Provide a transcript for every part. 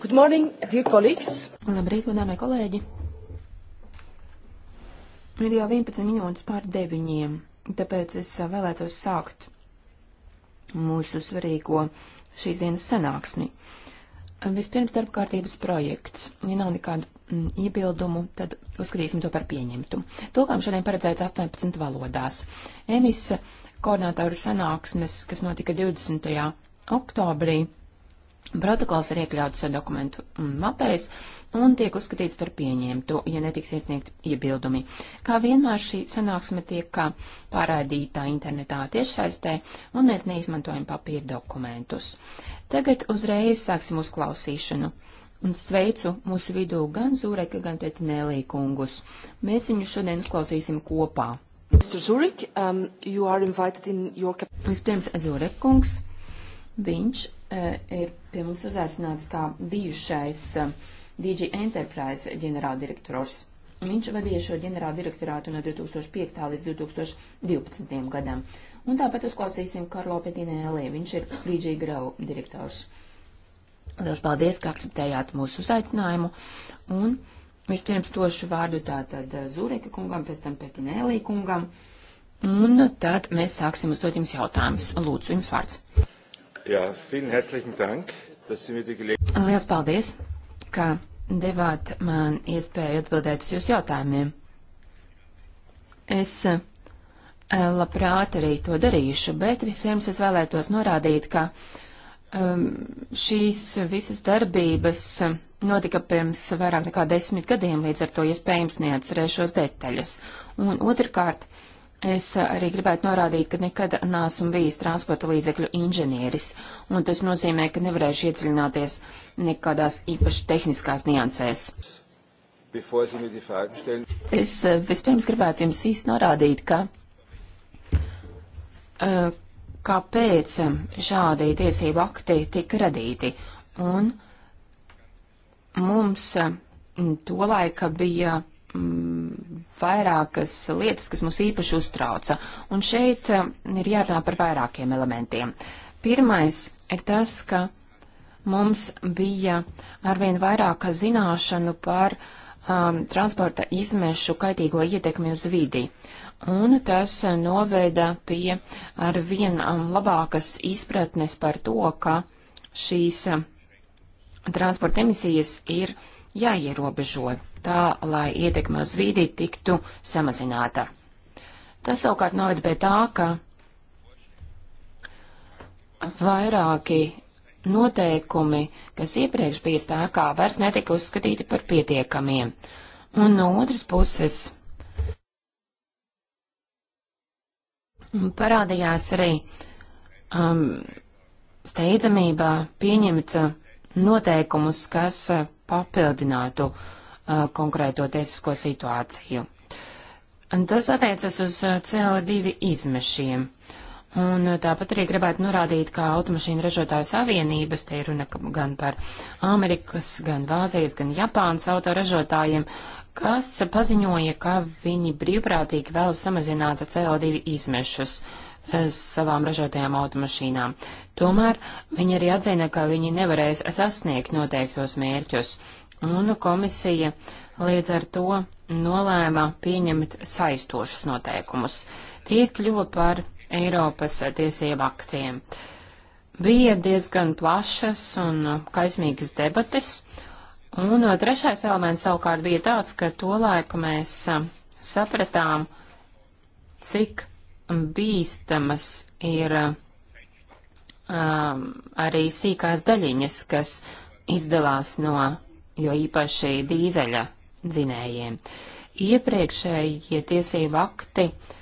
Good morning, dear colleagues. Labrīt, godāmie kolēģi. Ir jau 11 minūtes pār deviņiem, tāpēc es vēlētos sākt mūsu svarīgo šīs dienas sanāksmi. Uh, Vispirms darba kārtības projekts. Ja nav nekādu mm, iebildumu, tad uzskatīsim to par pieņemtu. Tulkām šodien paredzēts 18 valodās. Emis koordinātoru sanāksmes, kas notika 20. oktobrī, protokols ir iekļauts dokumentu mm, mapēs, un tiek uzskatīts par pieņemtu, ja netiks iesniegt iebildumi. Kā vienmēr šī sanāksme tiek pārādītā internetā tiešsaistē, un mēs neizmantojam papīra dokumentus. Tagad uzreiz sāksim uzklausīšanu. Un sveicu mūsu vidū gan Zūreka, gan Petinēlī kungus. Mēs viņu šodien uzklausīsim kopā. Mr. Zurek, um, you are invited in your Vispirms Zurek kungs, viņš uh, ir pie mums uzaicināts kā bijušais uh, DG Enterprise ģenerāldirektors. Viņš vadīja šo ģenerāldirektorātu no 2005. līdz 2012. gadam. Un tāpat uzklausīsim Karlo Petinēlī, viņš ir DG Grau direktors. Lielas paldies, ka akceptējāt mūsu uzaicinājumu. Un vispirms tošu vārdu tātad Zureka kungam, pēc tam Petinēlī kungam. Un tad mēs sāksim uzdot jums jautājumus. Lūdzu, jums vārds. Jā, vielen herzlichen Dank. Lielas paldies, ka devāt man iespēju atbildēt uz jūsu jautājumiem. Es e, labprāt arī to darīšu, bet vispirms es vēlētos norādīt, ka um, šīs visas darbības notika pirms vairāk nekā desmit gadiem, līdz ar to iespējams neatcerēšos detaļas. Un otrkārt, es arī gribētu norādīt, ka nekad nāsmu bijis transporta līdzekļu inženieris, un tas nozīmē, ka nevarēšu iedziļināties uh, nekādās īpaši tehniskās niansēs. Es eh, vispirms gribētu jums īsti norādīt, ka eh, kāpēc eh, šādi tiesību akti tika radīti. Un mums to laika bija mm, vairākas lietas, kas mums īpaši uztrauca. Un šeit ir jārunā par vairākiem elementiem. Pirmais ir tas, ka mums bija arvien vairāk zināšanu par um, transporta izmešu kaitīgo ietekmi uz vidi. Un tas noveda pie arvien um, labākas izpratnes par to, ka šīs um, transporta emisijas ir jāierobežo tā, lai ietekme uz vidi tiktu samazināta. Tas savukārt noved pie tā, ka vairāki noteikumi, kas iepriekš bija spēkā, vairs netika uzskatīti par pietiekamiem. Un no otras puses parādījās arī um, steidzamībā pieņemt uh, noteikumus, kas uh, papildinātu uh, konkrēto tiesisko situāciju. Un tas attiecas uz uh, CO2 izmešiem. Uh, Un eh, tāpat arī gribētu norādīt, ka automašīnu ražotāju savienības, te ir runa gan par Amerikas, gan Vācijas, gan Japānas autoražotājiem, kas paziņoja, ka viņi brīvprātīgi vēlas samazināt CO2 izmešus eh, savām ražotajām automašīnām. Tomēr viņi arī atzina, ka viņi nevarēs sasniegt noteiktos mērķus, un komisija līdz ar to nolēma pieņemt saistošus noteikumus. Tie kļuva par Eiropas tiesību aktiem. Bija diezgan plašas un kaismīgas debates, un uh, trešais elements savukārt bija tāds, ka tolaik mēs uh, sapratām, cik bīstamas ir uh, um, arī sīkās daļiņas, kas izdalās no, jo īpaši dīzeļa dzinējiem. Iepriekšējie tiesību akti uh,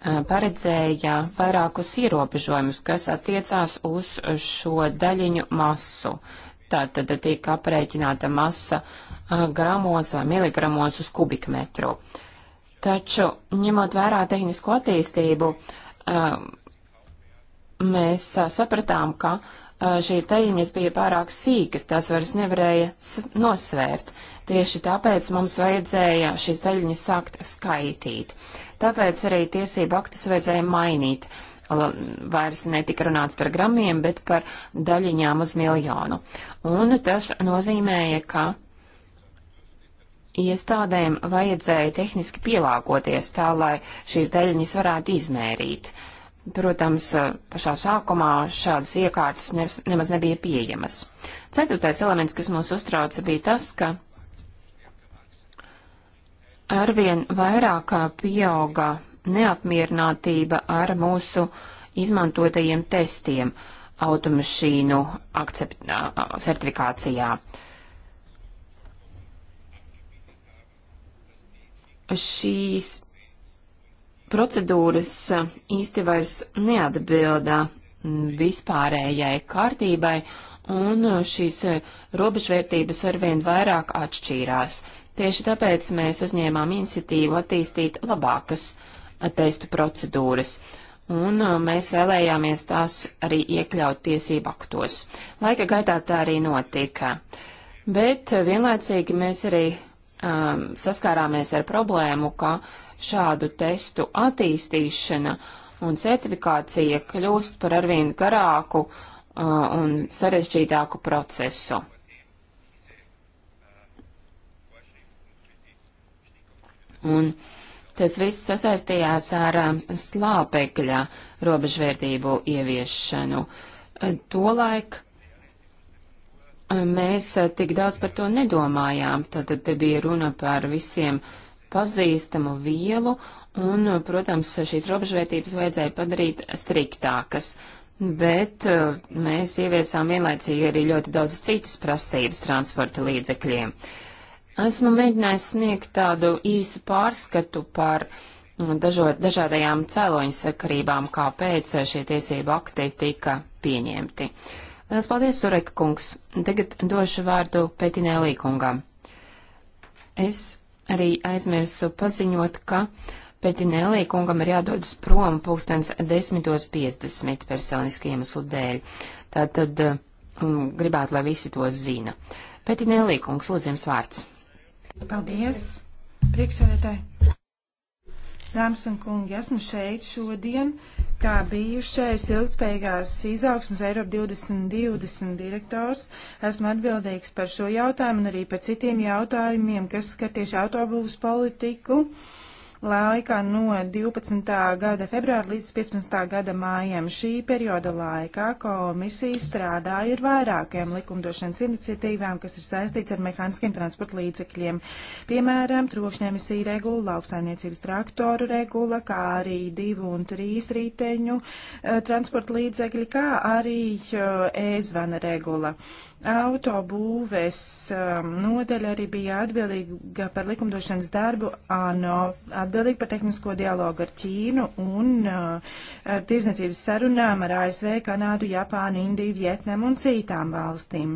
Eh, paredzēja vairākus ierobežojumus, kas attiecās uz šo daļiņu masu. Tātad tika aprēķināta masa eh, gramos vai miligramos uz kubikmetru. Taču, ņemot vērā tehnisko attīstību, eh, mēs sapratām, ka šīs teļiņas bija pārāk sīkas, tās vairs nevarēja nosvērt. Tieši tāpēc mums vajadzēja šīs teļiņas sākt skaitīt. Tāpēc arī tiesību aktus vajadzēja mainīt. Vairs netika runāts par gramiem, bet par daļiņām uz miljonu. Un tas nozīmēja, ka iestādēm vajadzēja tehniski pielāgoties tā, lai šīs daļiņas varētu izmērīt. Uh, Protams, pašā sākumā šādas iekārtas ne, nemaz nebija pieejamas. Ceturtais elements, kas mūs uztrauca, bija tas, ka arvien vairāk pieauga neapmierinātība ar mūsu izmantotajiem testiem automašīnu akcept, certifikācijā. Šīs procedūras īsti vairs neatbilda vispārējai kārtībai, un šīs robežvērtības arvien vairāk atšķīrās. Tieši tāpēc mēs uzņēmām iniciatīvu attīstīt labākas testu procedūras, un mēs vēlējāmies tās arī iekļaut tiesību aktos. Laika gaitā tā arī notika. Bet vienlaicīgi mēs arī um, saskārāmies ar problēmu, ka šādu testu attīstīšana un certifikācija kļūst par arvien garāku uh, un sarežģītāku procesu. Un tas viss sasaistījās ar um, slāpekļa robežvērtību ieviešanu. Tolaik mēs eh, tik daudz par to nedomājām. Tad te bija runa par visiem pazīstamu vielu, un, eh, protams, šīs robežvērtības vajadzēja padarīt striktākas. Bet eh, mēs ieviesām vienlaicīgi arī ļoti daudz citas prasības transporta līdzekļiem. Esmu mēģinājis sniegt tādu īsu pārskatu par mm, dažo, dažādajām cēloņu sakarībām, kāpēc šie tiesību akti tika pieņemti. Uh, Lielas paldies, Sureka kungs. Tagad došu vārdu Pētinēlī kungam. Es arī aizmirsu paziņot, ka Pētinēlī kungam ir jādodas prom pulkstens 10.50 personisku iemeslu dēļ. Tātad um, gribētu, lai visi to zina. Pētinēlī kungs, lūdzu jums vārds. Paldies, priekšsēdētāji. Dāmas un kungi, esmu šeit šodien kā bijušais ilgspējīgās izaugsmas Eiropa 2020 direktors. Esmu atbildīgs par šo jautājumu un arī par citiem jautājumiem, kas skar tieši autobūvas politiku. Uh, laikā no 12. gada februāra līdz 15. gada mājiem. Šī perioda laikā komisija strādāja ar vairākiem likumdošanas iniciatīvām, kas ir saistīts ar mehāniskiem transporta līdzekļiem. Piemēram, trokšņēmisī regula, lauksaimniecības traktoru regula, kā arī divu un trīs rīteņu uh, eh, transporta līdzekļi, kā arī uh, e-zvana regula. Uh, Autobūves um, nodaļa arī bija atbildīga par likumdošanas darbu ANO, atbildīga par tehnisko dialogu ar Ķīnu un uh, ar tirsniecības sarunām ar ASV, Kanādu, Japānu, Indiju, Vietnamu un citām valstīm.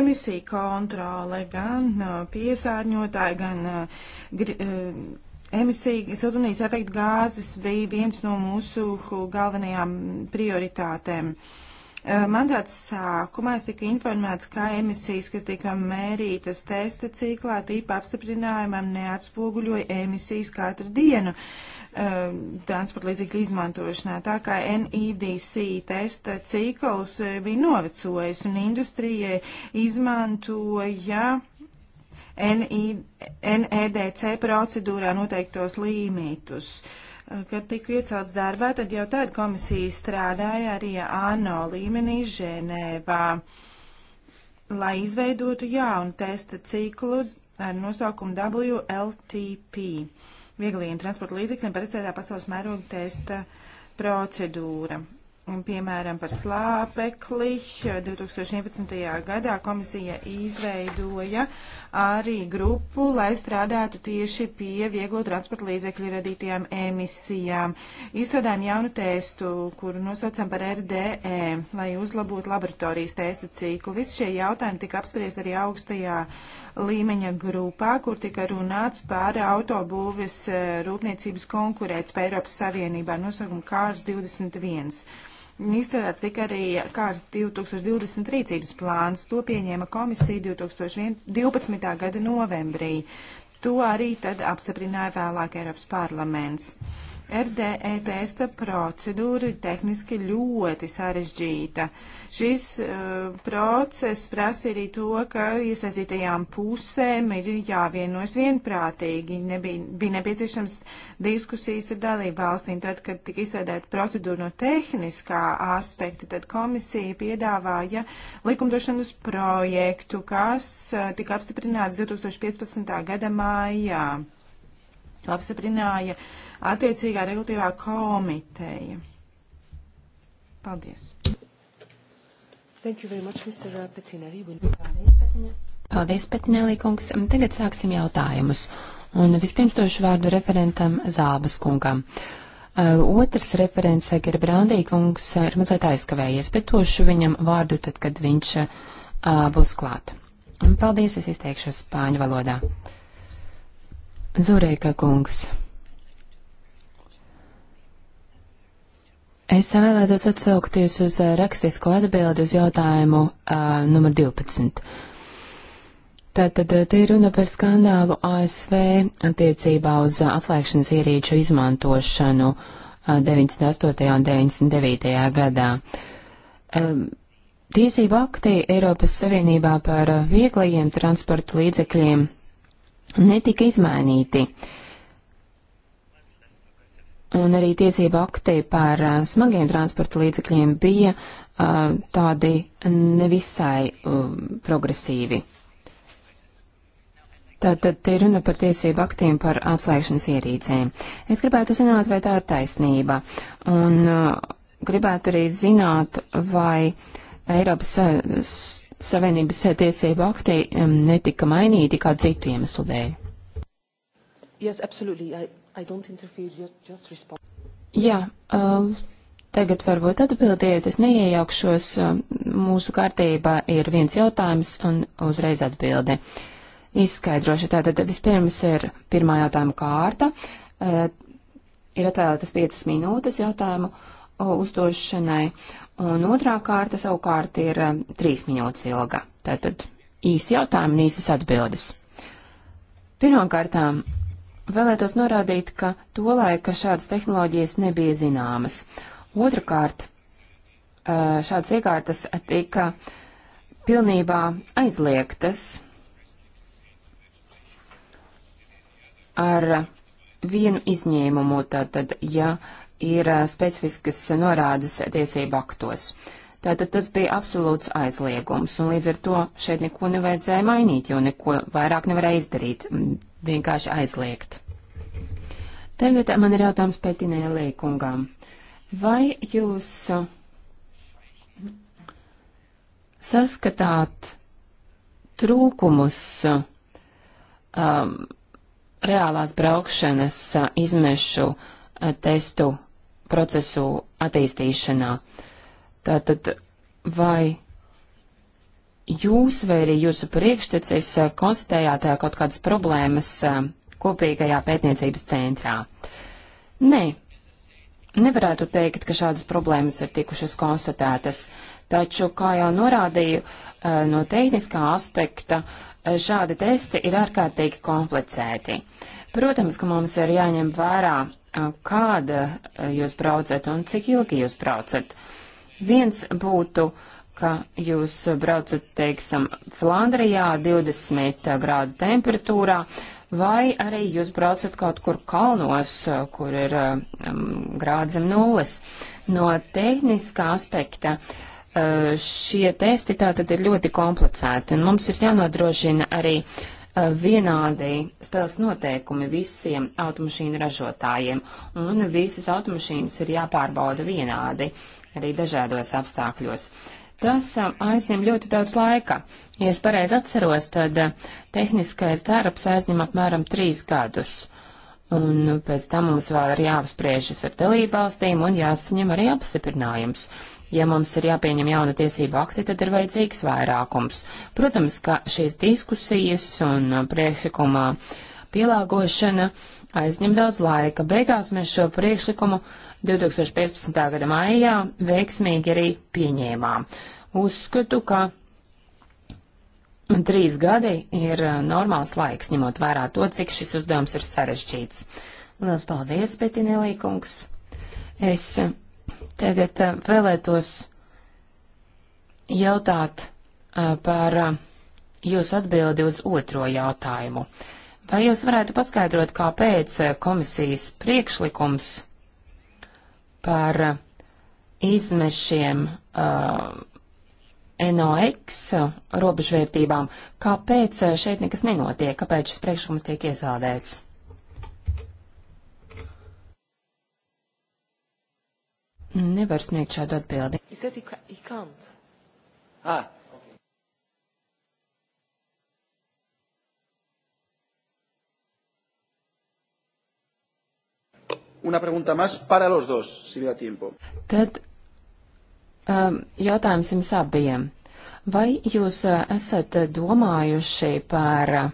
Emisija kontrole gan uh, piesārņotāji, gan uh, gri, emisija siltumnīca efekta gāzes bija viens no mūsu galvenajām prioritātēm. Uh, Eh, mandāts sākumā es tika informēts, ka emisijas, kas tika mērītas testa ciklā, tīpa apstiprinājumam neatspoguļoja emisijas katru dienu um, transporta līdzekļu izmantošanā. Tā kā NEDC testa cikls bija novecojis un industrijai izmantoja NEDC procedūrā noteiktos līmītus. Uh, kad tika iecelts darbā, tad jau tad komisija strādāja arī ANO līmenī Ženēvā, lai izveidotu jaunu testa ciklu ar nosaukumu WLTP - viegliem transporta līdzekļiem paredzētā pasaules mēroga testa procedūra. Un, piemēram, par slāpekli 2011. gadā komisija izveidoja arī grupu, lai strādātu tieši pie vieglo transporta līdzekļu radītajām emisijām. Izstrādājam jaunu testu, kuru nosaucam par RDE, lai uzlabotu laboratorijas testa ciklu. Visi šie jautājumi tika apspriest arī augstajā līmeņa grupā, kur tika runāts par autobūves eh, rūpniecības konkurētspēju Eiropas Savienībā, nosaukumu Kārs 21. Izstrādāt tika arī kārs 2020 rīcības plāns. To pieņēma komisija 2012. gada novembrī. To arī tad apstiprināja vēlāk Eiropas parlaments. RDE testa procedūra ir tehniski ļoti sarežģīta. Šis uh, process prasa arī to, ka iesaistītajām pusēm ir jāvienojas vienprātīgi. Nebija, bija nepieciešams diskusijas ar dalību valstīm. Tad, kad tika izstrādāta procedūra no tehniskā aspekta, tad komisija piedāvāja likumdošanas projektu, kas uh, tika apstiprināts 2015. gada mājā. To apstiprināja uh, attiecīgā regulatīvā komiteja. Paldies! Thank you very much, Mr. Uh, Petinelli. Paldies, Petinelli kungs. Tagad sāksim jautājumus. Un vispirms došu vārdu referentam Zābas kungam. Uh, otrs referents, Eger uh, Brandī kungs, uh, ir mazliet aizkavējies, bet došu viņam vārdu tad, kad viņš uh, būs klāt. Un paldies, es izteikšu spāņu valodā. Zurēka kungs. Es vēlētos atsaukties uz eh, rakstisko atbildi uz jautājumu uh, numur 12. Tātad eh, te ir runa par skandālu ASV attiecībā uz atslēgšanas ierīču izmantošanu uh, 98. un 99. gadā. Um, ehm, Tiesība akti Eiropas Savienībā par vieglajiem transporta līdzekļiem netika izmainīti. Uh, un arī tiesība aktī par uh, smagiem transporta līdzekļiem bija uh, tādi nevisai uh, progresīvi. Tātad te runa par tiesību aktiem par atslēgšanas ierīcēm. Es gribētu zināt, vai tā ir taisnība. Un uh, gribētu arī zināt, vai Eiropas uh, Savienības tiesību akti um, netika mainīti kā citu iemeslu dēļ. Yes, absolutely. I Jā, uh, tagad varbūt atbildiet, es neiejaukšos, mūsu kārtībā ir viens jautājums un uzreiz atbildi. Izskaidrošu, tātad vispirms ir pirmā jautājuma kārta, uh, ir atvēlētas 5 minūtes jautājumu uzdošanai, un otrā kārta savukārt ir 3 minūtes ilga. Tātad īsi jautājumi un īsas atbildes. Pirmkārtām Vēlētos norādīt, ka tolaika šādas tehnoloģijas nebija zināmas. Otrakārt, šādas iekārtas tika pilnībā aizliegtas ar vienu izņēmumu, tātad, ja ir specifiskas norādes tiesību aktos. Tātad tas bija absolūts aizliegums, un līdz ar to šeit neko nevajadzēja mainīt, jo neko vairāk nevarēja izdarīt vienkārši aizliegt. Tagad man ir jautājums pētinēlī kungām. Vai jūs uh, saskatāt trūkumus uh, um, reālās braukšanas uh, izmešu testu procesu attīstīšanā? Tātad, vai jūs vai arī jūsu priekštecis eh, konstatējāt eh, kaut kādas problēmas eh, kopīgajā pētniecības centrā? Nē, nevarētu teikt, ka šādas problēmas ir tikušas konstatētas, taču, kā jau norādīju, no tehniskā aspekta šādi testi ir ārkārtīgi komplicēti. Protams, ka mums ir jāņem vērā, kāda jūs braucat un cik ilgi jūs braucat. Viens būtu uh, ka jūs braucat, teiksim, Flandrijā 20 grādu temperatūrā, vai arī jūs braucat kaut kur kalnos, kur ir um, grāds zem nulles. No tehniskā aspekta uh, šie testi tātad ir ļoti komplicēti, un mums ir jānodrošina arī uh, vienādi spēles noteikumi visiem automašīnu ražotājiem, un visas automašīnas ir jāpārbauda vienādi, arī dažādos apstākļos. Uh, Tas um, aizņem ļoti daudz laika. Ja es pareizi atceros, tad uh, tehniskais darbs aizņem apmēram trīs gadus. Un nu, pēc tam mums vēl ir jāapspriežas ar dalībvalstīm un jāsaņem arī apstiprinājums. Ja mums ir jāpieņem jauna tiesība akti, tad ir vajadzīgs vairākums. Protams, ka šīs diskusijas un uh, priekšlikumā pielāgošana aizņem daudz laika. Beigās mēs šo priekšlikumu uh, 2015. gada maijā veiksmīgi arī pieņēmām. Uzskatu, ka trīs gadi ir uh, normāls laiks, ņemot vērā to, cik šis uzdevums ir sarežģīts. Lielas paldies, Petinēlī kungs. Es uh, tagad uh, vēlētos jautāt par jūsu atbildi uz otro jautājumu. Vai jūs varētu paskaidrot, kāpēc komisijas priekšlikums par izmešiem uh, NOx robežvērtībām, kāpēc uh, šeit nekas nenotiek, kāpēc šis priekšlikums tiek iesādēts? Nevar sniegt šādu atbildi. Ah, una pregunta más para los dos, si me da tiempo. Tad um, jautājums jums abiem. Vai jūs uh, esat domājuši par uh,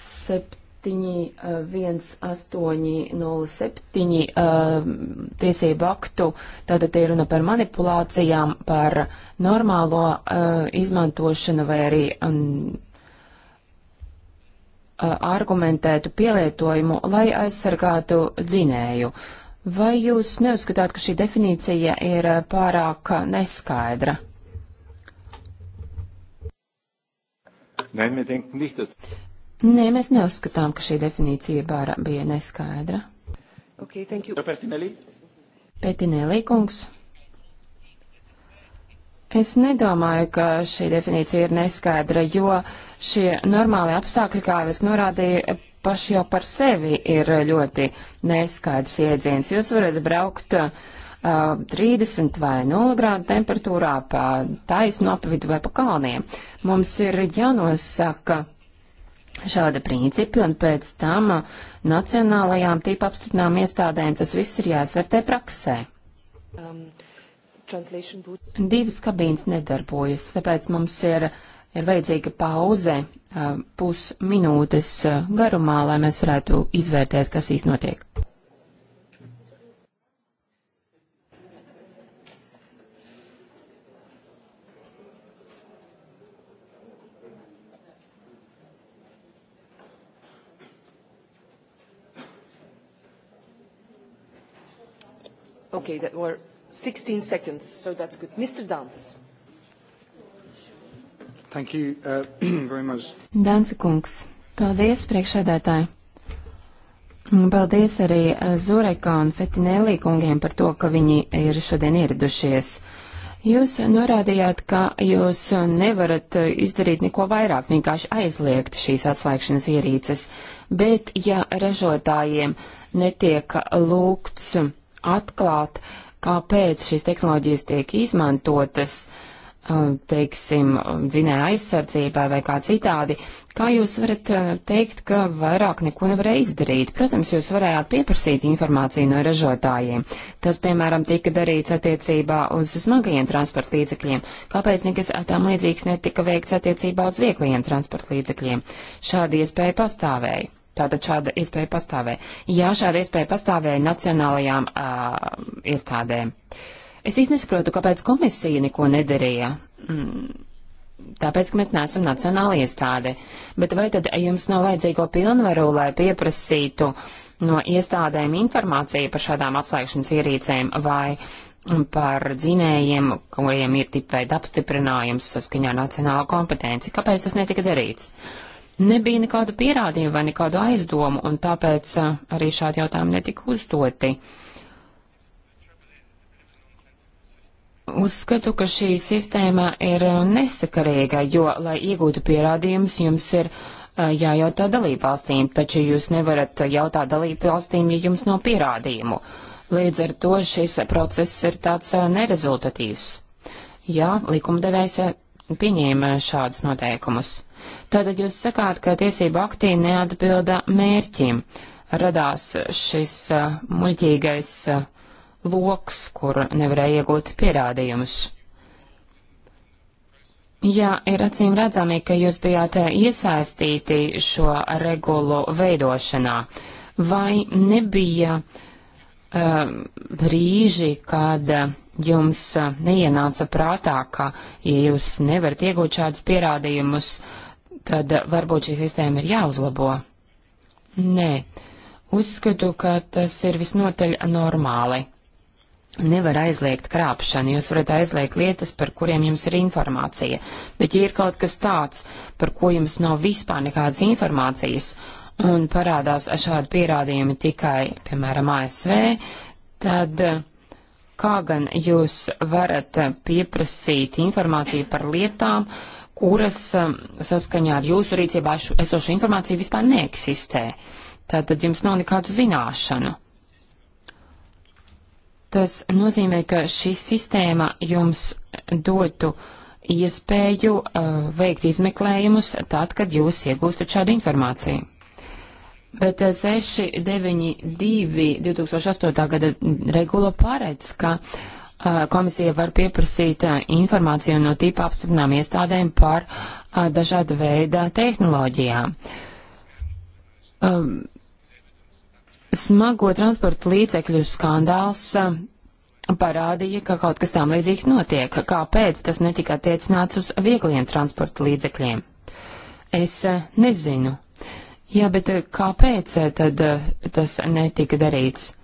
septiņi, uh, viens, astoņi, nulli septiņi um, tiesību aktu, tātad te ir runa par manipulācijām, par normālo uh, izmantošanu vai arī um, Uh, argumentētu pielietojumu, lai aizsargātu dzinēju. Vai jūs neuzskatāt, ka šī definīcija ir uh, pārāk neskaidra? Nein, Nē, mēs neuzskatām, ka šī definīcija bāra bija neskaidra. Okay, Petinelī kungs. Es nedomāju, ka šī definīcija ir neskaidra, jo šie normāli apstākļi, kā es norādīju, paši jau par sevi ir ļoti neskaidrs iedziens. Jūs varat braukt uh, 30 vai 0 grādu temperatūrā pa taisnu apvidu vai pa kalniem. Mums ir jānosaka šāda principi, un pēc tam uh, nacionālajām tīpa apstiprinām iestādēm tas viss ir jāsvērtē praksē. Um. Divas kabīnes nedarbojas, tāpēc mums ir, ir vajadzīga pauze pusminūtes garumā, lai mēs varētu izvērtēt, kas īsti notiek. Okay, that were 16 seconds, so that's good. Mr. Dance. Thank you uh, very much. Dansa kungs, paldies priekšsēdētāji. Paldies arī uh, Zureka un Fetinēlī kungiem par to, ka viņi ir šodien ieradušies. Jūs norādījāt, ka jūs nevarat uh, izdarīt neko vairāk, vienkārši aizliegt šīs atslēgšanas ierīces, bet ja ražotājiem netiek lūgts atklāt uh, kāpēc šīs tehnoloģijas tiek izmantotas, uh, teiksim, dzinēja aizsardzībai vai kā citādi, kā jūs varat uh, teikt, ka vairāk neko nevarēja izdarīt? Protams, jūs varējāt pieprasīt informāciju no ražotājiem. Tas, piemēram, tika darīts attiecībā uz smagajiem transporta līdzekļiem. Kāpēc nekas tam līdzīgs netika veikts attiecībā uz vieglajiem transporta līdzekļiem? Šāda iespēja pastāvēja. Tātad šāda iespēja pastāvēja. Jā, šāda iespēja pastāvēja nacionālajām uh, iestādēm. Es īsti nesaprotu, kāpēc komisija neko nedarīja. Mm. Tāpēc, ka mēs neesam nacionāla iestāde. Bet vai tad jums nav vajadzīgo pilnvaru, lai pieprasītu no iestādēm informāciju par šādām atslēgšanas ierīcēm vai par dzinējiem, kuriem ir tipveida apstiprinājums saskaņā nacionāla kompetenci? Kāpēc tas netika darīts? Uh, Nebija nekādu pierādījumu vai nekādu aizdomu, un tāpēc uh, arī šādi jautājumi netika uzdoti. Uzskatu, ka šī sistēma ir uh, nesakarīga, jo, lai iegūtu pierādījumus, jums ir uh, jājautā dalībvalstīm, taču jūs nevarat jautāt dalībvalstīm, ja jums nav pierādījumu. Līdz ar to šis process ir tāds nerezultatīvs. Jā, likumdevējs pieņēma šādus noteikumus. Tātad jūs sakāt, ka tiesība aktī neatbilda mērķim. Radās šis uh, muļķīgais uh, loks, kur nevarēja iegūt pierādījumus. Jā, ir acīm redzami, ka jūs bijāt iesaistīti šo regulu veidošanā. Vai nebija uh, brīži, kad jums neienāca prātā, ka, ja jūs nevarat iegūt šādus pierādījumus, uh, tad varbūt šī sistēma ir jāuzlabo. Nē, uzskatu, ka tas ir visnotaļ normāli. Nevar aizliegt krāpšanu, jūs varat aizliegt lietas, par kuriem jums ir informācija, bet ja ir kaut kas tāds, par ko jums nav vispār nekādas informācijas, un parādās šādi pierādījumi tikai, piemēram, ASV, tad eh, kā gan jūs varat eh, pieprasīt informāciju par lietām, uh, kuras um, saskaņā ar jūsu rīcībā esošu informāciju vispār neeksistē. Tātad jums nav nekādu zināšanu. Tas nozīmē, ka šī sistēma jums dotu iespēju uh, veikt izmeklējumus tad, kad jūs iegūstat šādu informāciju. Bet 692 uh, 2008. gada regula paredz, ka uh, komisija var pieprasīt informāciju no tīpa apstiprinām iestādēm par dažāda veida tehnoloģijām. Smago transporta līdzekļu skandāls parādīja, ka kaut kas tām līdzīgs notiek. Kāpēc tas netika attiecināts uz viegliem transporta līdzekļiem? Es nezinu. Jā, bet kāpēc tad tas netika darīts?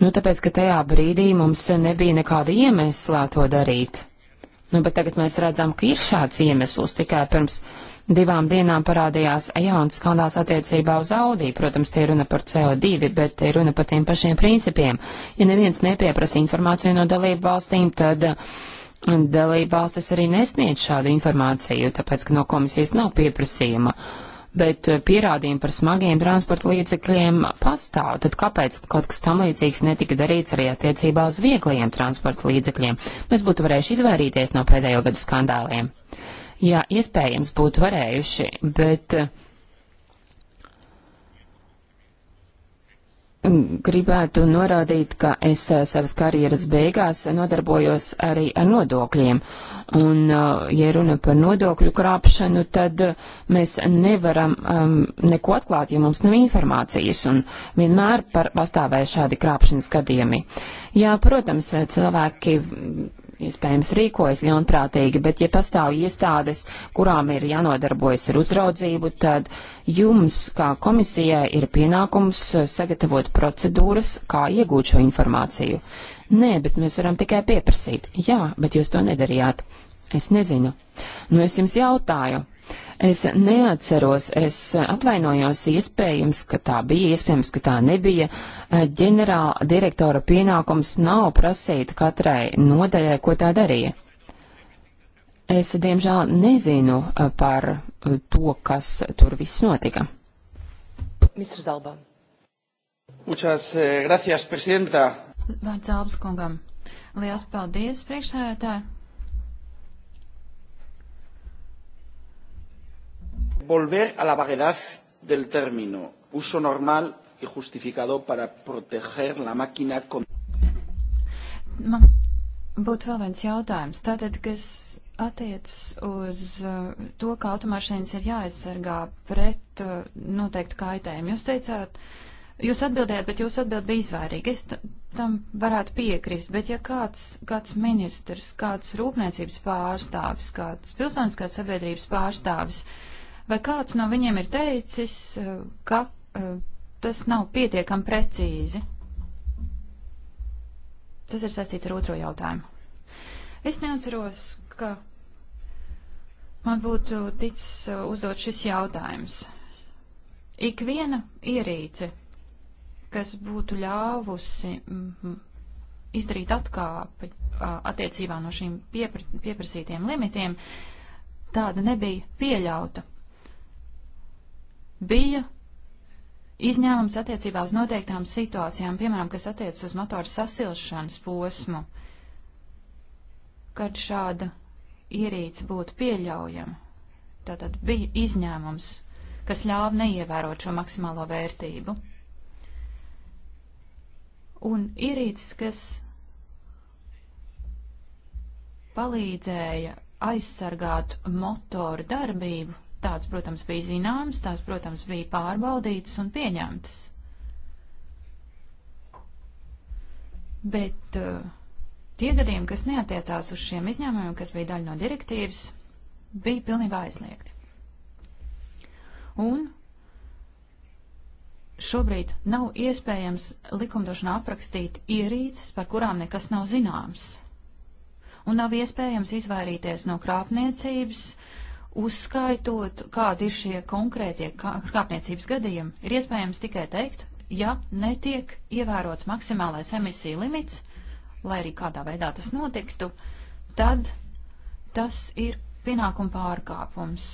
Nu, tāpēc, ka tajā brīdī mums nebija nekāda iemesla to darīt. Nu, bet tagad mēs redzam, ka ir šāds iemesls. Tikai pirms divām dienām parādījās jauns skandāls attiecībā uz Audi. Protams, tie runa par CO2, bet tie runa par tiem pašiem principiem. Ja neviens nepieprasa informāciju no dalību valstīm, tad mm, dalību valstis arī nesniedz šādu informāciju, tāpēc, ka no komisijas nav pieprasījuma. Uh, bet eh, pierādījumi par smagiem transporta līdzekļiem pastāv. Tad kāpēc kaut kas tam līdzīgs netika darīts arī attiecībā uz viegliem transporta līdzekļiem? Mēs būtu varējuši izvairīties no pēdējo gadu skandāliem. Jā, iespējams, būtu varējuši, bet uh, gribētu norādīt, ka es eh, savas karjeras beigās nodarbojos arī ar nodokļiem. Un, eh, ja runa par nodokļu krāpšanu, tad eh, mēs nevaram um, neko atklāt, ja mums nav informācijas. Un vienmēr par pastāvēja šādi krāpšanas gadījumi. Jā, protams, cilvēki iespējams rīkojas ļaunprātīgi, bet ja pastāv iestādes, kurām ir jānodarbojas ar uzraudzību, tad jums, kā komisijai, ir pienākums eh, sagatavot procedūras, kā iegūt šo informāciju. Nē, bet mēs varam tikai pieprasīt. Jā, bet jūs to nedarījāt. Es nezinu. Nu, es jums jautāju. Es neatceros, es atvainojos iespējams, ka tā bija, iespējams, ka tā nebija. Eh, ģenerāla direktora pienākums nav prasīt katrai nodaļai, ko tā darīja. Es, diemžēl, nezinu eh, par eh, to, kas tur viss notika. Mr. Zalba. Muchas gracias, presidenta. Vārds Albas kungam. Lielas paldies, priekšsēdētāji. Volver a la vaguedad del término uso normal y justificado para proteger la máquina con. Man būtu vēl viens jautājums. Tātad, kas attiecas uz uh, to, ka automašīnas ir jāaizsargā pret uh, noteiktu kaitējumu. Jūs teicāt, jūs atbildējāt, bet jūs atbild bija izvairīgi. Es tam varētu piekrist, bet ja kāds, kāds ministrs, kāds rūpniecības pārstāvis, kāds pilsoniskās sabiedrības pārstāvis uh, Vai kāds no viņiem ir teicis, eh, ka eh, tas nav pietiekami precīzi? Tas ir saistīts ar otro jautājumu. Es neatceros, ka man būtu ticis eh, uzdot šis jautājums. Ikviena ierīce, kas būtu ļāvusi izdarīt atkāpi attiecībā no šīm piepr pieprasītiem limitiem, tāda nebija pieļauta bija izņēmums attiecībā uz noteiktām situācijām, piemēram, kas attiecas uz motoru sasilšanas posmu, kad šāda ierīce būtu pieļaujama. Tātad bija izņēmums, kas ļāva neievērot šo maksimālo vērtību. Un ierīces, kas palīdzēja aizsargāt motoru darbību, Tāds, protams, bija zināms, tās, protams, bija pārbaudītas un pieņemtas. Bet uh, tie gadījumi, kas neatiecās uz šiem izņēmumiem, kas bija daļa no direktīvas, bija pilnībā aizliegti. Un šobrīd nav iespējams likumdošanā aprakstīt ierīces, par kurām nekas nav zināms. Un nav iespējams izvairīties no krāpniecības, uh, uzskaitot, kādi ir šie konkrētie kāpniecības gadījumi, ir iespējams tikai teikt, ja netiek ievērots maksimālais emisiju limits, lai arī kādā veidā tas notiktu, tad tas ir pienākuma pārkāpums.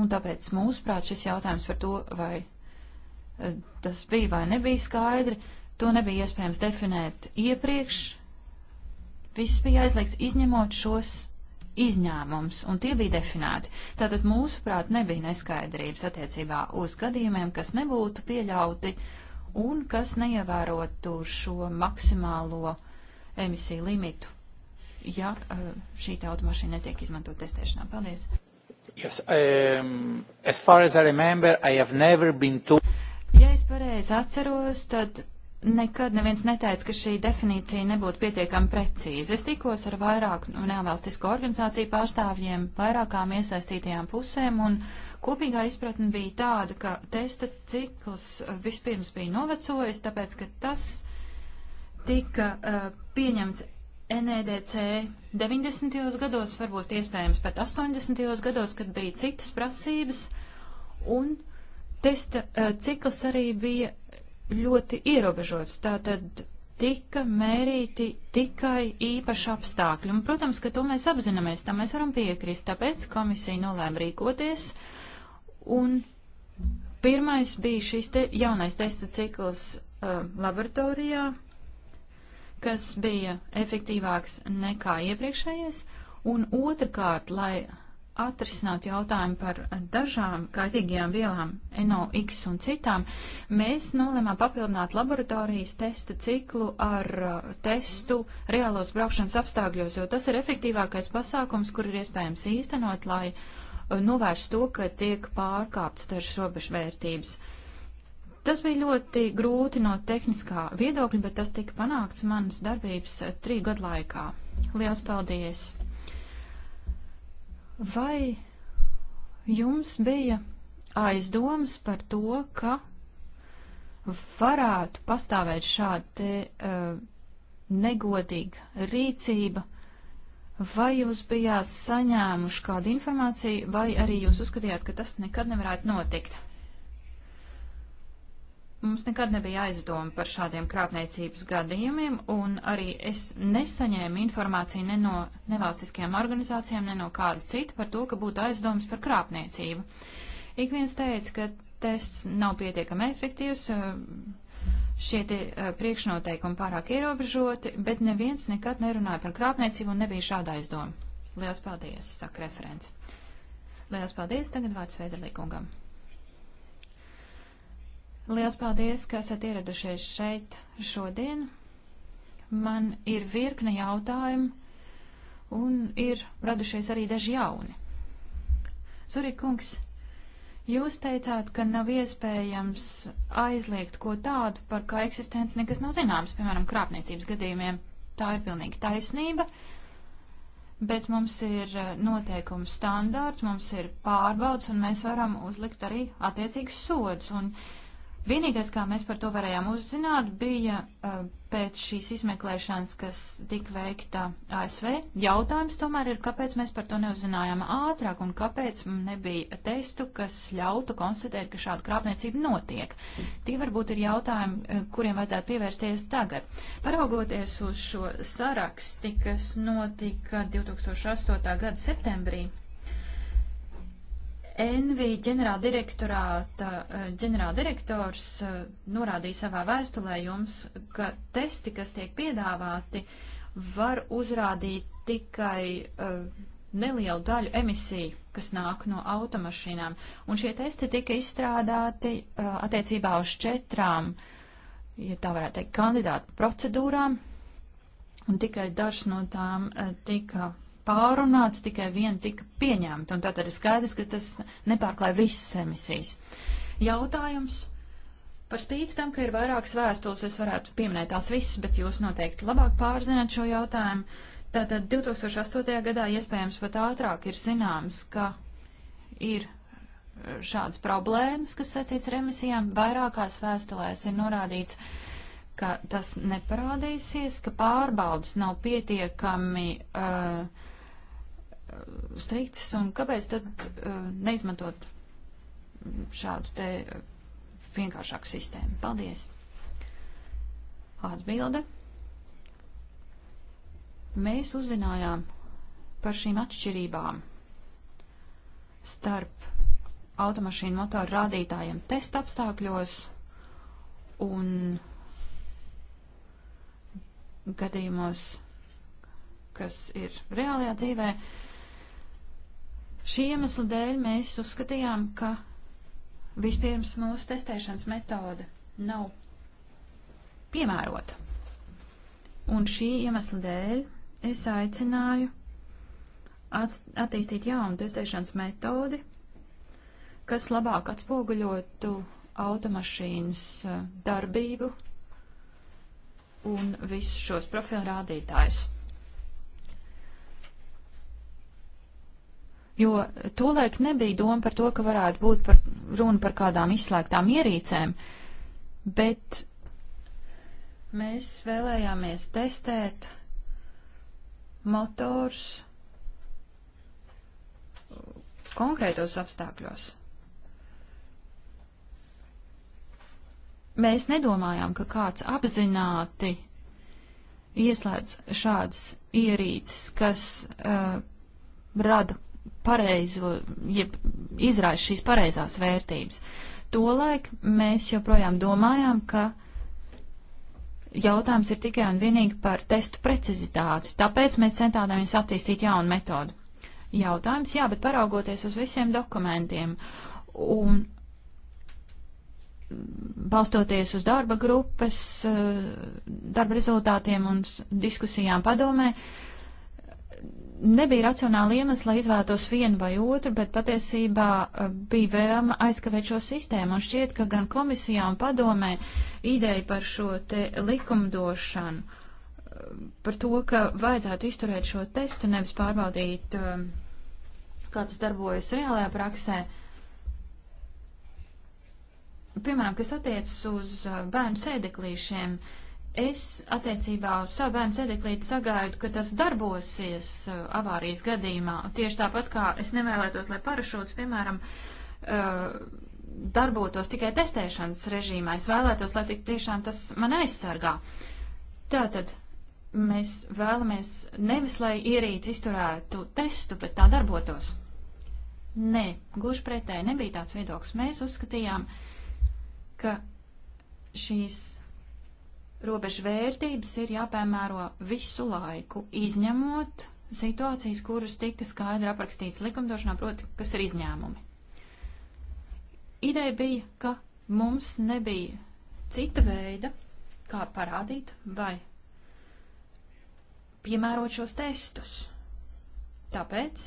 Un tāpēc mūsuprāt šis jautājums par to, vai eh, tas bija vai nebija skaidri, to nebija iespējams definēt iepriekš, Viss bija aizliegts izņemot šos izņēmums, un tie bija definēti. Tātad mūsuprāt nebija neskaidrības attiecībā uz gadījumiem, kas nebūtu pieļauti un kas neievērotu šo maksimālo emisiju limitu, ja uh, šī automašīna netiek izmantot testēšanā. Paldies! Yes, um, as far as I remember, I have never been to... Ja es pareizi atceros, tad nekad neviens neteica, ka šī definīcija nebūtu pietiekami precīza. Es tikos ar vairāku nevalstisko organizāciju pārstāvjiem, vairākām iesaistītajām pusēm, un kopīgā izpratne bija tāda, ka testa cikls vispirms bija novecojis, tāpēc, ka tas tika uh, pieņemts NEDC 90. gados, varbūt iespējams pat 80. gados, kad bija citas prasības, un testa uh, cikls arī bija ļoti ierobežots. Tātad tika mērīti tikai īpaši apstākļi. Un, protams, ka to mēs apzināmies, tam mēs varam piekrist. Tāpēc komisija nolēma rīkoties. Un pirmais bija šis te jaunais testa cikls uh, laboratorijā, kas bija efektīvāks nekā iepriekšējais. Un otrkārt, lai atrisināt jautājumu par dažām kaitīgajām vielām, NOx un citām, mēs nolēmām papildināt laboratorijas testa ciklu ar uh, testu reālos braukšanas apstākļos, jo tas ir efektīvākais pasākums, kur ir iespējams īstenot, lai uh, novērstu to, ka tiek pārkāptas dažas robežvērtības. Tas bija ļoti grūti no tehniskā viedokļa, bet tas tika panākts manas darbības uh, trīs gadu laikā. Lielas paldies! Vai jums bija aizdomas par to, ka varētu pastāvēt šāda te, uh, negodīga rīcība, vai jūs bijāt saņēmuši kādu informāciju, vai arī jūs uzskatījāt, ka tas nekad nevarētu notikt? Mums nekad nebija aizdoma par šādiem krāpniecības gadījumiem, un arī es nesaņēmu informāciju ne no nevalstiskajām organizācijām, ne no kāda cita par to, ka būtu aizdomas par krāpniecību. Ik viens teica, ka tests nav pietiekami efektīvs, šie te, priekšnoteikumi pārāk ierobežoti, bet neviens nekad nerunāja par krāpniecību un nebija šāda aizdoma. Lielas paldies, saka referents. Lielas paldies, tagad vārds Vēderlīkungam. Liels paldies, ka esat ieradušies šeit šodien. Man ir virkne jautājumu un ir radušies arī daži jauni. Zurikungs, jūs teicāt, ka nav iespējams aizliegt ko tādu, par kā eksistence nekas nav zināms, piemēram, krāpniecības gadījumiem. Tā ir pilnīgi taisnība, bet mums ir eh, noteikums standārts, mums ir pārbauds, un mēs varam uzlikt arī attiecīgus sodus. Un Vienīgais, kā mēs par to varējām uzzināt, bija uh, pēc šīs izmeklēšanas, kas tika veikta ASV. Jautājums tomēr ir, kāpēc mēs par to neuzzinājām ātrāk un kāpēc nebija testu, kas ļautu konstatēt, ka šāda krāpniecība notiek. Tie varbūt ir jautājumi, eh, kuriem vajadzētu pievērsties tagad. Paraugoties uz šo saraksti, kas notika 2008. gada septembrī, NV ģenerāldirektorāta eh, ģenerāldirektors eh, norādīja savā vēstulē jums, ka testi, kas tiek piedāvāti, var uzrādīt tikai uh, nelielu daļu emisiju, kas nāk no automašīnām. Un šie testi tika izstrādāti uh, attiecībā uz četrām, ja tā varētu teikt, kandidātu procedūrām, un tikai dažas no tām uh, tika pārunāts, tikai viena tika pieņemta, un tātad ir skaidrs, ka tas nepārklāja visas emisijas. Jautājums par spīti tam, ka ir vairākas vēstules, es varētu pieminēt tās visas, bet jūs noteikti labāk pārzināt šo jautājumu. Tātad 2008. gadā iespējams pat ātrāk ir zināms, ka ir eh, šādas problēmas, kas saistīts ar emisijām. Vairākās vēstulēs ir norādīts, ka tas neparādīsies, ka pārbaudas nav pietiekami uh, Eh, striktas, un kāpēc tad uh, neizmantot šādu te eh, vienkāršāku sistēmu? Paldies! Atbilde. Mēs uzzinājām par šīm atšķirībām starp automašīnu motoru rādītājiem testa apstākļos un gadījumos, kas ir reālajā dzīvē. Uh, Šī iemesla dēļ mēs uzskatījām, ka vispirms mūsu testēšanas metode nav piemērota. Un šī iemesla dēļ es aicināju attīstīt jaunu testēšanas metodi, kas labāk atspoguļotu automašīnas eh, darbību un visus šos profilu rādītājus. jo tolaik nebija doma par to, ka varētu būt par, runa par kādām izslēgtām ierīcēm, bet mēs vēlējāmies testēt motors konkrētos apstākļos. Mēs nedomājām, ka kāds apzināti ieslēdz šādas ierīces, kas uh, rada pareizo, jeb izraiž šīs pareizās vērtības. Tolaik mēs joprojām domājām, ka jautājums ir tikai un vienīgi par testu precizitāti, tāpēc mēs centāmies attīstīt jaunu metodu. Jautājums, jā, bet paraugoties uz visiem dokumentiem un balstoties uz darba grupas, eh, darba rezultātiem un diskusijām padomē, nebija racionāla iemesla, lai izvēlētos vienu vai otru, bet patiesībā eh, bija vēlma aizkavēt šo sistēmu. Un šķiet, ka gan komisijā un padomē ideja par šo te likumdošanu, eh, par to, ka vajadzētu izturēt šo testu, nevis pārbaudīt, eh, kā tas darbojas reālajā praksē. Piemēram, kas attiecas uz bērnu sēdeklīšiem. Uh, Es attiecībā uz savu bērnu sēdeklīti sagaidu, ka tas darbosies uh, avārijas gadījumā. Tieši tāpat kā es nevēlētos, lai parašūts, piemēram, uh, darbotos tikai testēšanas režīmā. Es vēlētos, lai tik tiešām tas man aizsargā. Tātad mēs vēlamies nevis, lai ierīci izturētu testu, bet tā darbotos. Nē, gluži pretēji nebija tāds viedoklis. Mēs uzskatījām, ka šīs robežu vērtības ir jāpiemēro visu laiku, izņemot situācijas, kuras tika skaidri aprakstīts likumdošanā, proti, kas ir izņēmumi. Ideja bija, ka mums nebija cita veida, kā parādīt vai piemērot šos testus. Tāpēc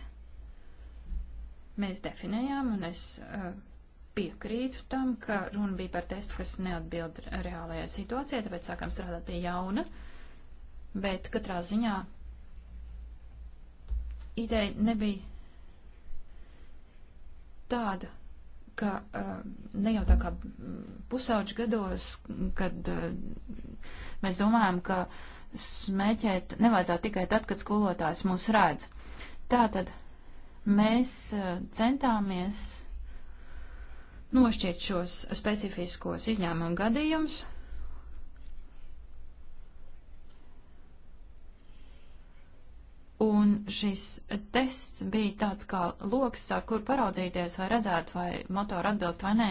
mēs definējām, un es uh, piekrītu tam, ka runa bija par testu, kas neatbild reālajai situācijai, tāpēc sākam strādāt pie jauna. Bet katrā ziņā ideja nebija tāda, ka eh, ne jau tā kā pusauģi gados, kad eh, mēs domājam, ka smēķēt nevajadzētu tikai tad, kad skolotājs mūs redz. Tātad mēs eh, centāmies nošķirt šos specifiskos izņēmumu gadījumus. Un šis tests bija tāds kā loks, ar kur paraudzīties, vai redzēt, vai motora atbilst vai nē.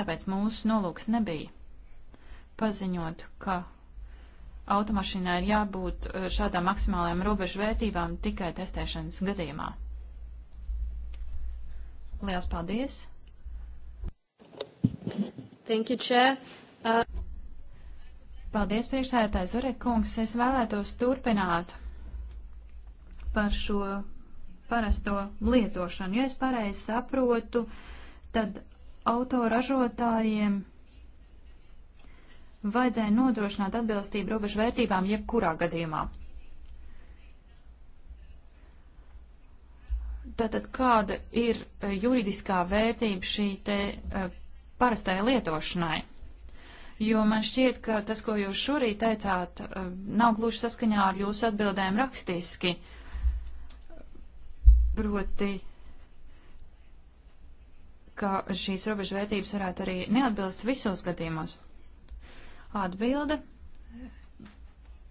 Tāpēc mūsu nolūks nebija paziņot, ka automašīnā ir jābūt šādām maksimālajām robežu vērtībām tikai testēšanas gadījumā. Lielas paldies! Thank you, Chair. Uh... Paldies, priekšsēdētāji Zurekungs. Es vēlētos turpināt par šo parasto lietošanu. Ja es pareizi saprotu, tad autoražotājiem vajadzēja nodrošināt atbilstību robežu vērtībām jebkurā gadījumā. Tātad kāda ir eh, juridiskā vērtība šī te eh, parastai lietošanai. Jo man šķiet, ka tas, ko jūs šorīt teicāt, eh, nav gluži saskaņā ar jūsu atbildēm rakstiski. Proti, ka šīs robežvērtības varētu arī neatbilst visos gadījumos. Atbilde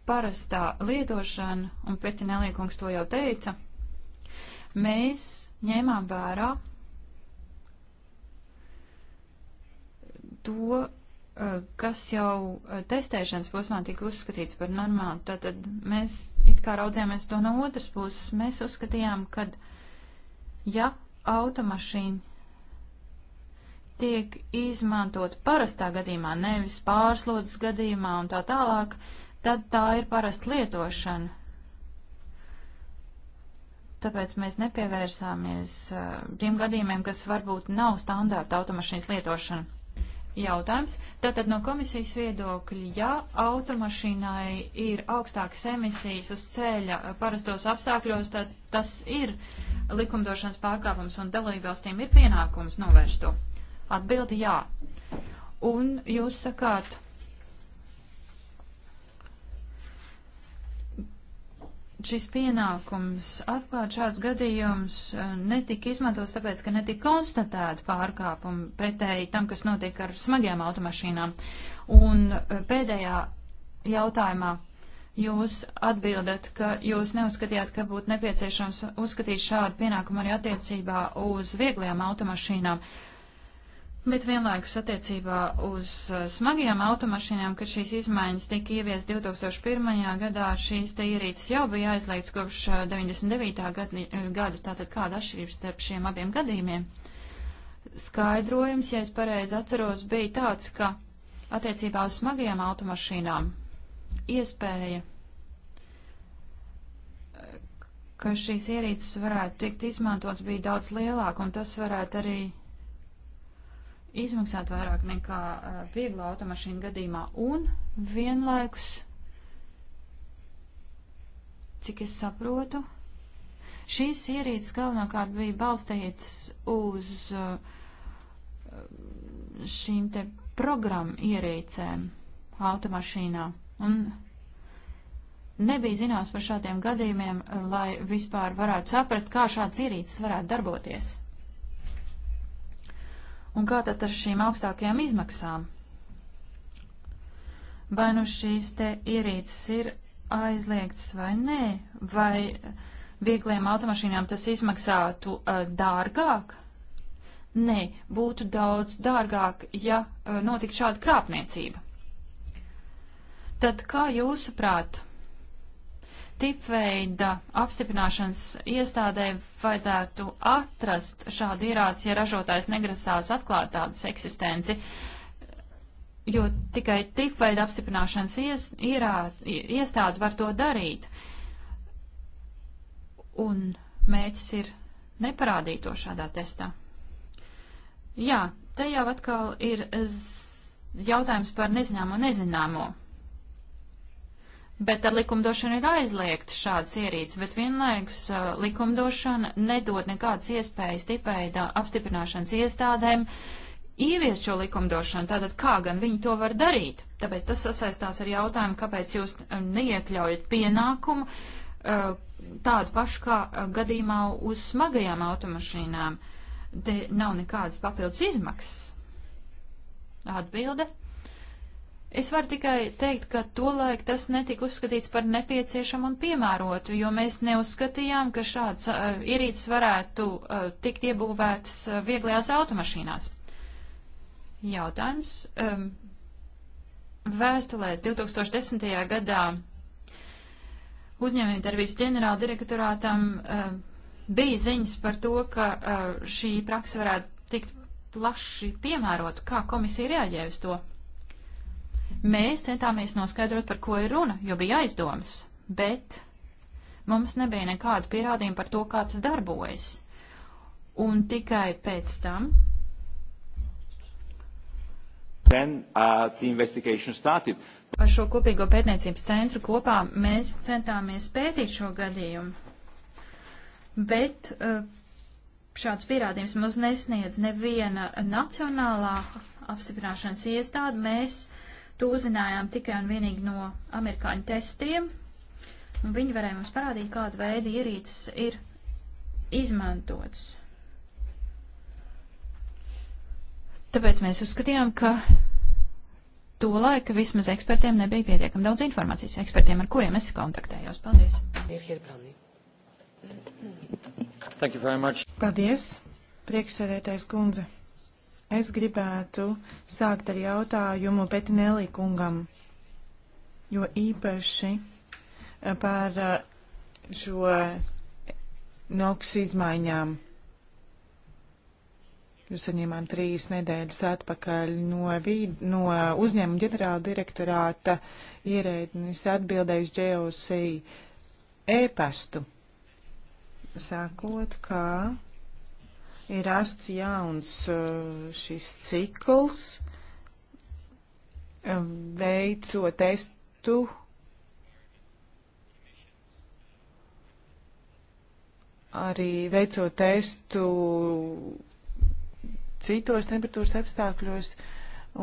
parastā lietošana, un Petinelīkungs to jau teica, mēs ņēmām vērā to, eh, kas jau eh, testēšanas posmā tika uzskatīts par normālu. Tātad mēs it kā raudzījāmies to no otras puses. Mēs uzskatījām, ka ja automašīna tiek izmantot parastā gadījumā, nevis pārslodzes gadījumā un tā tālāk, tad tā ir parasta lietošana. Tāpēc mēs nepievērsāmies uh, tiem gadījumiem, kas varbūt nav standārta automašīnas lietošana jautājums. Tātad no komisijas viedokļa, ja automašīnai ir augstākas emisijas uz ceļa parastos apstākļos, tad tas ir likumdošanas pārkāpums un dalībvalstīm ir pienākums novērst to. Atbildi jā. Un jūs sakāt, šis pienākums atklāt šāds gadījums e, netika izmantots tāpēc, ka netika konstatēta pārkāpuma pretēji tam, kas notiek ar smagajām automašīnām. Un e, pēdējā jautājumā jūs atbildat, ka jūs neuzskatījāt, ka būtu nepieciešams uzskatīt šādu pienākumu arī attiecībā uz vieglajām automašīnām. Uh, Bet vienlaikus attiecībā uz uh, smagajām automašīnām, kad šīs izmaiņas tika ievies 2001. gadā, šīs te ierīces jau bija aizliegts kopš 99. Uh, Gadi, uh, gada, tātad kāda atšķirības starp šiem abiem gadījumiem. Skaidrojums, ja es pareizi atceros, bija tāds, ka attiecībā uz smagajām automašīnām iespēja, ka šīs ierīces varētu tikt izmantots, bija daudz lielāka, un tas varētu arī izmaksāt vairāk nekā eh, viegla automašīna gadījumā un vienlaikus, cik es saprotu, šīs ierīces galvenokārt bija balstītas uz eh, šīm te programmu ierīcēm automašīnā. Un nebija zināms par šādiem gadījumiem, eh, lai vispār varētu saprast, kā šāds ierīces varētu darboties. Un kā tad ar šīm augstākajām izmaksām? Vai nu šīs te ierīces ir aizliegtas vai nē, vai viegliem automašīnām tas izmaksātu uh, dārgāk? Nē, būtu daudz dārgāk, ja uh, notiktu šāda krāpniecība. Tad kā jūsuprāt, tipveida apstiprināšanas iestādē vajadzētu atrast šādu ierāci, ja ražotājs negrasās atklāt tādas eksistenci, jo tikai tipveida apstiprināšanas ies, ierā, iestādes var to darīt. Un mērķis ir neparādīt to šādā testā. Jā, te jau atkal ir jautājums par nezināmo nezināmo bet ar likumdošanu ir aizliegt šāds ierīts, bet vienlaikus uh, likumdošana nedod nekādas iespējas tipēda apstiprināšanas iestādēm ieviest šo likumdošanu, tātad kā gan viņi to var darīt. Tāpēc tas sasaistās ar jautājumu, kāpēc jūs um, neiekļaujat pienākumu uh, tādu pašu kā uh, gadījumā uz smagajām automašīnām. Te nav nekādas papildus izmaksas. Atbilde. Es varu tikai teikt, ka tolaik tas netika uzskatīts par nepieciešamu un piemērotu, jo mēs neuzskatījām, ka šāds uh, ierīces varētu uh, tikt iebūvētas uh, vieglajās automašīnās. Jautājums. Um, vēstulēs 2010. gadā uzņēmējuma darbības ģenerāla direktorātam uh, um, bija ziņas par to, ka uh, šī praksa varētu tikt plaši piemērot. Kā komisija reaģēja uz to? Mēs centāmies noskaidrot, par ko ir runa, jo bija aizdomas, bet mums nebija nekādu pierādījumu par to, kā tas darbojas. Un tikai pēc tam. Then, uh, the investigation started. Ar šo kopīgo pētniecības centru kopā mēs centāmies pētīt šo gadījumu, bet uh, šāds pierādījums mums nesniedz neviena nacionālā apstiprināšanas iestāde. Mēs uh, to uzzinājām tikai un vienīgi no amerikāņu testiem. Un viņi varēja mums parādīt, kāda veida ierīces ir izmantotas. Tāpēc mēs uzskatījām, ka to laika vismaz ekspertiem nebija pietiekami daudz informācijas. Ekspertiem, ar kuriem es kontaktējos. Paldies! Paldies, prieksēdētais kundze! Es gribētu sākt ar jautājumu Petinēlī kungam, jo īpaši eh, par eh, šo noks izmaiņām. Jūs saņēmām trīs nedēļas atpakaļ no, vid, no uzņēmuma ģenerāla direktorāta ierēdnis atbildējis GOC e-pastu, sākot, kā ir rasts jauns uh, šis cikls, um, veicot testu. Arī veicot testu citos temperatūras apstākļos,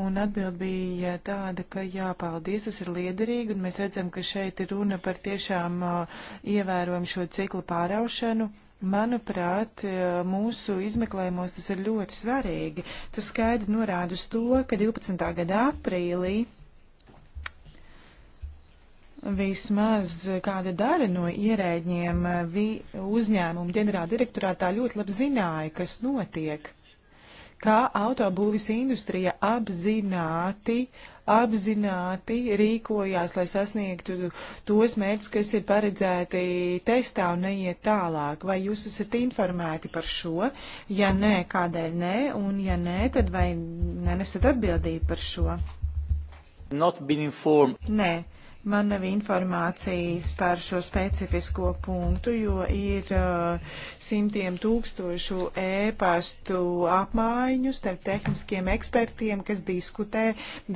un atbild bija tāda, ka jā, paldies, tas ir liederīgi, un mēs redzam, ka šeit ir runa par tiešām uh, ievērojumu šo ciklu pāraušanu. Uh, Manuprāt, eh, mūsu izmeklējumos tas ir ļoti svarīgi. Tas skaidri norāda uz to, ka 12. gada aprīlī vismaz kāda daļa no ierēģiem eh, uzņēmumu ģenerāldirektorātā ļoti labi zināja, kas notiek kā autobūvis industrija apzināti apzināti rīkojās, lai sasniegtu tos mērķus, kas ir paredzēti testā un neiet tālāk. Vai jūs esat informēti par šo? Ja nē, kādēļ nē? Un ja nē, tad vai nenesat atbildību par šo? Nē Man nav informācijas par šo specifisko punktu, jo ir uh, simtiem tūkstošu ēpastu e apmaiņu starp tehniskiem ekspertiem, kas diskutē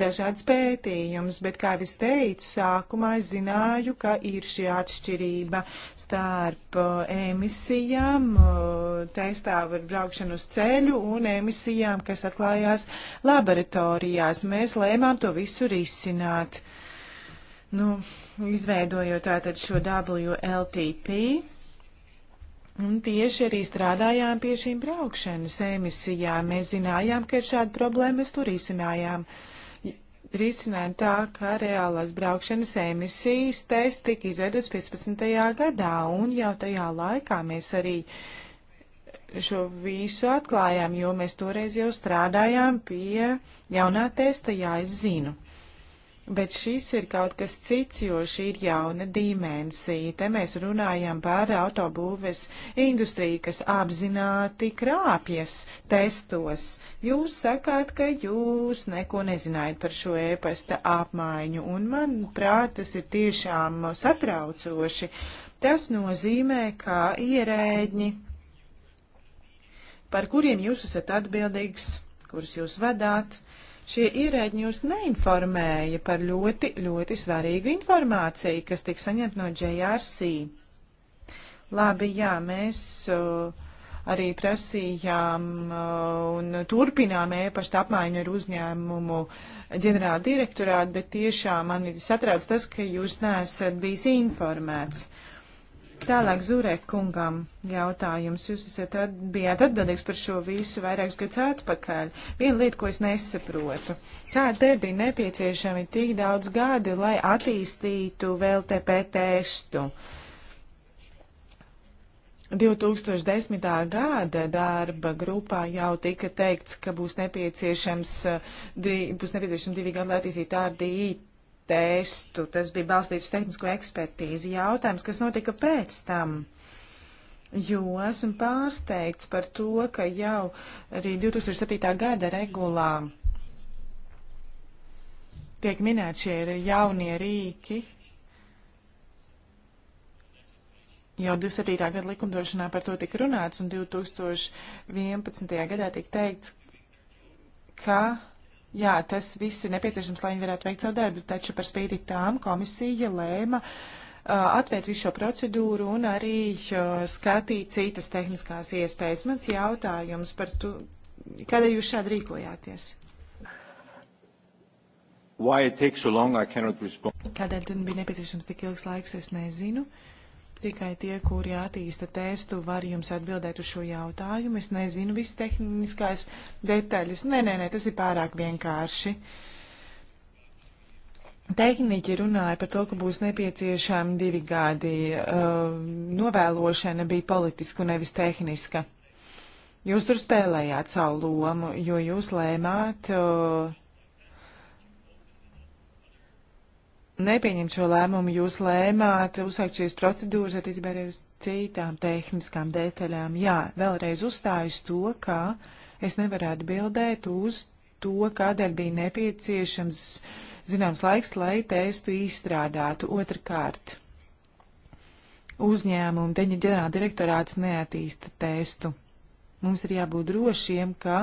dažādas pētījumus. Bet, kā es teicu, sākumā es zināju, ka ir šī atšķirība starp uh, emisijām, uh, testā var braukšanu uz ceļu un emisijām, kas atklājās laboratorijās. Mēs lēmām to visu risināt. Uh, Nu, izveidojot tātad šo WLTP, un tieši arī strādājām pie šīm braukšanas emisijām. Mēs zinājām, ka ir šāda problēma, mēs to risinājām. Risinājām tā, ka reālās braukšanas emisijas tests tika izveidots 15. gadā, un jau tajā laikā mēs arī šo visu atklājām, jo mēs toreiz jau strādājām pie jaunā testa, jā, es zinu. Bet šis ir kaut kas cits, jo šī ir jauna dimensija. Te mēs runājam par autobūves industriju, kas apzināti krāpjas testos. Jūs sakāt, ka jūs neko nezinājat par šo ēpasta apmaiņu, un manuprāt, tas ir tiešām satraucoši. Tas nozīmē, ka ierēģi, par kuriem jūs esat atbildīgs, kurus jūs vadāt, Šie ierēģi jūs neinformēja par ļoti, ļoti svarīgu informāciju, kas tika saņemta no JRC. Labi, jā, mēs uh, arī prasījām uh, un turpinām ēpastu apmaiņu ar uzņēmumu ģenerāla direktorātu, bet tiešām man ir satrauc tas, ka jūs neesat bijis informēts. Uh, Tālāk Zurek kungam jautājums. Jūs esat at, bijāt atbildīgs par šo visu vairākus gadus atpakaļ. Viena lieta, ko es nesaprotu. Kādēļ bija nepieciešami tik daudz gadi, lai attīstītu vēl TP testu? 2010. gada darba grupā jau tika teikts, ka būs nepieciešams, eh, di, būs nepieciešams divi gadi, lai attīstītu RDI testu. Tas bija balstīts uz tehnisko ekspertīzi. Jautājums, kas notika pēc tam? Jo esmu pārsteigts par to, ka jau arī 2007. gada regulā tiek minēti šie jaunie rīki. Jau 27. gada likumdošanā par to tika runāts, un 2011. gadā tika teikts, ka Jā, tas viss ir nepieciešams, lai viņi varētu veikt savu darbu, taču par spīti tām komisija lēma atvērt visu šo procedūru un arī skatīt citas tehniskās iespējas. Mans jautājums par to, kādēļ jūs šādi rīkojāties? So long, Kādēļ tad bija nepieciešams tik ilgs laiks, es nezinu. Uh, Tikai tie, kuri attīsta testu, var jums atbildēt uz šo jautājumu. Es nezinu visas tehniskās detaļas. Nē, nē, nē, tas ir pārāk vienkārši. Tehniķi runāja par to, ka būs nepieciešami divi gadi. Uh, novēlošana bija politiska, nevis tehniska. Jūs tur spēlējāt savu lomu, jo jūs lēmāt. Uh, nepieņemt šo lēmumu, jūs lēmāt uzsākt šīs procedūras attiecībā arī uz citām tehniskām detaļām. Jā, vēlreiz uzstājas to, ka es nevaru atbildēt uz to, kādēļ bija nepieciešams zināms laiks, lai testu izstrādātu. Otrakārt, uzņēmumu deņa ģenerāla direktorāts neattīsta testu. Mums ir jābūt drošiem, ka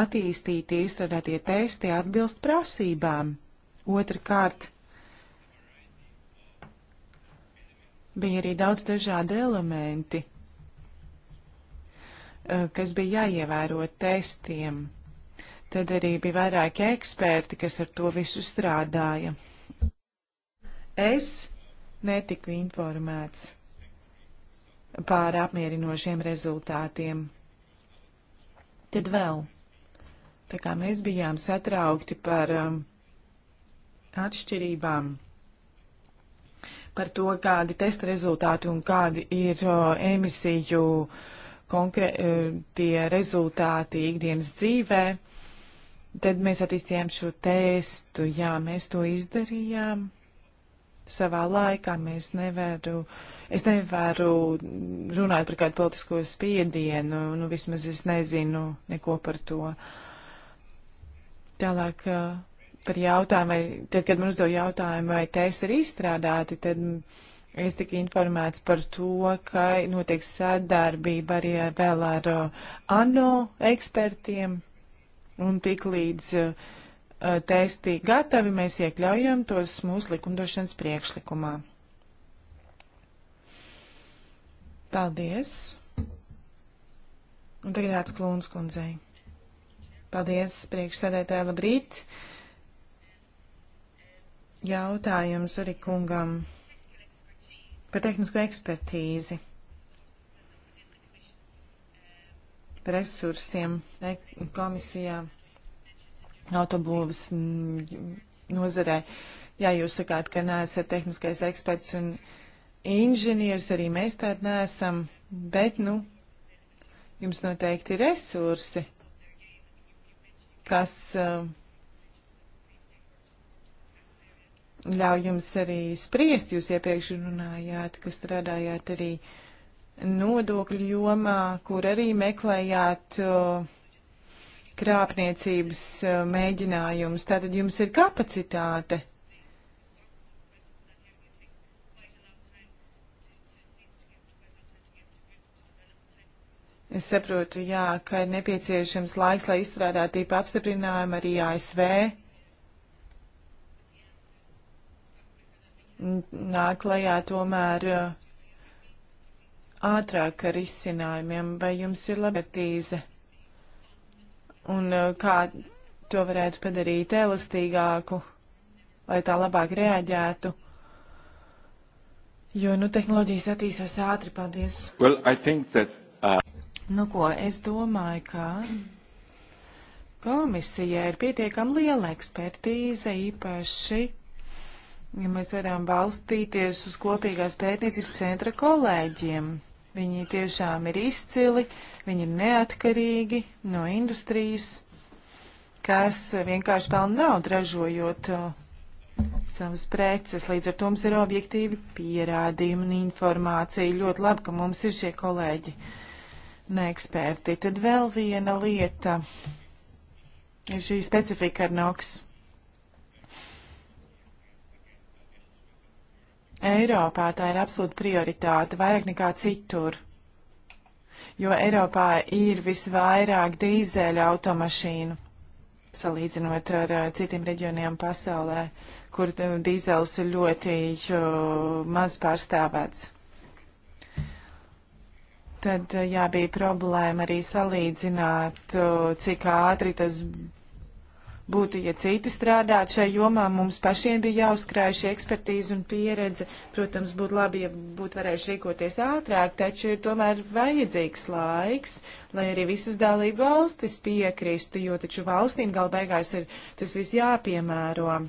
attīstītie izstrādātie testi atbilst prasībām. Otrakārt, Bija arī daudz dažādi elementi, eh, kas bija jāievēro testiem. Tad arī bija vairāki eksperti, kas ar to visu strādāja. Es netiku informēts pār apmierinošiem rezultātiem. Tad vēl, tā kā mēs bijām satraukti par um, atšķirībām par to, kādi testa rezultāti un kādi ir uh, emisiju konkrētie e, uh, rezultāti ikdienas dzīvē. Tad mēs attīstījām šo testu, jā, mēs to izdarījām savā laikā, mēs nevaru, es nevaru runāt par kādu politisko spiedienu, nu vismaz es nezinu neko par to. Tālāk. Uh, par jautājumu, vai tad, kad man uzdod jautājumu, vai testi ir izstrādāti, tad es tiku informēts par to, ka notiek sadarbība arī vēl ar uh, ANO ekspertiem, un tik līdz uh, uh, testi gatavi, mēs iekļaujam tos mūsu likumdošanas priekšlikumā. Paldies! Un tagad tāds klūns kundzei. Paldies, priekšsēdētāji, labrīt! Uh, jautājums arī kungam par tehnisko ekspertīzi, par resursiem komisijā, autobūvas nozarē. Jā, jūs sakāt, ka neesat tehniskais eksperts un inženieris, arī mēs tādi neesam, bet, nu, jums noteikti resursi, kas uh, ļauj jums arī spriest, jūs iepriekš runājāt, ka strādājāt arī nodokļu jomā, kur arī meklējāt krāpniecības mēģinājumus. Tātad jums ir kapacitāte Es saprotu, jā, ka ir nepieciešams laiks, lai izstrādātu tīpa apstiprinājumu arī ASV. nāk lajā tomēr uh, ātrāk ar izcinājumiem, vai jums ir labietīze un uh, kā to varētu padarīt elastīgāku, lai tā labāk reaģētu. Jo, nu, tehnoloģijas attīstās ātri, paldies. Well, that, uh... Nu, ko es domāju, ka komisijai ir pietiekami liela ekspertīze, īpaši ja mēs varam balstīties uz kopīgās pētniecības centra kolēģiem. Viņi tiešām ir izcili, viņi ir neatkarīgi no industrijas, kas vienkārši pelna naudu ražojot uh, savas preces. Līdz ar to mums ir objektīvi pierādījumi un informācija. Ļoti labi, ka mums ir šie kolēģi ne eksperti. Tad vēl viena lieta ir šī specifika ar NOKS. Eiropā tā ir absolūta prioritāte, vairāk nekā citur, jo Eiropā ir visvairāk dīzeļa automašīnu, salīdzinot ar citiem reģioniem pasaulē, kur dīzels ir ļoti maz pārstāvēts. Tad, jā, bija problēma arī salīdzināt, cik ātri tas būtu, ja citi strādātu šai jomā, mums pašiem bija jāuzkrāj šī ekspertīze un pieredze. Protams, būtu labi, ja būtu varējuši rīkoties ātrāk, taču ir tomēr vajadzīgs laiks, lai arī visas dalība valstis piekristu, jo taču valstīm gal beigās ir tas viss jāpiemēro.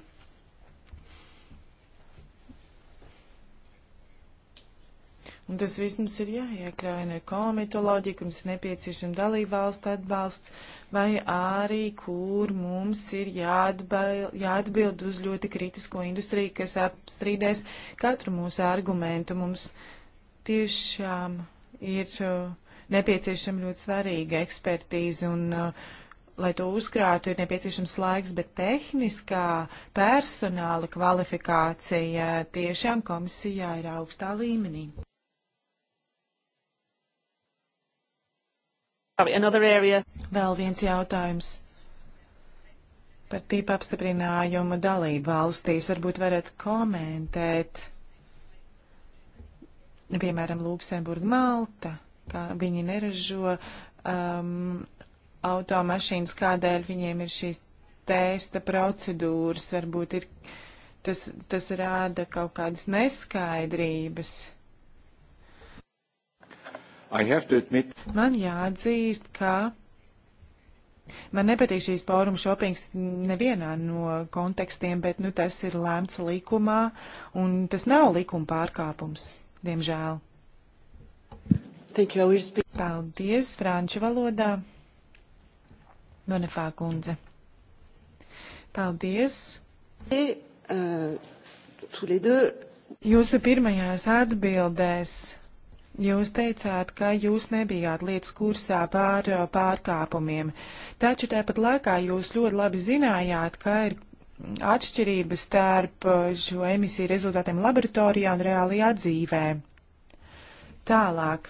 Un tas viss mums ir jāiekļauj ar nu, komitoloģiju, ka mums ir nepieciešama dalībvalstu atbalsts, vai arī, kur mums ir jāatbil, jāatbild uz ļoti kritisko industriju, kas apstrīdēs katru mūsu argumentu. Mums tiešām ir uh, nepieciešama ļoti svarīga ekspertīze un uh, lai to uzkrātu, ir nepieciešams laiks, bet tehniskā personāla kvalifikācija tiešām komisijā ir augstā līmenī. Vēl viens jautājums par tīpa apstiprinājumu dalību valstīs. Varbūt varat komentēt, piemēram, Luksemburga, Malta, kā viņi neražo um, automašīnas, kādēļ viņiem ir šīs testa procedūras, varbūt ir, tas, tas rāda kaut kādas neskaidrības. Man jāatzīst, ka man nepatīk šīs pāruma šopings nevienā no kontekstiem, bet nu, tas ir lēmts likumā, un tas nav likuma pārkāpums, diemžēl. Paldies, franču valodā. Bonifā kundze. Paldies. Et, uh, eh, Jūsu pirmajās atbildēs Jūs teicāt, ka jūs nebijāt lietas kursā pār eh, pārkāpumiem, taču tāpat laikā jūs ļoti labi zinājāt, ka ir atšķirības starp eh, šo emisiju rezultātiem laboratorijā un reālajā dzīvē. Tālāk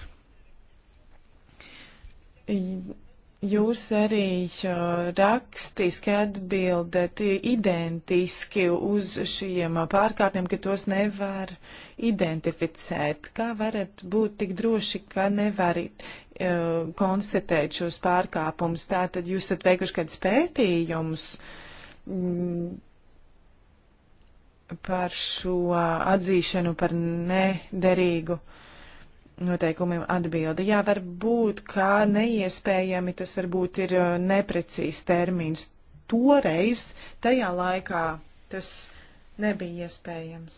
Jūs arī rakstiski atbildat identiski uz šiem pārkāpumiem, ka tos nevar identificēt. Kā varat būt tik droši, ka nevarat uh, konstatēt šos pārkāpumus? Tātad jūs esat veikuši kādus pētījumus mm, par šo atzīšanu par nederīgu uh, noteikumiem atbildi. Jā, var būt, kā neiespējami tas varbūt ir uh, neprecīzs termins. Toreiz, tajā laikā tas nebija iespējams.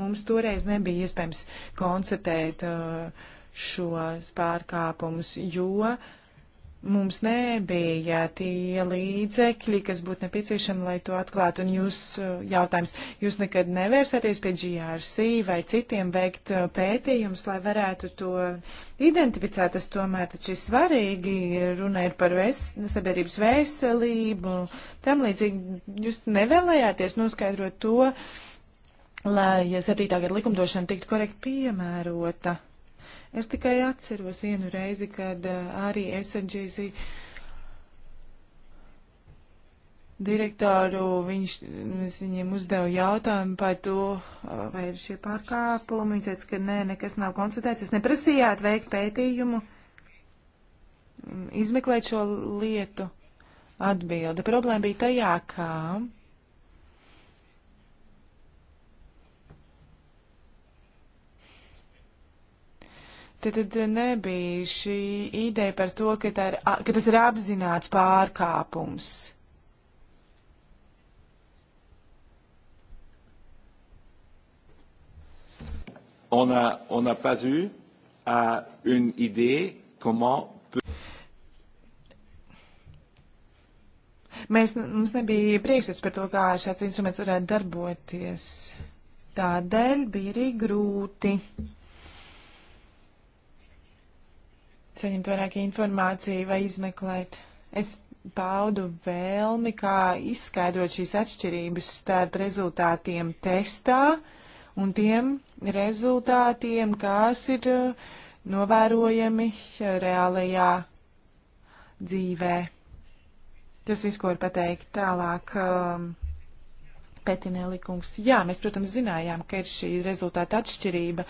Mums toreiz nebija iespējams konstatēt uh, šos pārkāpumus, jo uh, mums nebija tie līdzekļi, kas būtu nepieciešami, lai to atklātu. Un jūs uh, jautājums, jūs nekad nevērsāties pie GRC vai citiem veikt uh, pētījumus, lai varētu to identificēt? Tas tomēr taču ir svarīgi, runa ir par ves, sabiedrības veselību. Tam līdzīgi jūs nevēlējāties noskaidrot to, lai 7. gada likumdošana tiktu korekti piemērota. Es tikai atceros vienu reizi, kad arī SNGZ direktoru viņš, viņiem uzdeva jautājumu par to, vai ir šie pārkāpumi. Viņš teica, ka nē, nekas nav konstatēts. Jūs neprasījāt veikt pētījumu, izmeklēt šo lietu. Atbilde. Problēma bija tajā, kā Tad, tad nebija šī ideja par to, ka, ir, ka tas ir apzināts pārkāpums. on n'a on a pas eu à une idée comment peut... Mēs, mums nebija priekšstats par to, kā šāds instruments varētu darboties. Tādēļ bija arī grūti saņemt vairāk informāciju vai izmeklēt. Es paudu vēlmi, kā izskaidrot šīs atšķirības starp rezultātiem testā un tiem rezultātiem, kas ir uh, novērojami uh, reālajā dzīvē. Tas viss, ko ir pateikt tālāk. Um, Petinēli kungs. Jā, mēs, protams, zinājām, ka ir šī rezultāta atšķirība,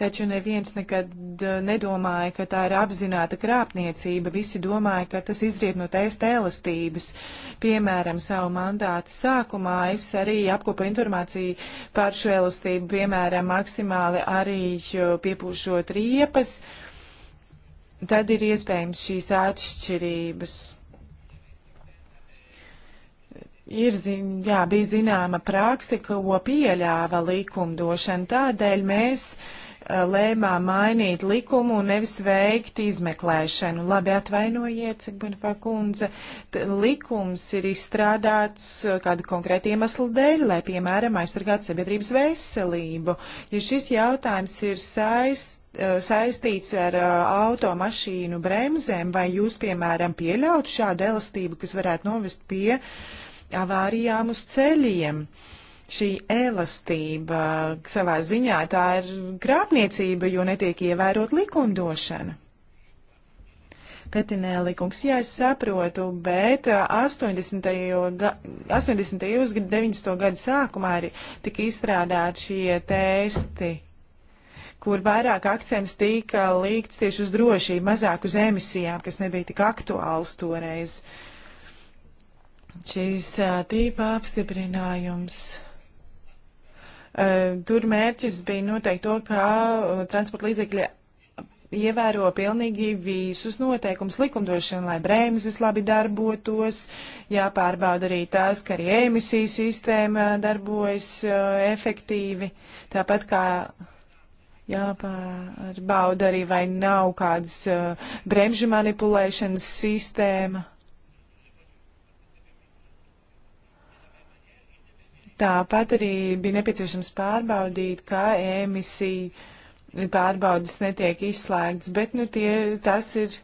taču neviens nekad nedomāja, ka tā ir apzināta krāpniecība. Visi domāja, ka tas izriet no testa elastības. Piemēram, savu mandātu sākumā es arī apkopoju informāciju par šo elastību, piemēram, maksimāli arī piepūšot riepas. Tad ir iespējams šīs atšķirības. Ir zin, jā, bija zināma praksa, ko pieļāva likumdošana. Tādēļ mēs uh, lēmām mainīt likumu un nevis veikt izmeklēšanu. Labi, atvainojiet, Cekbenfā kundze, T likums ir izstrādāts uh, kādu konkrētu iemeslu dēļ, lai, piemēram, aizsargātu sabiedrības veselību. Ja šis jautājums ir saist, saistīts ar uh, automašīnu bremzēm, vai jūs, piemēram, pieļaut šādu elastību, kas varētu novest pie uh, avārijām uz ceļiem. Šī elastība savā ziņā tā ir krāpniecība, jo netiek ievērot likumdošana. Petinēli kungs, jā, es saprotu, bet 80. Ga, 80. un 90. gadu sākumā arī tika izstrādāti šie testi kur vairāk akcents tika likts tieši uz drošību, mazāk uz emisijām, kas nebija tik aktuāls toreiz. Uh, šīs tīpa apstiprinājums. Tur mērķis bija noteikti to, ka transporta līdzekļi ievēro pilnīgi visus noteikumus likumdošanu, lai brēmzes labi darbotos, jāpārbauda arī tās, ka arī emisiju sistēma darbojas uh, efektīvi, tāpat kā jāpārbauda arī, vai nav kādas uh, bremžu manipulēšanas sistēma. Tāpat arī bija nepieciešams pārbaudīt, kā emisija pārbaudas netiek izslēgts, bet nu, tie, tas ir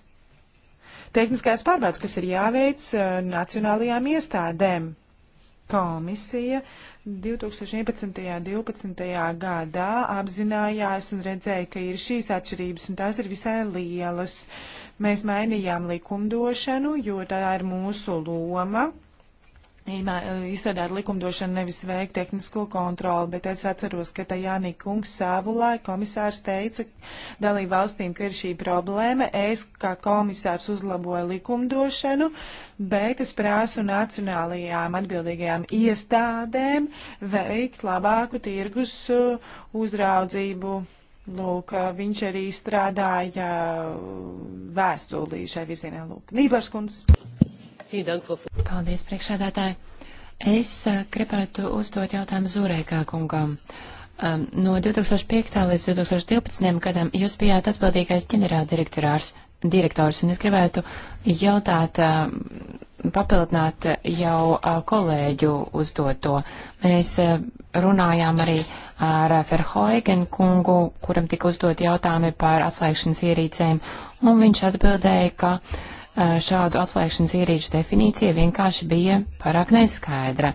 tehniskās pārbaudas, kas ir jāveic uh, nacionālajām iestādēm. Komisija 2011. un 2012. gadā apzinājās un redzēja, ka ir šīs atšķirības, un tās ir visai lielas. Mēs mainījām likumdošanu, jo tā ir mūsu loma izstrādāt likumdošanu, nevis veikt tehnisko kontroli, bet es atceros, ka Tajānī kungs savulaik komisārs teica dalību valstīm, ka ir šī problēma. Es kā komisārs uzlaboju likumdošanu, bet es prāsu nacionālajām atbildīgajām iestādēm veikt labāku tirgus uh, uzraudzību. Lūk, uh, viņš arī strādāja uh, vēstulī šai virzienā. Lūk, Nībārs kungs. Paldies, priekšsēdētāji. Es eh, gribētu uzdot jautājumu Zūrēkā kungam. Ehm, no 2005. līdz 2012. gadam jūs bijāt atbildīgais ģenerāldirektors, direktors, un es gribētu jautāt, ehm, papildināt jau eh, kolēģu uzdoto. Mēs eh, runājām arī ar Ferhoigen kungu, kuram tika uzdot jautājumi par atslēgšanas ierīcēm, un viņš atbildēja, ka Eh, šādu atslēgšanas ierīču definīcija vienkārši bija pārāk neskaidra.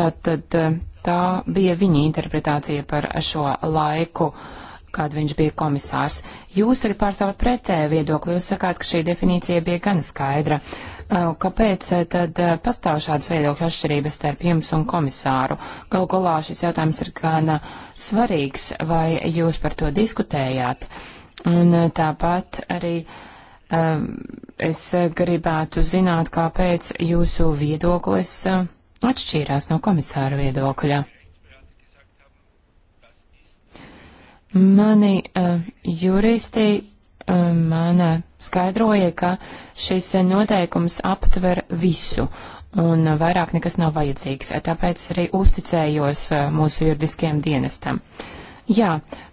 Tātad eh, eh, tā bija viņa interpretācija par šo laiku, kad viņš bija komisārs. Jūs tagad pārstāvat pretēju viedokli, jūs sakāt, ka šī definīcija bija gan skaidra. Kāpēc tad pastāv šādas viedokļa atšķirības starp jums un komisāru? Galu galā šis jautājums ir gan svarīgs, vai jūs par to diskutējāt? Un tāpat arī uh, Ehm, es gribētu zināt, kāpēc jūsu viedoklis ehm, atšķīrās no komisāra viedokļa. Mani uh, juristi uh, man skaidroja, ka šis noteikums aptver visu un vairāk nekas nav vajadzīgs, tāpēc arī uzticējos uh, mūsu juridiskajam dienestam. Uh, Jā,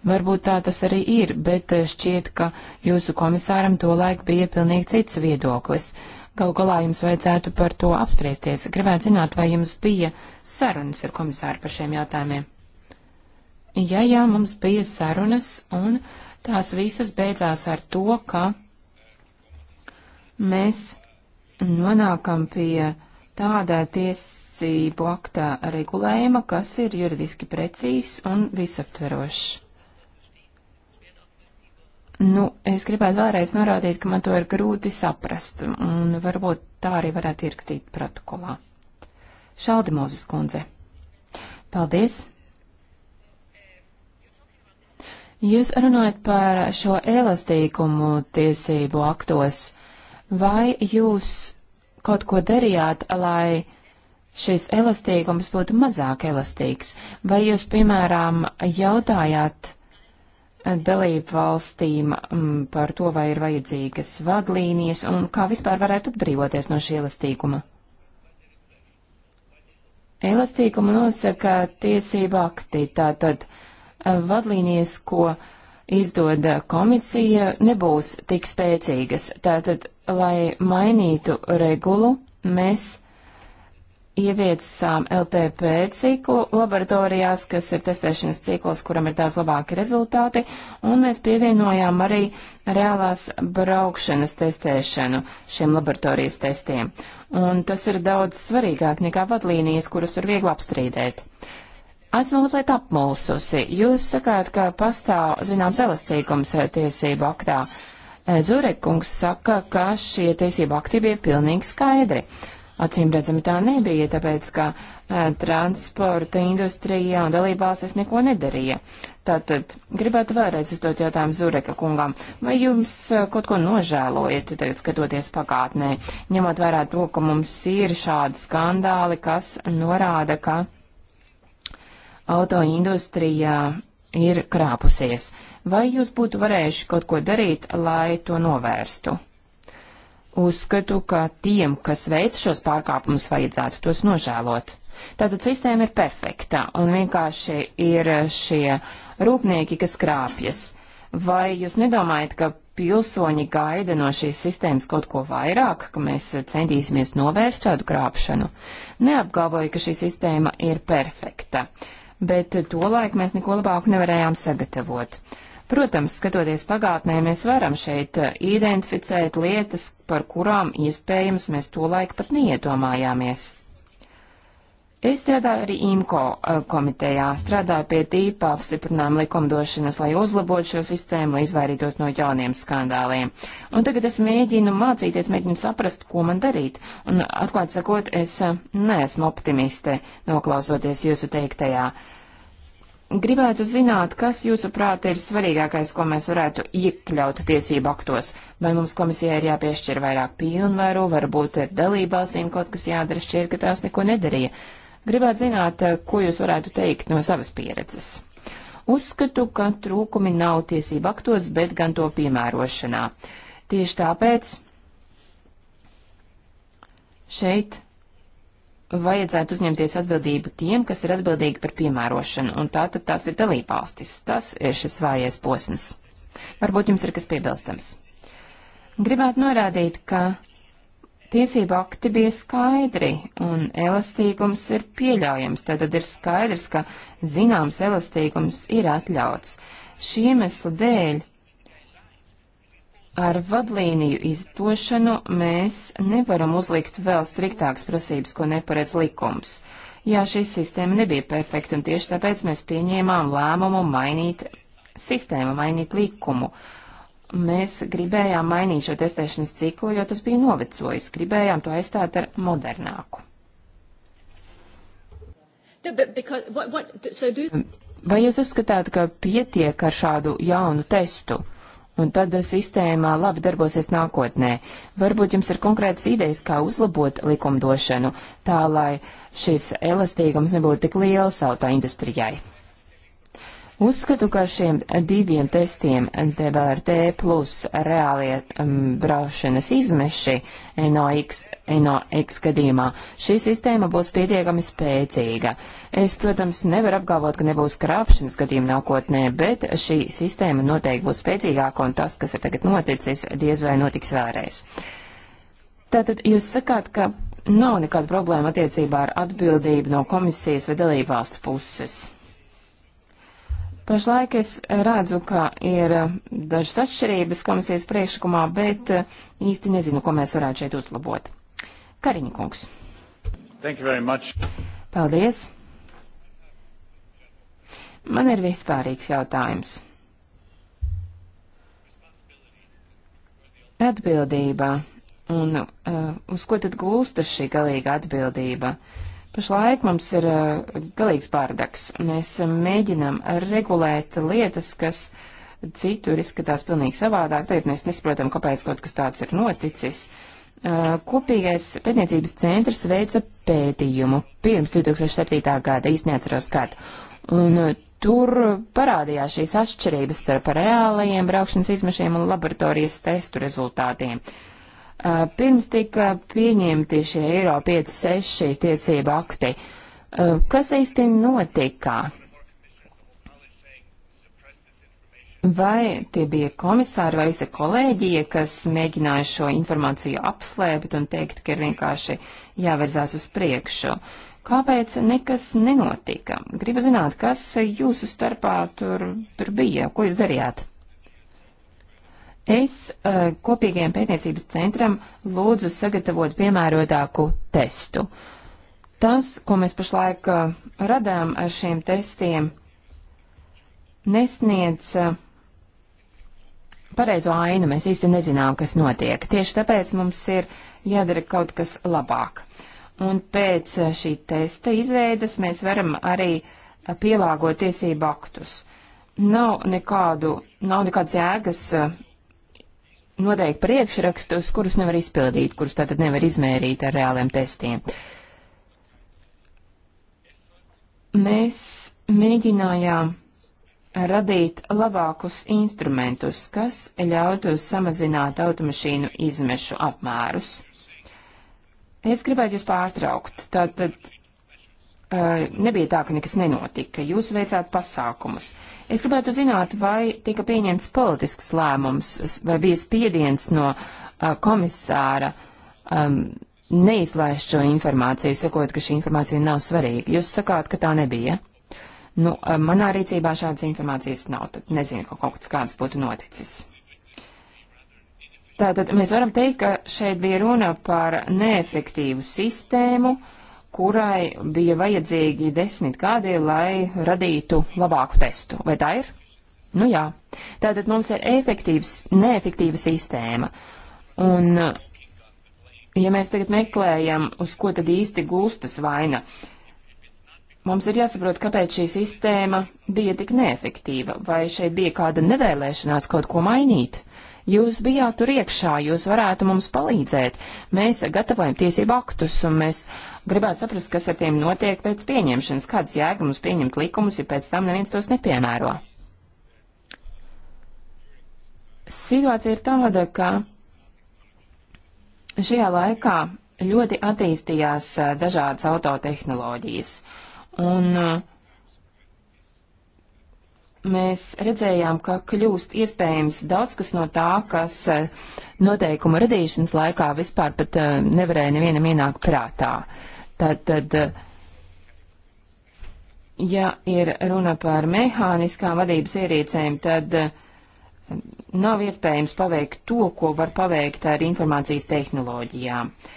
varbūt tā tas arī ir, bet eh, šķiet, ka jūsu komisāram to laik bija pilnīgi cits viedoklis. Galu galā jums vajadzētu par to apspriesties. Gribētu zināt, vai jums bija sarunas ar komisāru par šiem jautājumiem. Jā, jā, mums bija sarunas, un tās visas beidzās ar to, ka mēs nonākam pie tādā tiesas tiesību aktā regulējuma, kas ir juridiski precīzs un visaptverošs. Nu, es gribētu vēlreiz norādīt, ka man to ir grūti saprast, un varbūt tā arī varētu ierakstīt protokolā. Šaldi Mozes kundze. Paldies! Jūs runājat par šo elastīgumu tiesību aktos. Vai jūs kaut ko darījāt, lai šis elastīgums būtu mazāk elastīgs? Vai jūs, piemēram, jautājāt eh, dalību valstīm mm, par to, vai ir vajadzīgas vadlīnijas un kā vispār varētu atbrīvoties no šī elastīguma? Elastīgumu nosaka tiesība akti, tātad eh, vadlīnijas, ko izdod komisija, nebūs tik spēcīgas. Tātad, lai mainītu regulu, mēs ieviecām LTP ciklu laboratorijās, kas ir testēšanas cikls, kuram ir daudz labāki rezultāti, un mēs pievienojām arī reālās braukšanas testēšanu šiem laboratorijas testiem. Un tas ir daudz svarīgāk nekā vadlīnijas, kuras ir viegli apstrīdēt. Esmu mazliet apmulsusi. Jūs sakāt, ka pastāv zināms elastīgums eh, tiesību aktā. Eh, Zurekungs saka, ka šie tiesību akti bija pilnīgi skaidri. Acīm redzami tā nebija, tāpēc, ka uh, transporta industrijā un dalībvalstis neko nedarīja. Tātad gribētu vēlreiz uzdot jautājumu Zureka kungam, vai jums eh, kaut ko nožēlojat, tagad skatoties pagātnē, ņemot vērā to, ka mums ir šādi skandāli, kas norāda, ka autoindustrijā ir krāpusies. Vai jūs būtu varējuši kaut ko darīt, lai to novērstu? Uzskatu, ka tiem, kas veic šos pārkāpumus, vajadzētu tos nožēlot. Tātad sistēma ir perfekta, un vienkārši ir šie rūpnieki, kas krāpjas. Vai jūs nedomājat, ka pilsoņi gaida no šīs sistēmas kaut ko vairāk, ka mēs centīsimies novērst šādu krāpšanu? Neapgalvoju, ka šī sistēma ir perfekta, bet tolaik mēs neko labāku nevarējām sagatavot. Protams, skatoties pagātnē, mēs varam šeit eh, identificēt lietas, par kurām iespējams mēs to laiku pat neiedomājāmies. Es strādāju arī IMCO eh, komitejā, strādāju pie tīpa apstiprinām likumdošanas, lai uzlabotu šo sistēmu, lai izvairītos no jauniem skandāliem. Un tagad es mēģinu mācīties, mēģinu saprast, ko man darīt. Un atklāt sakot, es eh, neesmu optimiste, noklausoties jūsu teiktajā. Uh, Gribētu zināt, kas, jūsuprāt, ir svarīgākais, ko mēs varētu iekļaut tiesību aktos. Vai mums komisijai ir jāpiešķir vairāk pilnvaru, varbūt ir dalībvalstīm kaut kas jādara, šķiet, ka tās neko nedarīja. Gribētu zināt, ko jūs varētu teikt no savas pieredzes. Uzskatu, ka trūkumi nav tiesību aktos, bet gan to piemērošanā. Tieši tāpēc šeit vajadzētu uzņemties atbildību tiem, kas ir atbildīgi par piemērošanu, un tātad tās ir dalībvalstis. Tas ir šis vājais posms. Varbūt jums ir kas piebilstams. Gribētu norādīt, ka tiesību akti bija skaidri, un elastīgums ir pieļaujams, tātad ir skaidrs, ka zināms elastīgums ir atļauts. Šī iemesla dēļ Ar vadlīniju izdošanu mēs nevaram uzlikt vēl striktākas prasības, ko neparedz likums. Jā, šī sistēma nebija perfekta, un tieši tāpēc mēs pieņēmām lēmumu mainīt sistēmu, mainīt likumu. Mēs gribējām mainīt šo testēšanas ciklu, jo tas bija novecojis. Gribējām to aizstāt ar modernāku. Vai jūs uzskatāt, ka pietiek ar šādu jaunu testu? un tad sistēmā labi darbosies nākotnē. Varbūt jums ir konkrētas idejas, kā uzlabot likumdošanu, tā lai šis elastīgums nebūtu tik liels autoindustrijai. Uzskatu, ka šiem diviem testiem DBRT plus reālie um, braušanas izmeši NOX, NOX gadījumā šī sistēma būs pietiekami spēcīga. Es, protams, nevaru apgalvot, ka nebūs krāpšanas gadījumu nākotnē, bet šī sistēma noteikti būs spēcīgāka un tas, kas ir tagad noticis, diez vai notiks vēlreiz. Tātad jūs sakāt, ka nav nekāda problēma attiecībā ar atbildību no komisijas vai dalībvalstu puses. Pašlaik es redzu, ka ir eh, dažas atšķirības komisijas priekšlikumā, bet eh, īsti nezinu, ko mēs varētu šeit uzlabot. Kariņa kungs. Paldies. Man ir vispārīgs jautājums. Atbildība. Un uh, uz ko tad gulsta šī galīga atbildība? Uh, Pašlaik mums ir eh, galīgs pārdaks. Mēs eh, mēģinam regulēt lietas, kas citur izskatās pilnīgi savādāk. Tagad mēs nesaprotam, kāpēc kaut kas tāds ir noticis. Eh, kopīgais pētniecības centrs veica pētījumu pirms 2007. gada, īsti neatceros gadu. Un tur parādījās šīs atšķirības starp reālajiem braukšanas izmešiem un laboratorijas testu rezultātiem. Uh, Uh, pirms tika pieņemti šie Eiro 5-6 tiesību akti, uh, kas īsti notika? Vai tie bija komisāri vai visa kolēģija, kas mēģināja šo informāciju apslēpt un teikt, ka ir vienkārši jāverzās uz priekšu? Kāpēc nekas nenotika? Gribu zināt, kas jūsu starpā tur, tur bija, ko jūs darījāt? Es uh, kopīgajam pētniecības centram lūdzu sagatavot piemērotāku testu. Tas, ko mēs pašlaik uh, radām ar šiem testiem, nesniedz uh, pareizo ainu. Mēs īsti nezinām, kas notiek. Tieši tāpēc mums ir jādara kaut kas labāk. Un pēc uh, šī testa izveidas mēs varam arī uh, pielāgot tiesību aktus. Nav nekādu, nav nekādas jēgas uh, noteikti priekšrakstus, kurus nevar izpildīt, kurus tātad nevar izmērīt ar reāliem testiem. Mēs mēģinājām radīt labākus instrumentus, kas ļautu samazināt automašīnu izmešu apmērus. Es gribētu jūs pārtraukt. Tātad Eh, nebija tā, ka nekas nenotika. Jūs veicāt pasākumus. Es gribētu zināt, vai tika pieņemts politisks lēmums, vai bija spiediens no eh, komisāra um, neizlaist šo informāciju, sakot, ka šī informācija nav svarīga. Jūs sakāt, ka tā nebija. Nu, eh, manā rīcībā šādas informācijas nav, tad nezinu, ka kaut kas kāds būtu noticis. Tātad mēs varam teikt, ka šeit bija runa par neefektīvu sistēmu, uh, kurai bija vajadzīgi desmit gadi, lai radītu labāku testu. Vai tā ir? Nu jā. Tātad mums ir efektīvs, neefektīva sistēma. Un, ja mēs tagad meklējam, uz ko tad īsti gulstas vaina, mums ir jāsaprot, kāpēc šī sistēma bija tik neefektīva, vai šeit bija kāda nevēlēšanās kaut ko mainīt. Uh, Jūs bijāt tur iekšā, jūs varētu mums palīdzēt. Mēs gatavojam tiesību aktus un mēs gribētu saprast, kas ar tiem notiek pēc pieņemšanas, kādas jēga mums pieņemt likumus, ja pēc tam neviens tos nepiemēro. Situācija ir tāda, ka šajā laikā ļoti attīstījās eh, dažādas autotehnoloģijas. Un uh, mēs redzējām, ka kļūst iespējams daudz kas no tā, kas eh, noteikumu radīšanas laikā vispār pat eh, nevarēja nevienam ienākt prātā. Tad, tad, eh, ja ir runa par mehāniskām vadības ierīcēm, tad nav iespējams paveikt to, ko var paveikt ar informācijas tehnoloģijām. Uh,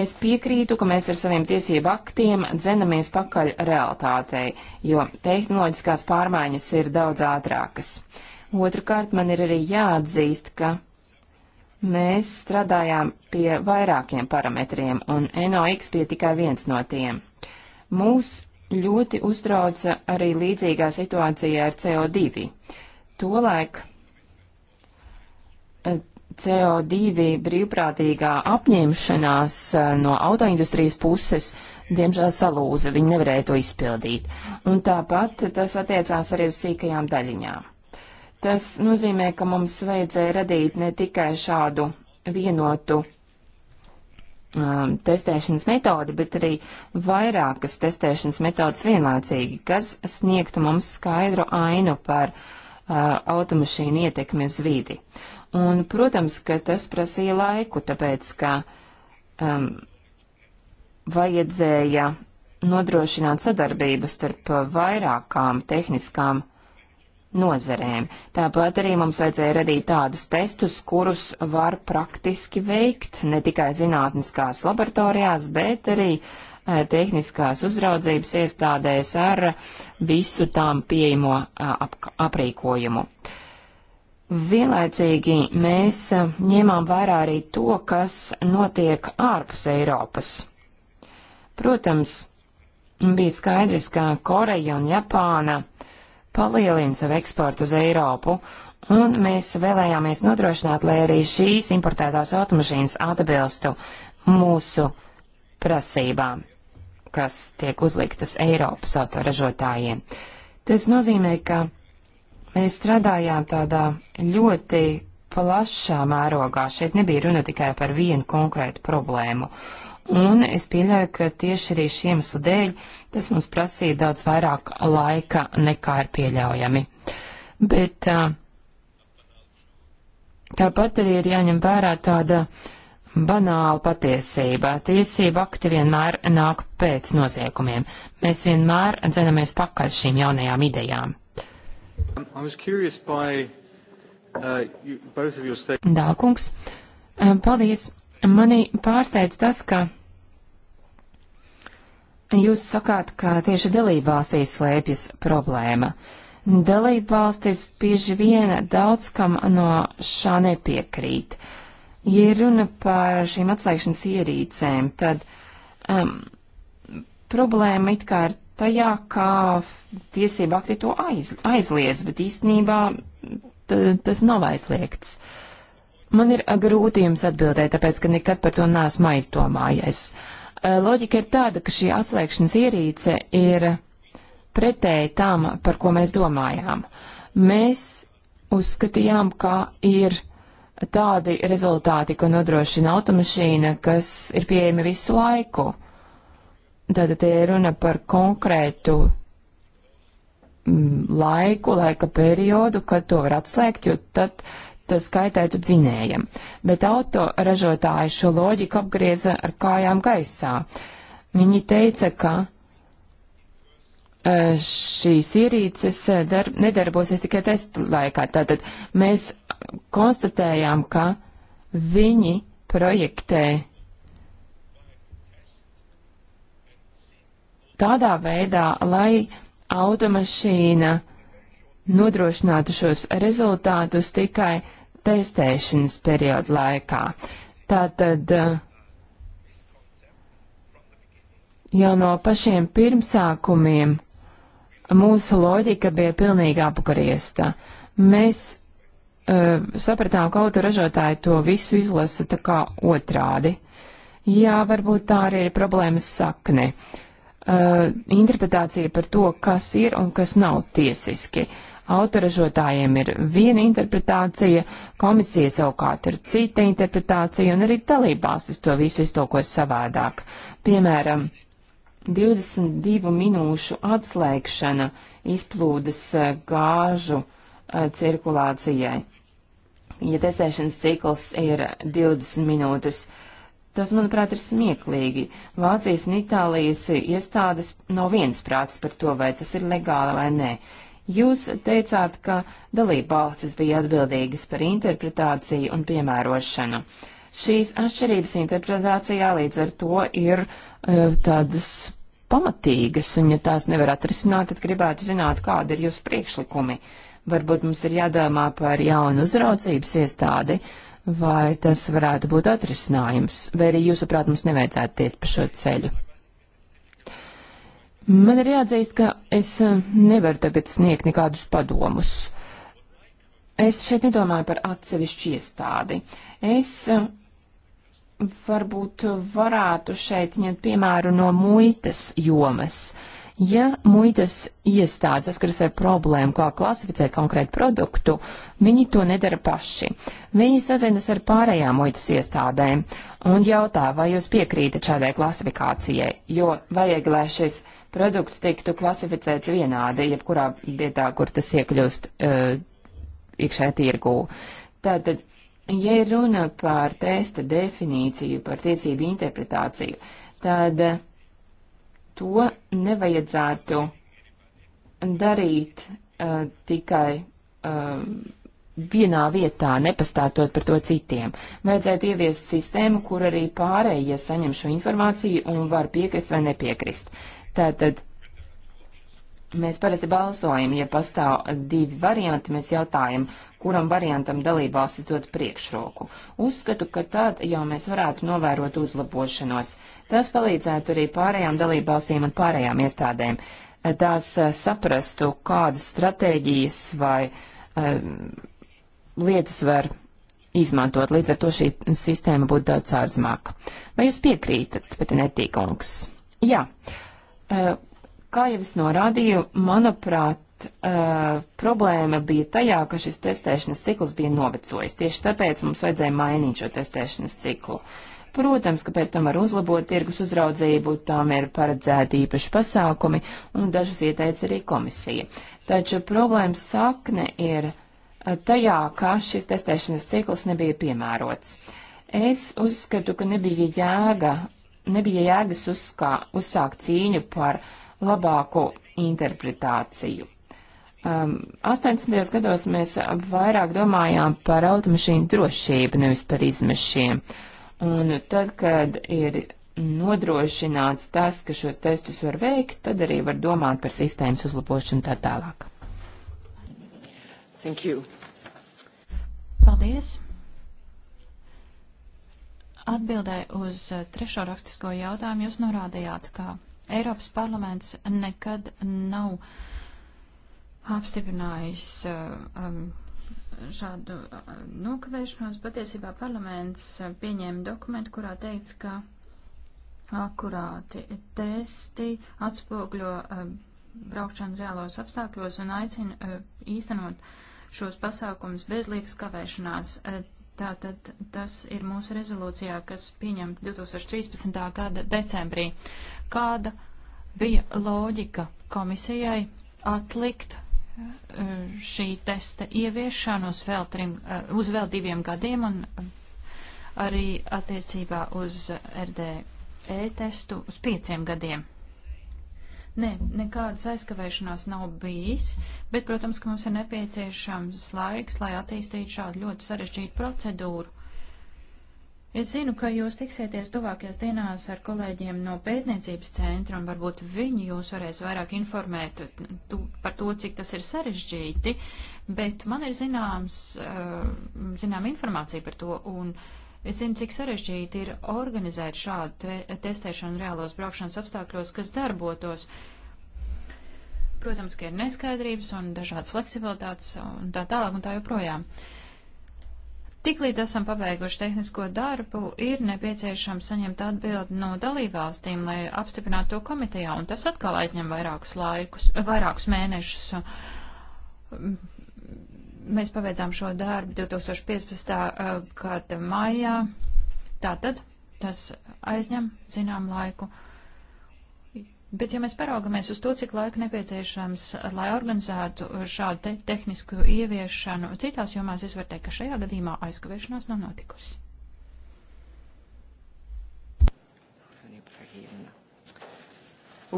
Es piekrītu, ka mēs ar saviem tiesību aktiem dzenamies pakaļ realitātei, jo tehnoloģiskās pārmaiņas ir daudz ātrākas. Otrakārt, man ir arī jāatzīst, ka mēs strādājām pie vairākiem parametriem, un NOx bija tikai viens no tiem. Mūs ļoti uztrauca arī līdzīgā situācija ar CO2. Tolaik CO2 brīvprātīgā apņemšanās eh, no autoindustrijas puses, diemžēl salūza, viņi nevarēja to izpildīt. Un tāpat tas attiecās arī uz sīkajām daļiņām. Tas nozīmē, ka mums vajadzēja radīt ne tikai šādu vienotu um, testēšanas metodi, bet arī vairākas testēšanas metodas vienlaicīgi, kas sniegtu mums skaidru ainu par uh, automašīnu ietekmi uz vidi. Un, protams, ka tas prasīja laiku, tāpēc, ka um, vajadzēja nodrošināt sadarbību starp vairākām tehniskām nozarēm. Tāpat arī mums vajadzēja radīt tādus testus, kurus var praktiski veikt ne tikai zinātniskās laboratorijās, bet arī eh, tehniskās uzraudzības iestādēs ar visu tām pieejamo eh, ap, aprīkojumu. Uh, Vienlaicīgi mēs ņēmām vērā arī to, kas notiek ārpus Eiropas. Protams, bija skaidrs, ka Koreja un Japāna palielina savu eksportu uz Eiropu, un mēs vēlējāmies nodrošināt, lai arī šīs importētās automašīnas atbilstu mūsu prasībām, kas tiek uzliktas Eiropas autoražotājiem. Tas nozīmē, ka Mēs strādājām tādā ļoti plašā mērogā. Šeit nebija runa tikai par vienu konkrētu problēmu. Un es pieļauju, ka tieši arī šiem iemeslu dēļ tas mums prasīja daudz vairāk laika nekā ir pieļaujami. Bet tāpat arī ir jāņem vērā tāda banāla patiesība. Tiesība akti vienmēr nāk pēc noziegumiem. Mēs vienmēr dzenamies pakaļ šīm jaunajām idejām. Um, by, uh, you, Dālkungs, um, paldies. Mani pārsteidz tas, ka jūs sakāt, ka tieši dalībvalstīs slēpjas problēma. Dalībvalstis bieži vien daudz kam no šā nepiekrīt. Ja runa par šīm atslēgšanas ierīcēm, tad um, problēma it kā ir tajā, kā tiesība akti to aiz, aizliedz, bet īstenībā tas nav aizliegts. Man ir grūti jums atbildēt, tāpēc, ka nekad par to neesmu aizdomājies. Loģika ir tāda, ka šī atslēgšanas ierīce ir pretēji tam, par ko mēs domājām. Mēs uzskatījām, ka ir tādi rezultāti, ko nodrošina automašīna, kas ir pieejami visu laiku. Tātad tie ir runa par konkrētu mm, laiku, laika periodu, kad to var atslēgt, jo tad tas kaitētu dzinējam. Bet autoražotāji šo loģiku apgrieza ar kājām gaisā. Viņi teica, ka e, šīs ierīces e, dar, nedarbosies tikai testa laikā. Tātad mēs konstatējām, ka viņi projektē tādā veidā, lai automašīna nodrošinātu šos rezultātus tikai testēšanas perioda laikā. Tātad eh, jau no pašiem pirmsākumiem mūsu loģika bija pilnīgi apgriezta. Mēs uh, sapratām, ka autoražotāji to visu izlasa tā kā otrādi. Jā, varbūt tā arī ir problēmas sakne. Uh, uh, interpretācija par to, kas ir un kas nav tiesiski. Autoražotājiem ir viena interpretācija, komisija savukārt ir cita interpretācija, un arī dalībvalstis to visu iztolkos savādāk. Piemēram, 22 minūšu atslēgšana izplūdes uh, gāžu uh, cirkulācijai. Ja testēšanas cikls ir 20 minūtes, uh, Tas, manuprāt, ir smieklīgi. Vācijas un Itālijas iestādes nav viensprāts par to, vai tas ir legāli vai nē. Jūs teicāt, ka dalība valstis bija atbildīgas par interpretāciju un piemērošanu. Šīs atšķirības interpretācijā līdz ar to ir uh, tādas pamatīgas, un ja tās nevar atrisināt, tad gribētu zināt, kādi ir jūsu priekšlikumi. Varbūt mums ir jādomā par jaunu uzraudzības iestādi, uh, Vai tas varētu būt atrisinājums, vai arī jūsuprāt mums nevajadzētu iet pa šo ceļu? Man ir jāatzīst, ka es eh, nevaru tagad sniegt nekādus padomus. Es šeit nedomāju par atsevišķu iestādi. Es eh, varbūt varētu šeit ņemt piemēru no muitas jomas. Uh, Ja muitas iestādes saskaras ar problēmu, kā klasificēt konkrētu produktu, viņi to nedara paši. Viņi sazinas ar pārējām muitas iestādēm un jautā, vai jūs piekrītat šādai klasifikācijai, jo vajag, lai šis produkts tiktu klasificēts vienādi, jebkurā vietā, kur tas iekļūst uh, iekšē tirgū. Tātad, ja runa par testa definīciju, par tiesību interpretāciju, tad uh, to nevajadzētu darīt uh, tikai uh, vienā vietā, nepastāstot par to citiem. Vajadzētu ieviest sistēmu, kur arī pārējie saņem šo informāciju un var piekrist vai nepiekrist. Tātad Mēs parasti balsojam, ja pastāv divi varianti, mēs jautājam, kuram variantam dalībvalstis dot priekšroku. Uzskatu, ka tad jau mēs varētu novērot uzlabošanos. Tas palīdzētu arī pārējām dalībvalstīm un pārējām iestādēm. Tās eh, saprastu, kādas stratēģijas vai um, lietas var izmantot. Līdz ar to šī sistēma būtu daudz sārdzmāka. Vai jūs piekrītat, bet netīkungs? Jā. Uh, Kā jau es norādīju, manuprāt, uh, problēma bija tajā, ka šis testēšanas cikls bija novecojis. Tieši tāpēc mums vajadzēja mainīt šo testēšanas ciklu. Protams, ka pēc tam var uzlabot tirgus uzraudzību, tām ir paredzēti īpaši pasākumi, un dažus ieteica arī komisija. Taču problēmas sakne ir uh, tajā, ka šis testēšanas cikls nebija piemērots. Es uzskatu, ka nebija jēga, nebija jēgas uzskā, uzsākt cīņu par uh, labāku interpretāciju. Um, 80. gados mēs vairāk domājām par automašīnu drošību, nevis par izmešiem. Un tad, kad ir nodrošināts tas, ka šos testus var veikt, tad arī var domāt par sistēmas uzlabošanu tā tālāk. Thank you. Paldies. Atbildē uz uh, trešo rakstisko jautājumu jūs norādījāt, ka Eiropas parlaments nekad nav apstiprinājis uh, um, šādu uh, nokavēšanos. Patiesībā parlaments uh, pieņēma dokumentu, kurā teikts, ka akurāti testi atspogļo um, braukšanu reālos apstākļos un aicina um, īstenot šos pasākumus bez liekas kavēšanās. Tātad tas ir mūsu rezolūcijā, kas pieņemta 2013. gada decembrī kāda bija loģika komisijai atlikt e, šī testa ieviešanu uz vēl, trim, e, uz vēl diviem gadiem un arī attiecībā uz RDE testu uz pieciem gadiem. Nē, nekādas aizkavēšanās nav bijis, bet, protams, ka mums ir nepieciešams laiks, lai attīstītu šādu ļoti sarežģītu procedūru. Es zinu, ka jūs tiksieties tuvākajās dienās ar kolēģiem no pētniecības centra, un varbūt viņi jūs varēs vairāk informēt tu, par to, cik tas ir sarežģīti, bet man ir zināms, eh, zinām informācija par to, un es zinu, cik sarežģīti ir organizēt šādu te testēšanu reālos braukšanas apstākļos, kas darbotos. Protams, ka ir neskaidrības un dažādas fleksibilitātes un tā tālāk un tā joprojām. Uh, Tiklīdz esam pabeiguši tehnisko darbu, ir nepieciešams saņemt atbildi no dalībvalstīm, lai apstiprinātu to komitejā, un tas atkal aizņem vairākus laikus, vairākus mēnešus. Mēs pabeidzām šo darbu 2015. Uh, gada maijā, tātad tas aizņem zinām laiku. Bet, ja mēs paraugamies uz to, cik laika nepieciešams, lai organizētu šādu te tehnisku ieviešanu citās jomās, es varu teikt, ka šajā gadījumā aizkavēšanās nav notikusi.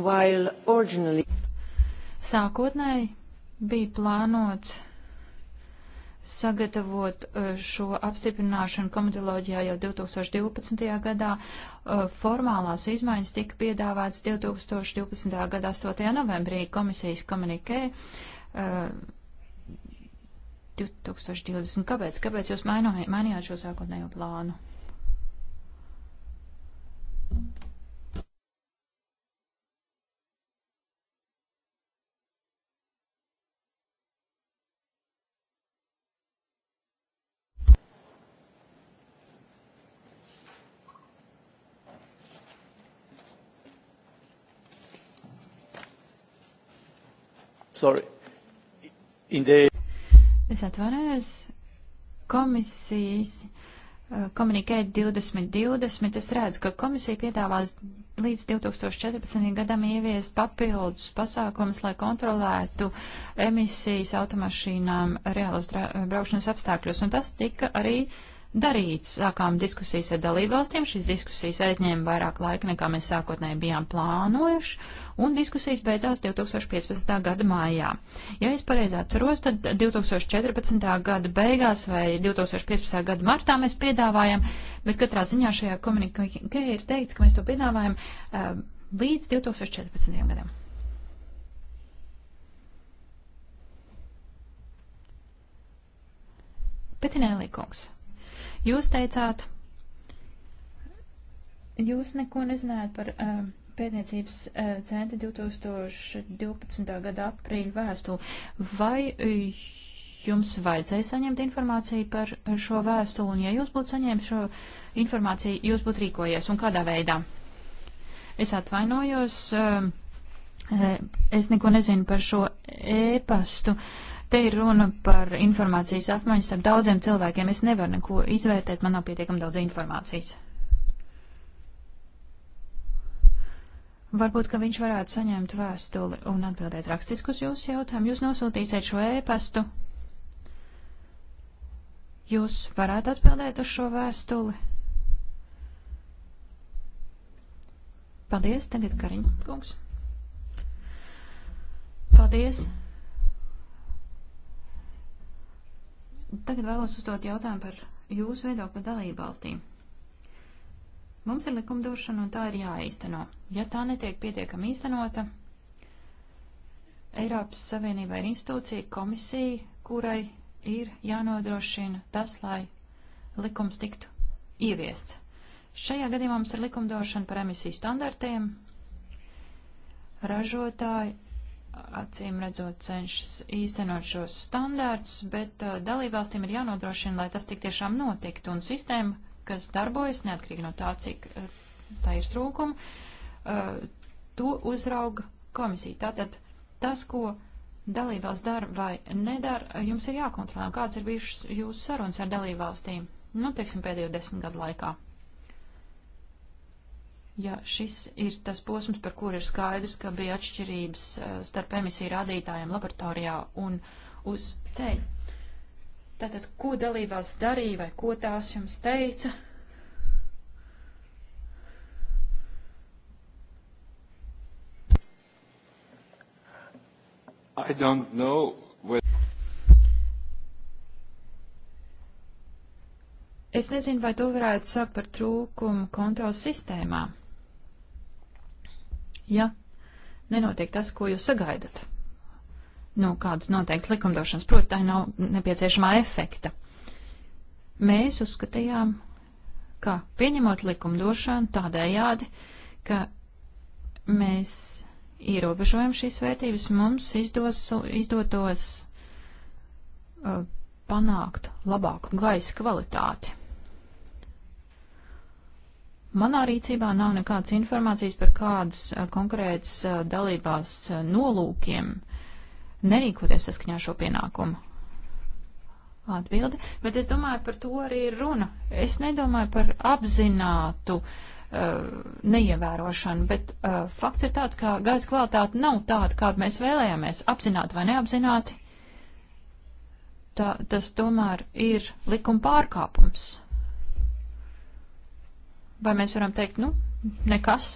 While originally... Sākotnēji bija plānots sagatavot uh, šo apstiprināšanu komitoloģijā jau 2012. gadā. Uh, formālās izmaiņas tika piedāvāts 2012. gada 8. novembrī komisijas komunikē. 2020. Uh, Kāpēc? Kāpēc jūs mainījāt šo sākotnējo plānu? sorry. In the... Es atvainojos. Komisijas eh, komunikē 2020. Es redzu, ka komisija piedāvās līdz 2014. gadam ieviest papildus pasākums, lai kontrolētu emisijas automašīnām reālos braukšanas apstākļos. Un tas tika arī uh, darīts. Sākām diskusijas ar dalībvalstīm, šīs diskusijas aizņēma vairāk laika, nekā mēs sākotnēji bijām plānojuši, un diskusijas beidzās 2015. gada mājā. Ja es pareizi atceros, tad 2014. gada beigās vai 2015. gada martā mēs piedāvājam, bet katrā ziņā šajā komunikē ir teikts, ka mēs to piedāvājam uh, līdz 2014. gadam. Petinēlī kungs. Jūs teicāt, jūs neko nezinājāt par uh, pētniecības uh, centra 2012. gada aprīļa vēstuli. Vai uh, jums vajadzēja saņemt informāciju par šo vēstuli, un ja jūs būtu saņēmis šo informāciju, jūs būtu rīkojies, un kādā veidā? Es atvainojos, es neko nezinu par šo ēpastu. E Te ir runa par informācijas apmaiņu starp daudziem cilvēkiem. Es nevaru neko izvērtēt, man nav pietiekami daudz informācijas. Varbūt, ka viņš varētu saņemt vēstuli un atbildēt rakstiskus jūsu jautājumu. Jūs nosūtīsiet šo ēpastu. Jūs varētu atbildēt uz šo vēstuli. Paldies, tagad Kariņa kungs. Paldies. Tagad vēlos uzdot jautājumu par jūsu viedokli dalību valstīm. Mums ir likumdošana un tā ir jāīsteno. Ja tā netiek pietiekami īstenota, Eiropas Savienībā ir institūcija, komisija, kurai ir jānodrošina tas, lai likums tiktu ieviests. Šajā gadījumā mums ir likumdošana par emisiju standartiem. Ražotāji acīm redzot cenšas īstenot šos standārtus, bet uh, dalībvalstīm ir jānodrošina, lai tas tik tiešām notiktu. Un sistēma, kas darbojas, neatkarīgi no tā, cik uh, tā ir trūkuma, uh, to uzrauga komisija. Tātad tas, ko dalībvalsts dara vai nedara, jums ir jākontrolē. Kāds ir bijušas jūsu sarunas ar dalībvalstīm? Nu, teiksim, pēdējo desmit gadu laikā ja šis ir tas posms, par kur ir skaidrs, ka bija atšķirības eh, starp emisiju rādītājiem laboratorijā un uz ceļa. Tātad, ko dalībās darīja vai ko tās jums teica? I don't know whether... Es nezinu, vai to varētu sākt par trūkumu kontrols sistēmām ja nenotiek tas, ko jūs sagaidat. Nu, kādas noteikti likumdošanas, proti, tā nav nepieciešamā efekta. Mēs uzskatījām, ka pieņemot likumdošanu tādējādi, ka mēs ierobežojam šīs vērtības, mums izdos, izdotos uh, panākt labāku gaisa kvalitāti. Manā rīcībā nav nekādas informācijas par kādas konkrētas dalībās nolūkiem nerīkoties saskaņā šo pienākumu. Atbildi, bet es domāju, par to arī ir runa. Es nedomāju par apzinātu uh, neievērošanu, bet uh, fakts ir tāds, ka gaisa kvalitāte nav tāda, kādu mēs vēlējāmies, apzināti vai neapzināti. Tā, tas tomēr ir likuma pārkāpums. Vai mēs varam teikt, nu, nekas?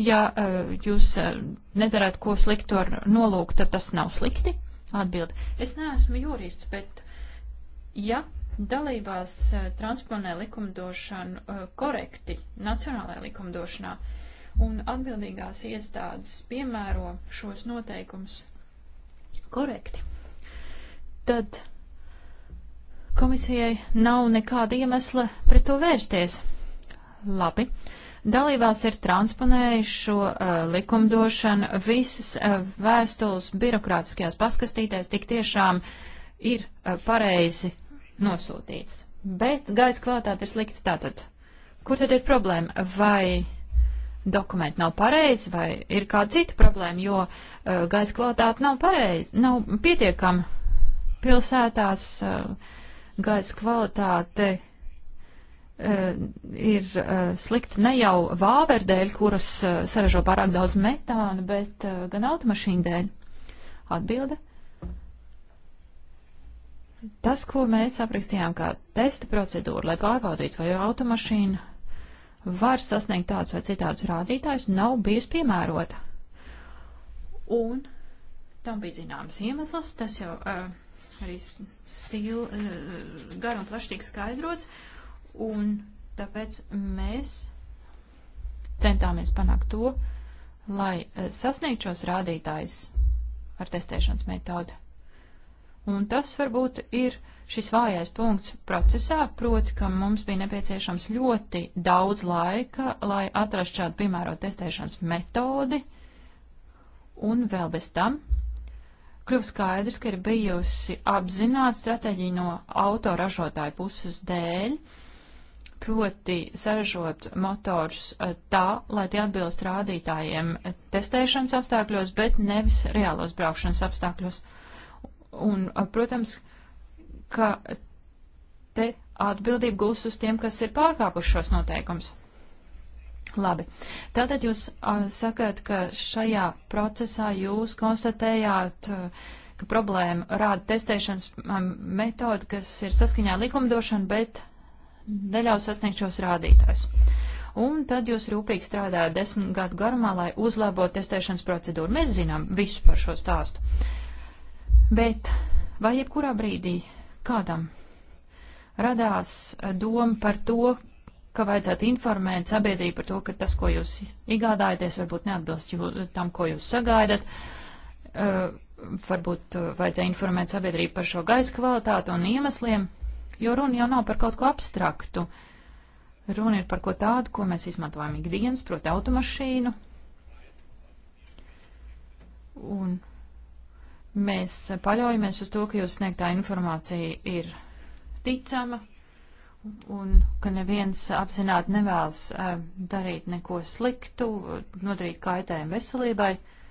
Ja uh, jūs uh, nedarāt ko sliktu ar nolūku, tad tas nav slikti? Atbildi. Es neesmu jurists, bet ja dalībās uh, transponē likumdošanu uh, korekti nacionālajā likumdošanā un atbildīgās iestādes piemēro šos noteikumus korekti, tad komisijai nav nekāda iemesla pret to vērsties. Labi. Dalībās ir transponējušo uh, likumdošanu. Visas uh, vēstules birokrātiskajās paskastītēs tik tiešām ir uh, pareizi nosūtīts. Bet gaisa kvalitāte ir slikta tātad. Kur tad ir problēma? Vai dokumenti nav pareizi, vai ir kāda cita problēma, jo uh, gaisa kvalitāte nav pareizi, nav pietiekama pilsētās. Uh, gaisa kvalitāte Eh, ir eh, slikti ne jau vāver dēļ, kuras eh, saražo pārāk daudz metāna, bet gan automašīnu dēļ? Atbilde. Tas, ko mēs aprakstījām kā testa procedūru, lai pārbaudītu, vai automašīna var sasniegt tādus vai citādus rādītājus, nav bijusi piemērota. Un tam bija zināms iemesls, tas jau uh, arī stīl uh, gar un plaši tika skaidrots. Uh, un tāpēc mēs centāmies panākt to, lai eh, sasniegtu šos rādītājus ar testēšanas metodi. Un tas varbūt ir šis vājais punkts procesā, proti, ka mums bija nepieciešams ļoti daudz laika, lai atrastu šādu piemērotu testēšanas metodi, un vēl bez tam kļuva skaidrs, ka ir bijusi apzināta stratēģija no autoražotāju puses dēļ, uh, proti saražot motorus eh, tā, lai tie atbilst rādītājiem testēšanas apstākļos, bet nevis reālos braukšanas apstākļos. Un, eh, protams, ka te atbildība gūst uz tiem, kas ir pārkāpuši šos noteikumus. Labi. Tātad jūs uh, eh, sakat, ka šajā procesā jūs konstatējāt, uh, ka problēma rāda testēšanas metodu, kas ir saskaņā likumdošana, bet neļaus sasniegt šos rādītājus. Un tad jūs rūpīgi strādājat desmit gadu garumā, lai uzlabotu testēšanas procedūru. Mēs zinām visu par šo stāstu. Bet vai jebkurā brīdī kādam radās eh, doma par to, ka vajadzētu informēt sabiedrību par to, ka tas, ko jūs iegādājaties, varbūt neatbilst jū, tam, ko jūs sagaidat. Uh, varbūt eh, vajadzēja informēt sabiedrību par šo gaisa kvalitātu un iemesliem jo runa jau nav par kaut ko abstraktu. Runa ir par ko tādu, ko mēs izmantojam ikdienas, proti automašīnu. Un mēs paļaujamies uz to, ka jūs sniegtā informācija ir ticama un ka neviens apzināti nevēlas eh, darīt neko sliktu, nodarīt kaitējumu veselībai. Uh,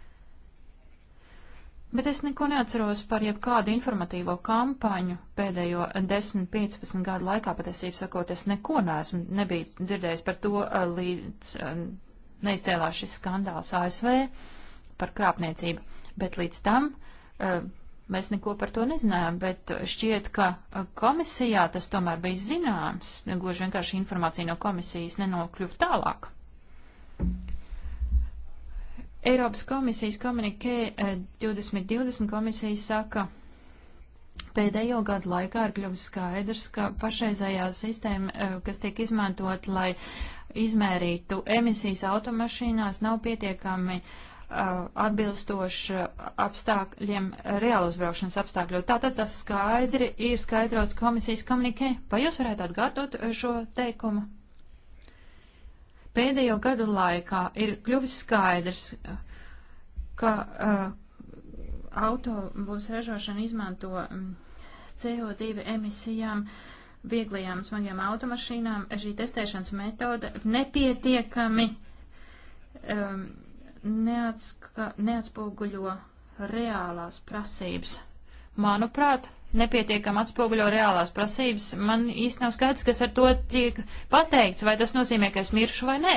Bet es neko neatceros par jebkādu informatīvo kampaņu pēdējo 10-15 gadu laikā, patiesībā sakot, es neko neesmu nebiju dzirdējis par to, eh, līdz eh, neizcēlās šis skandāls ASV par krāpniecību. Bet līdz tam eh, mēs neko par to nezinājām, bet šķiet, ka komisijā tas tomēr bija zināms, gluži vienkārši informācija no komisijas nenokļuva tālāk. Eiropas komisijas komunikē 2020 eh, komisija saka, Pēdējo gadu laikā ir kļuvis skaidrs, ka pašreizējā sistēma, eh, kas tiek izmantot, lai izmērītu emisijas automašīnās, nav pietiekami uh, atbilstoši apstākļiem, reālos braukšanas apstākļu. Tātad tas skaidri ir skaidrots komisijas komunikē. Vai jūs varētu atgādot šo teikumu? Pēdējo gadu laikā ir kļuvis skaidrs, ka uh, autobusu ražošana izmanto um, CO2 emisijām, vieglajām smagajām automašīnām. Šī testēšanas metode nepietiekami um, neatska, neatspoguļo reālās prasības. Manuprāt, nepietiekam atspoguļo reālās prasības, man īsti nav skaidrs, kas ar to tiek pateikts, vai tas nozīmē, ka es miršu vai nē.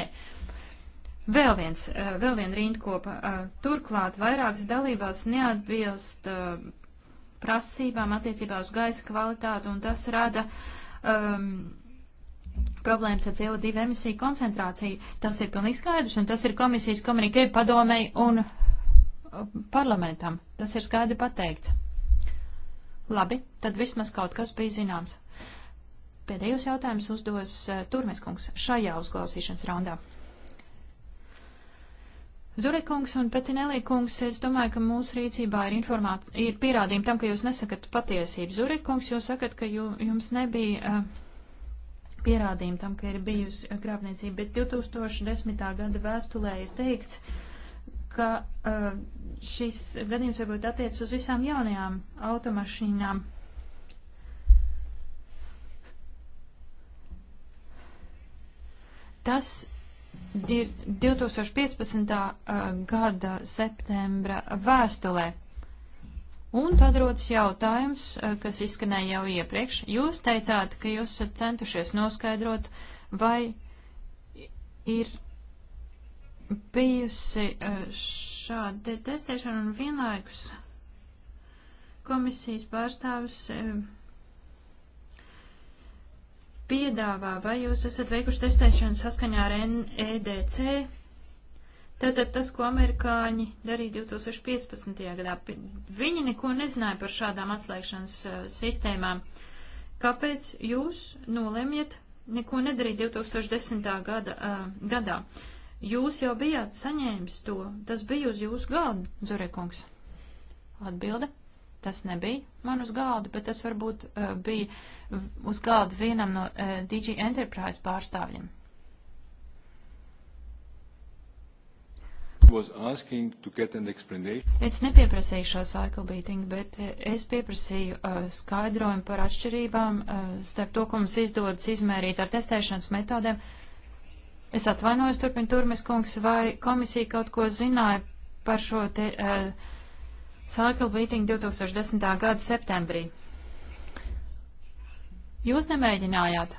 Vēl viens, eh, vēl viena rindkopa. Eh, turklāt vairākas dalībās neatbilst eh, prasībām attiecībā uz gaisa kvalitāti, un tas rada um, problēmas ar CO2 emisiju koncentrāciju. Tas ir pilnīgi skaidrs, un tas ir komisijas komunikē padomei un parlamentam. Tas ir skaidri pateikts. Labi, tad vismaz kaut kas bija zināms. Pēdējos jautājumus uzdos eh, Turmeskungs šajā uzklausīšanas raundā. Zurekungs un Petinelī kungs, es domāju, ka mūsu rīcībā ir, ir pierādījumi tam, ka jūs nesakat patiesību. Zurekungs, jūs sakat, ka jums nebija eh, pierādījumi tam, ka ir bijusi eh, krāpniecība, bet 2010. gada vēstulē ir teikts, ka uh, šis gadījums varbūt attiec uz visām jaunajām automašīnām. Tas ir 2015. gada septembra vēstulē. Un tad rodas jautājums, kas izskanēja jau iepriekš. Jūs teicāt, ka jūs esat centušies noskaidrot, vai ir bijusi eh, šāda testēšana un vienlaikus komisijas pārstāvis eh, piedāvā, vai jūs esat veikuši testēšanu saskaņā ar NEDC. Tātad tas, ko amerikāņi darīja 2015. gadā, viņi neko nezināja par šādām atslēgšanas eh, sistēmām. Kāpēc jūs nolemjat neko nedarīt 2010. Gada, uh, gadā? Jūs jau bijāt saņēmis to, tas bija uz jūsu galda, Zurekungs. Atbilde. Tas nebija man uz galda, bet tas varbūt uh, bija uz galda vienam no uh, eh, DG Enterprise pārstāvjiem. Es nepieprasīju šo cycle beating, bet eh, es pieprasīju uh, skaidrojumu par atšķirībām uh, starp to, ko mums izdodas izmērīt ar testēšanas metodēm. Uh, Es atvainojos, turpin Turmes kungs, vai komisija kaut ko zināja par šo te, uh, cycle beating 2010. gada septembrī? Jūs nemēģinājāt.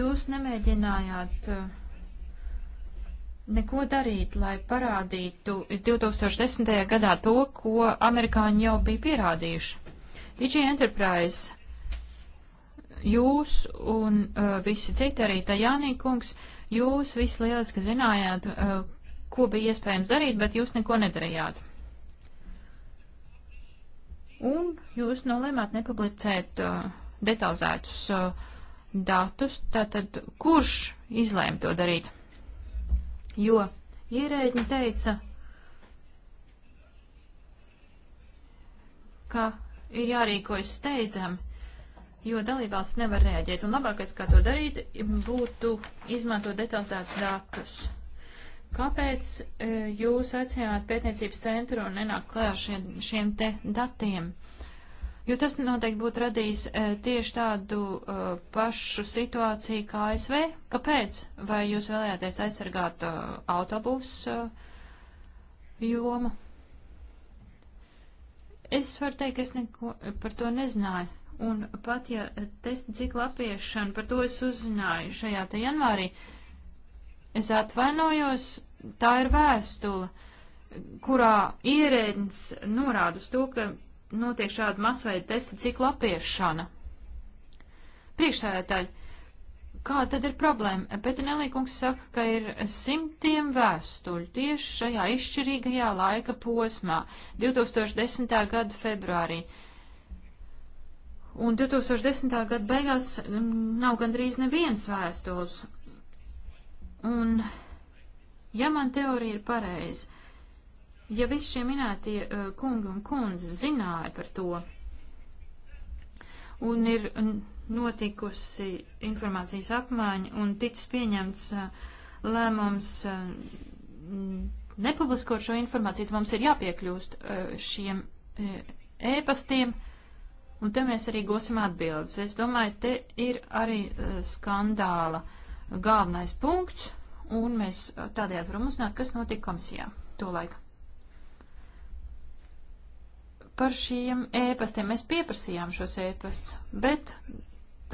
Jūs nemēģinājāt uh, neko darīt, lai parādītu 2010. gadā to, ko amerikāņi jau bija pierādījuši. Digi Enterprise jūs un uh, visi citi, arī tā Jānīkungs, jūs visi lieliski zinājāt, uh, ko bija iespējams darīt, bet jūs neko nedarījāt. Un jūs nolēmāt nepublicēt uh, detalizētus uh, datus, tātad kurš izlēma to darīt? Jo ierēģi teica, ka ir jārīkojas steidzami jo dalībvalsts nevar reaģēt. Un labākais, kā to darīt, būtu izmantot detalizētus datus. Kāpēc e, jūs aicināt pētniecības centru un nenāk klajā šiem, šiem te datiem? Jo tas noteikti būtu radījis e, tieši tādu e, pašu situāciju kā ASV. Kāpēc? Vai jūs vēlējāties aizsargāt e, autobūvs e, jomu? Es varu teikt, es neko par to nezināju. Un pat ja testa cikla apiešana, par to es uzzināju šajā te janvārī, es atvainojos, tā ir vēstule, kurā ierēdnis norāda uz to, ka notiek šāda masveida testa cikla apiešana. Priekšsēdētāji, kā tad ir problēma? Petinelīkungs saka, ka ir simtiem vēstuļu tieši šajā izšķirīgajā laika posmā, 2010. gada februārī. Uh, Un 2010. gada beigās mm, nav gandrīz nevienas vēstules. Un, ja man teorija ir pareiza, ja visi šie minētie uh, kungi un kundzes zināja par to, un ir notikusi informācijas apmaiņa un ticis pieņemts uh, lēmums uh, nepubliskot šo informāciju, tad mums ir jāpiekļūst šiem ēpastiem. E Un te mēs arī gūsim atbildes. Es domāju, te ir arī eh, skandāla galvenais punkts, un mēs tādējādi varam uzzināt, kas notika komisijā to laiku. Par šiem ēpastiem mēs pieprasījām šos ēpastus, bet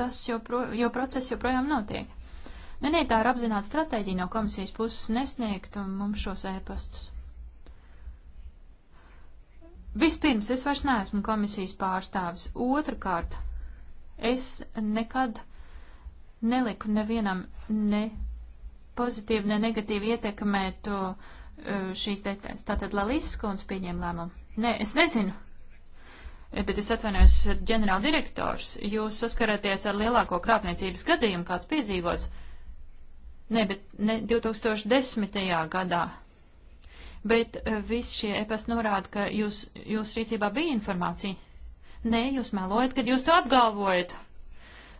tas jopro, jo process joprojām notiek. Nē, nē, tā ir apzināta stratēģija no komisijas puses nesniegt um, mums šos ēpastus. Vispirms, es vairs neesmu komisijas pārstāvis. Otrakārt, es nekad neliku nevienam ne pozitīvi, ne negatīvi ietekmēt uh, šīs detaļas. Tātad Lalīs skundz pieņēma lēmumu. Nē, es nezinu. Bet es atvainojos, ģenerāldirektors, jūs saskaraties ar lielāko krāpniecības gadījumu, kāds piedzīvots. Nē, bet ne 2010. gadā bet eh, visi šie epasti norāda, ka jūs, jūs rīcībā bija informācija. Nē, jūs melojat, kad jūs to apgalvojat.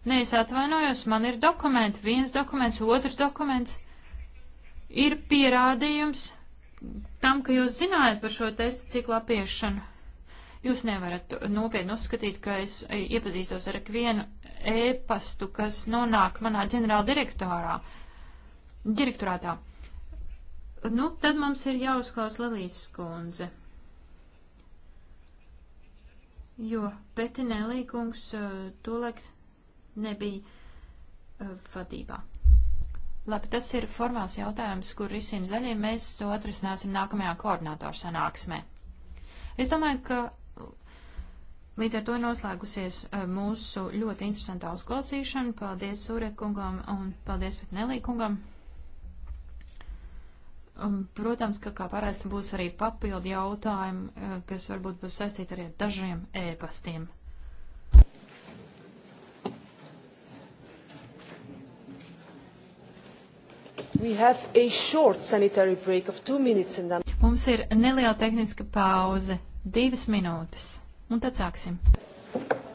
Nē, es atvainojos, man ir dokumenti, viens dokuments, otrs dokuments. Ir pierādījums tam, ka jūs zinājat par šo testa ciklu apiešanu. Jūs nevarat nopietni uzskatīt, ka es e, iepazīstos ar ikvienu ēpastu, kas nonāk manā ģenerāla direktorā, direktorātā. Nu, tad mums ir jāuzklaus Lelijas skundze. Jo Petinēlī kungs uh, eh, tolaik nebija uh, vadībā. Labi, tas ir formāls jautājums, kur risina zaļie. Mēs to atrisināsim nākamajā koordinātoru sanāksmē. Es domāju, ka līdz ar to noslēgusies uh, mūsu ļoti interesantā uzklausīšana. Paldies Sūrekungam un paldies Petinēlī kungam. Um, protams, ka kā parasti būs arī papildi jautājumi, eh, kas varbūt būs saistīti arī ar dažiem ēpastiem. Then... Mums ir neliela tehniska pauze, divas minūtes, un tad sāksim. Thank you.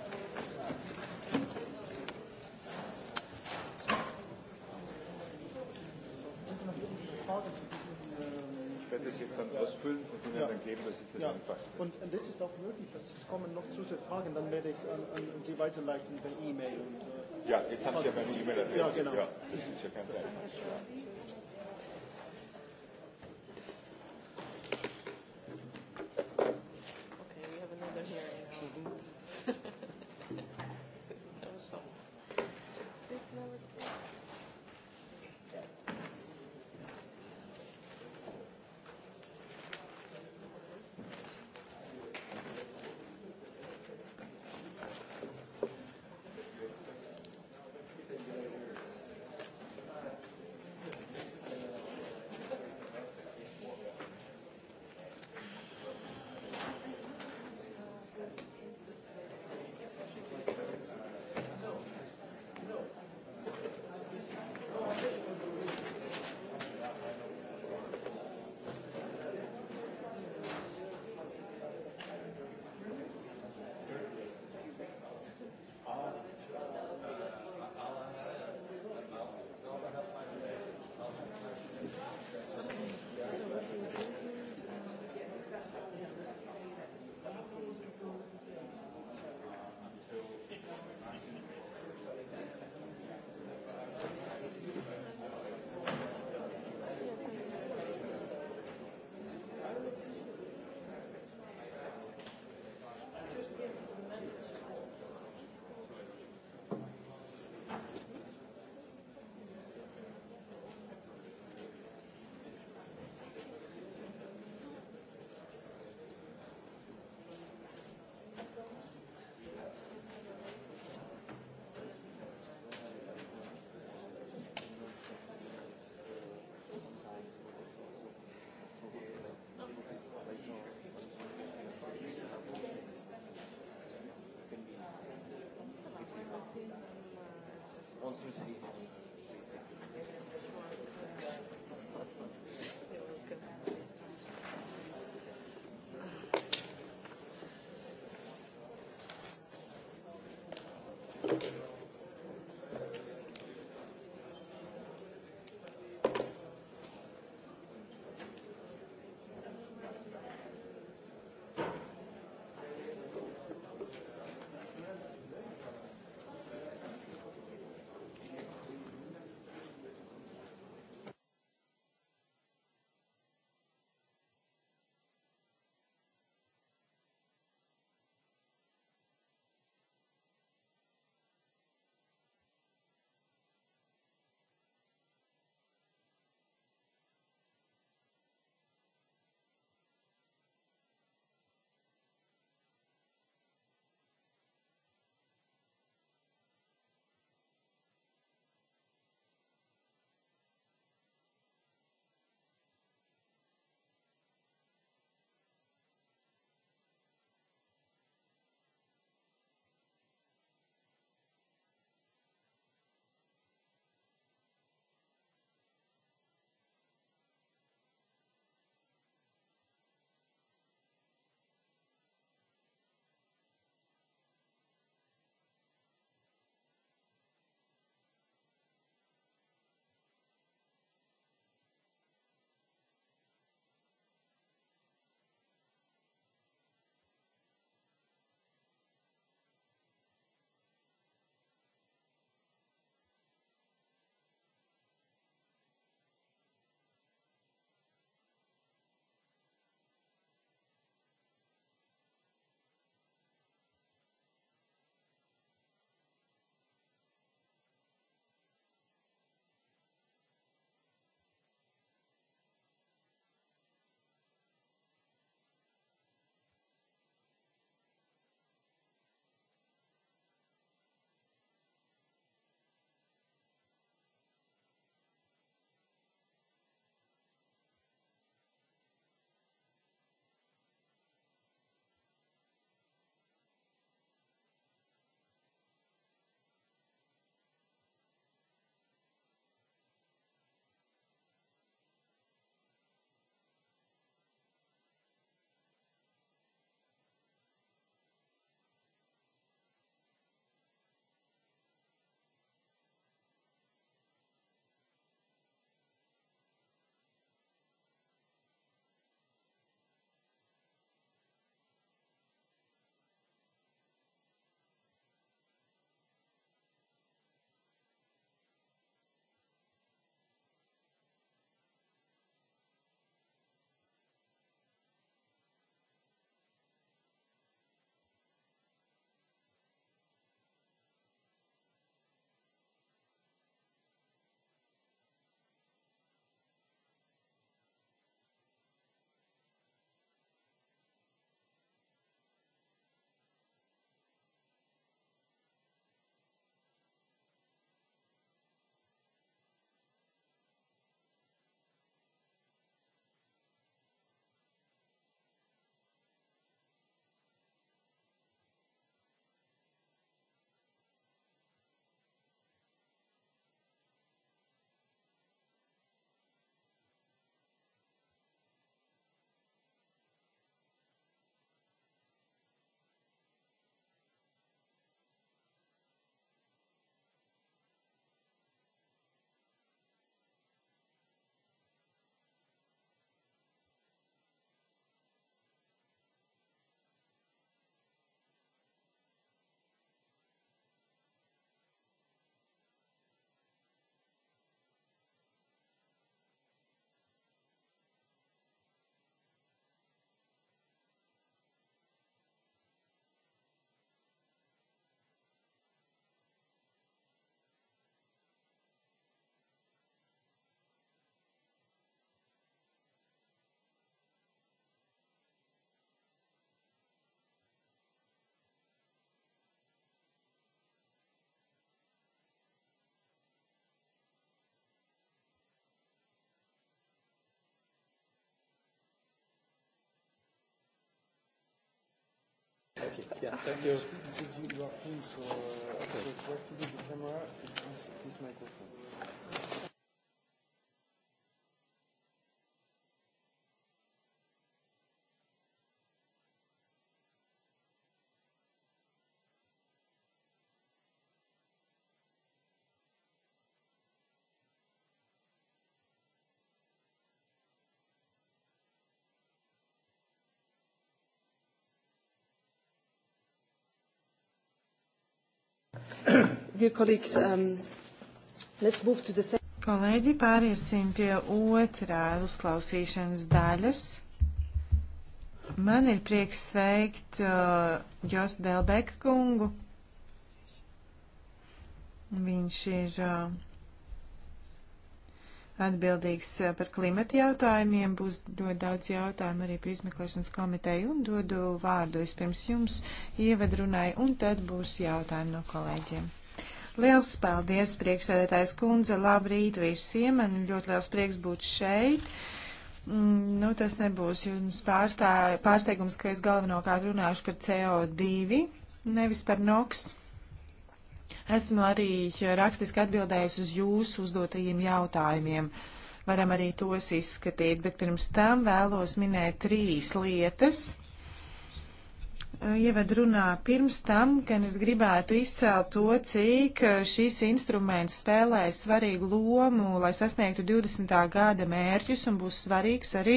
Ihnen dann geben, das ist das ja. einfachste. Und, und das ist auch möglich, dass es kommen noch zusätzliche Fragen, dann werde ich es an, an Sie weiterleiten per E-Mail. Und, äh, ja, jetzt haben Sie ja meine E-Mail-Adresse. Ja, genau. Ja, das ist ja ganz einfach. Ja. on se suicida. Thank you. Because you, you are film, so uh, okay. so to activate the camera, it's this microphone. Dear colleagues, um, let's move to the second. Kolēģi, pāriesim pie otrā uzklausīšanas daļas. Man ir prieks sveikt uh, Jos Delbeka kungu. Viņš ir uh, atbildīgs eh, par klimata jautājumiem. Būs ļoti daudz jautājumu arī par izmeklēšanas komiteju un dodu vārdu vispirms jums ievadrunai un tad būs jautājumi no kolēģiem. Liels paldies, priekšsēdētājs kundze, labrīt visiem, man ļoti liels prieks būt šeit. Mm, nu, tas nebūs jums pārstā, pārsteigums, ka es galvenokārt runāšu par CO2, nevis par NOX. Esmu arī rakstiski atbildējis uz jūsu uzdotajiem jautājumiem. Varam arī tos izskatīt, bet pirms tam vēlos minēt trīs lietas, ievadrunā pirms tam, gan es gribētu izcelt to, cik eh, šis instruments spēlē svarīgu lomu, lai sasniegtu 20. gada mērķus un būs svarīgs arī,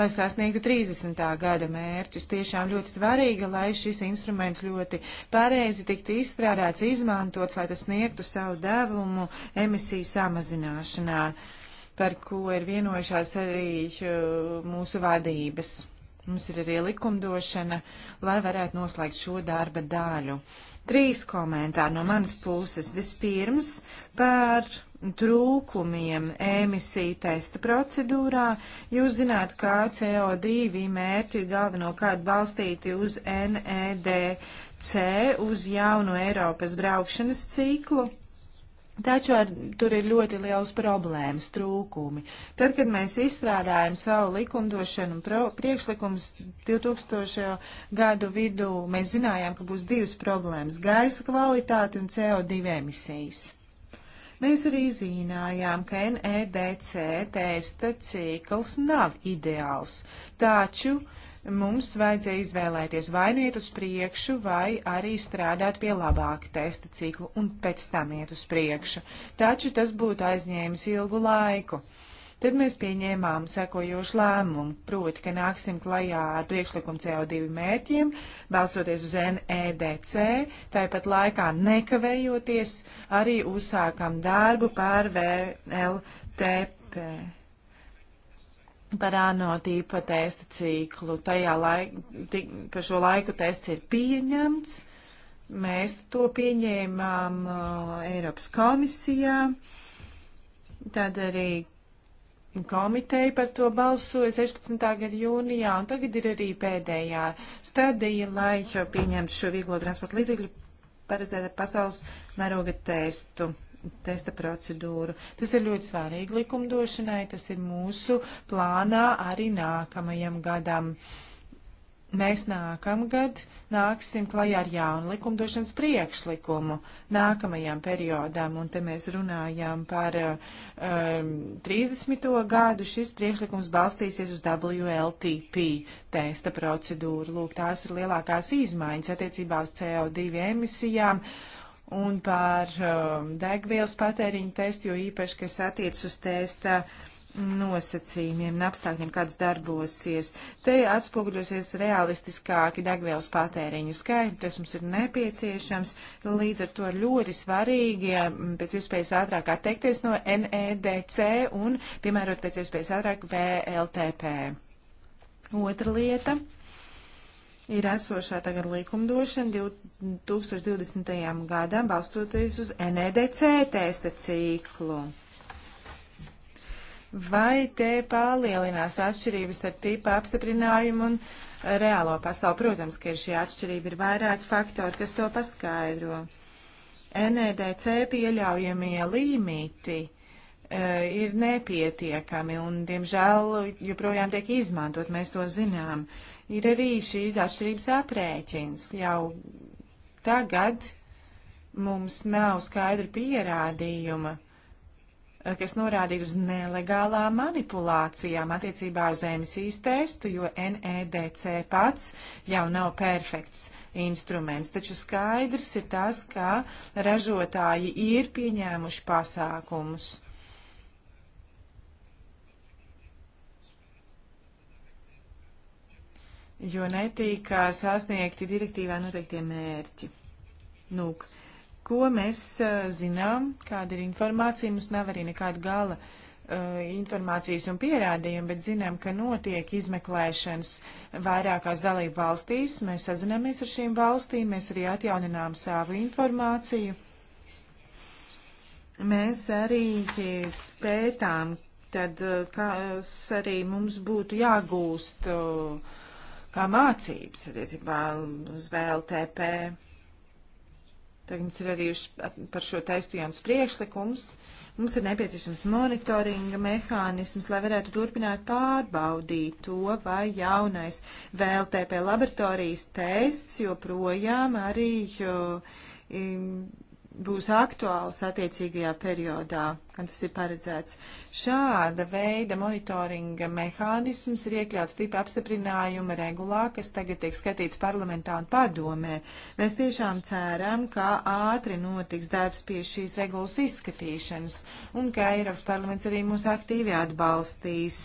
lai sasniegtu 30. gada mērķus. Tiešām ļoti svarīga, lai šis instruments ļoti pareizi tiktu izstrādāts, izmantots, lai tas sniegtu savu devumu emisiju samazināšanā par ko ir vienojušās arī eh, mūsu vadības. Mums ir arī likumdošana, lai varētu noslēgt šo darba daļu. Trīs komentāri no manas puses. Vispirms par trūkumiem emisiju testa procedūrā. Jūs zināt, ka CO2 mērķi ir galvenokārt balstīti uz NEDC, uz jaunu Eiropas braukšanas ciklu. Taču ar, tur ir ļoti liels problēmas, trūkumi. Tad, kad mēs izstrādājam savu likumdošanu un pro, priekšlikums 2000. gadu vidū, mēs zinājām, ka būs divas problēmas - gaisa kvalitāte un CO2 emisijas. Mēs arī zinājām, ka NEDC testa cikls nav ideāls, taču uh, mums vajadzēja izvēlēties vai nu iet uz priekšu, vai arī strādāt pie labāka testa ciklu un pēc tam iet uz priekšu. Taču tas būtu aizņēmis ilgu laiku. Tad mēs pieņēmām sekojošu lēmumu, proti, ka nāksim klajā ar priekšlikumu CO2 mērķiem, balstoties uz NEDC, tāpat laikā nekavējoties arī uzsākam darbu pār VLTP par ANO tīpa testa ciklu. Tajā laikā, par šo laiku tests ir pieņemts. Mēs to pieņēmām uh, Eiropas komisijā. Tad arī komiteja par to balsoja 16. gada jūnijā, un tagad ir arī pēdējā stadija, lai pieņemtu šo vieglo transporta līdzekļu paredzētu pasaules mēroga testu testa procedūru. Tas ir ļoti svarīgi likumdošanai, tas ir mūsu plānā arī nākamajam gadam. Mēs nākamgad nāksim klajā ar jaunu likumdošanas priekšlikumu nākamajam periodam, un te mēs runājam par um, 30. gadu. Šis priekšlikums balstīsies uz WLTP testa procedūru. Lūk, tās ir lielākās izmaiņas attiecībā uz CO2 emisijām. Uh, un par um, degvielas patēriņu testu, jo īpaši, kas attiec uz testa nosacījumiem un apstākļiem, kāds darbosies. Te atspoguļosies realistiskāki degvielas patēriņa skaidri, tas mums ir nepieciešams, līdz ar to ir ļoti svarīgi ja, pēc iespējas ātrāk atteikties no NEDC un piemērot pēc iespējas ātrāk VLTP. Otra lieta ir esošā tagad likumdošana 2020. gadam, balstoties uz NEDC testa ciklu. Vai te palielinās atšķirības starp tipa apstiprinājumu un reālo pasauli? Protams, ka ir šī atšķirība, ir vairāki faktori, kas to paskaidro. NEDC pieļaujamie līmīti e, ir nepietiekami un, diemžēl, joprojām tiek izmantot, mēs to zinām. Uh, ir arī šīs atšķirības aprēķins. Jau tagad mums nav skaidra pierādījuma, eh, kas norādītu uz nelegālām manipulācijām attiecībā uz emisijas testu, jo NEDC pats jau nav perfekts instruments. Taču skaidrs ir tas, ka ražotāji ir pieņēmuši pasākumus jo netika sasniegti direktīvā noteiktie mērķi. Lūk, ko mēs uh, zinām, kāda ir informācija, mums nav arī nekāda gala uh, informācijas un pierādījumi, bet zinām, ka notiek izmeklēšanas vairākās dalību valstīs. Mēs sazināmies ar šīm valstīm, mēs arī atjauninām savu informāciju. Mēs arī pētām, tad, kas arī mums būtu jāgūst uh, kā mācības attiecībā uz VLTP. Tagad mums ir arī par šo taistu jauns priekšlikums. Mums ir nepieciešams monitoringa mehānisms, lai varētu turpināt pārbaudīt to, vai jaunais VLTP laboratorijas tests joprojām arī jo, im, būs aktuāls attiecīgajā periodā, kad tas ir paredzēts. Šāda veida monitoringa mehānisms ir iekļauts tipa apstiprinājuma regulā, kas tagad tiek skatīts parlamentā un padomē. Mēs tiešām ceram, ka ātri notiks darbs pie šīs regulas izskatīšanas un ka Eiropas parlaments arī mūs aktīvi atbalstīs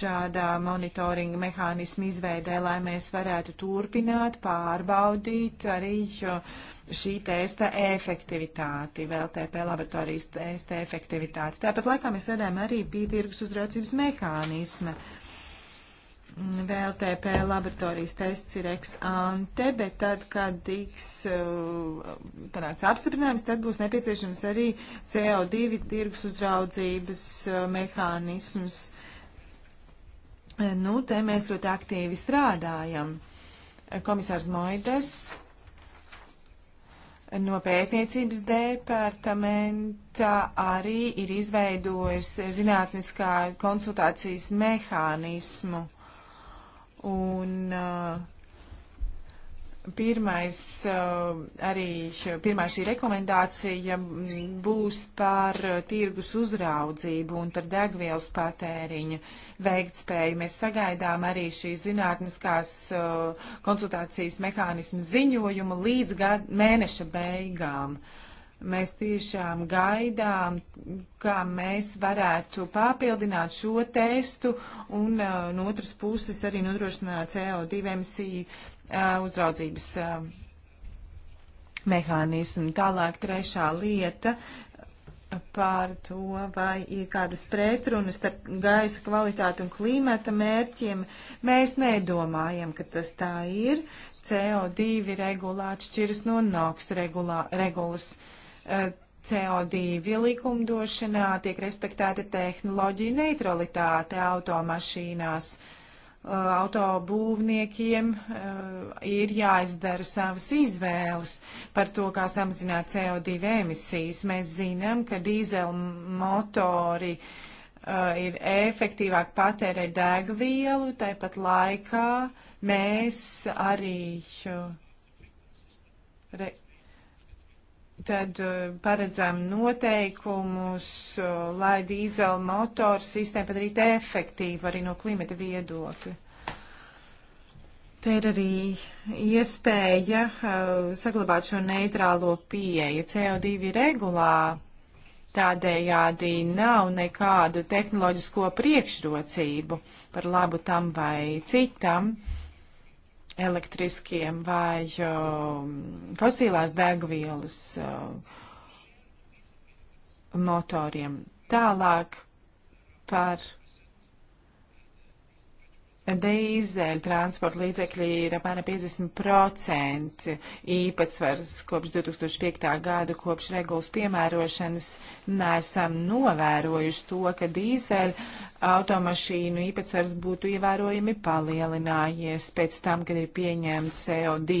šādā monitoringa mehānisma izveidē, lai mēs varētu turpināt pārbaudīt arī. Jo, uh, šī testa efektivitāti, VLTP laboratorijas testa efektivitāti. Tāpat laikā mēs redzējām arī pītirgus uzraucības mehānismu. VLTP laboratorijas tests ir ex ante, bet tad, kad tiks uh, panāks apstiprinājums, tad būs nepieciešams arī CO2 tirgus uzraudzības uh, mehānisms. Nu, te mēs ļoti aktīvi strādājam. Komisārs Moides no pētniecības departamenta arī ir izveidojis zinātniskā konsultācijas mehānismu. Un uh, Pirmais, eh, arī pirmā šī rekomendācija būs par eh, tirgus uzraudzību un par degvielas patēriņu veiktspēju. Mēs sagaidām arī šīs zinātniskās eh, konsultācijas mehānismu ziņojumu līdz gad, mēneša beigām. Mēs tiešām gaidām, kā mēs varētu papildināt šo testu un no otras puses arī nodrošināt CO2 emisiju uzraudzības mehānismu. Tālāk trešā lieta par to, vai ir kādas pretrunas starp gaisa kvalitāti un klimata mērķiem. Mēs nedomājam, ka tas tā ir. CO2 regulā atšķiras no NOX regulā, regulas. CO2 likumdošanā tiek respektēta tehnoloģija neutralitāte automašīnās. Uh, Uh, autobūvniekiem uh, ir jāizdara savas izvēles par to, kā samazināt CO2 emisijas. Mēs zinām, ka dīzelmotori uh, ir efektīvāk patērē degvielu, tāpat laikā mēs arī re, Tad eh, paredzam noteikumus, eh, lai dīzeļa motoru sistēmu padarītu efektīvu arī no klimata viedokļa. Te ir arī iespēja uh, saglabāt šo neitrālo pieeju. CO2 regulā tādējādi nav nekādu tehnoloģisko priekšrocību par labu tam vai citam. Uh, elektriskiem vai um, fosilās degvielas um, motoriem. Tālāk par Dīzeļu transporta līdzekļi ir apmēram 50% īpatsvars kopš 2005. gada, kopš regulas piemērošanas nesam novērojuši to, ka dīzeļu automašīnu īpatsvars būtu ievērojami palielinājies pēc tam, kad ir pieņemts CO2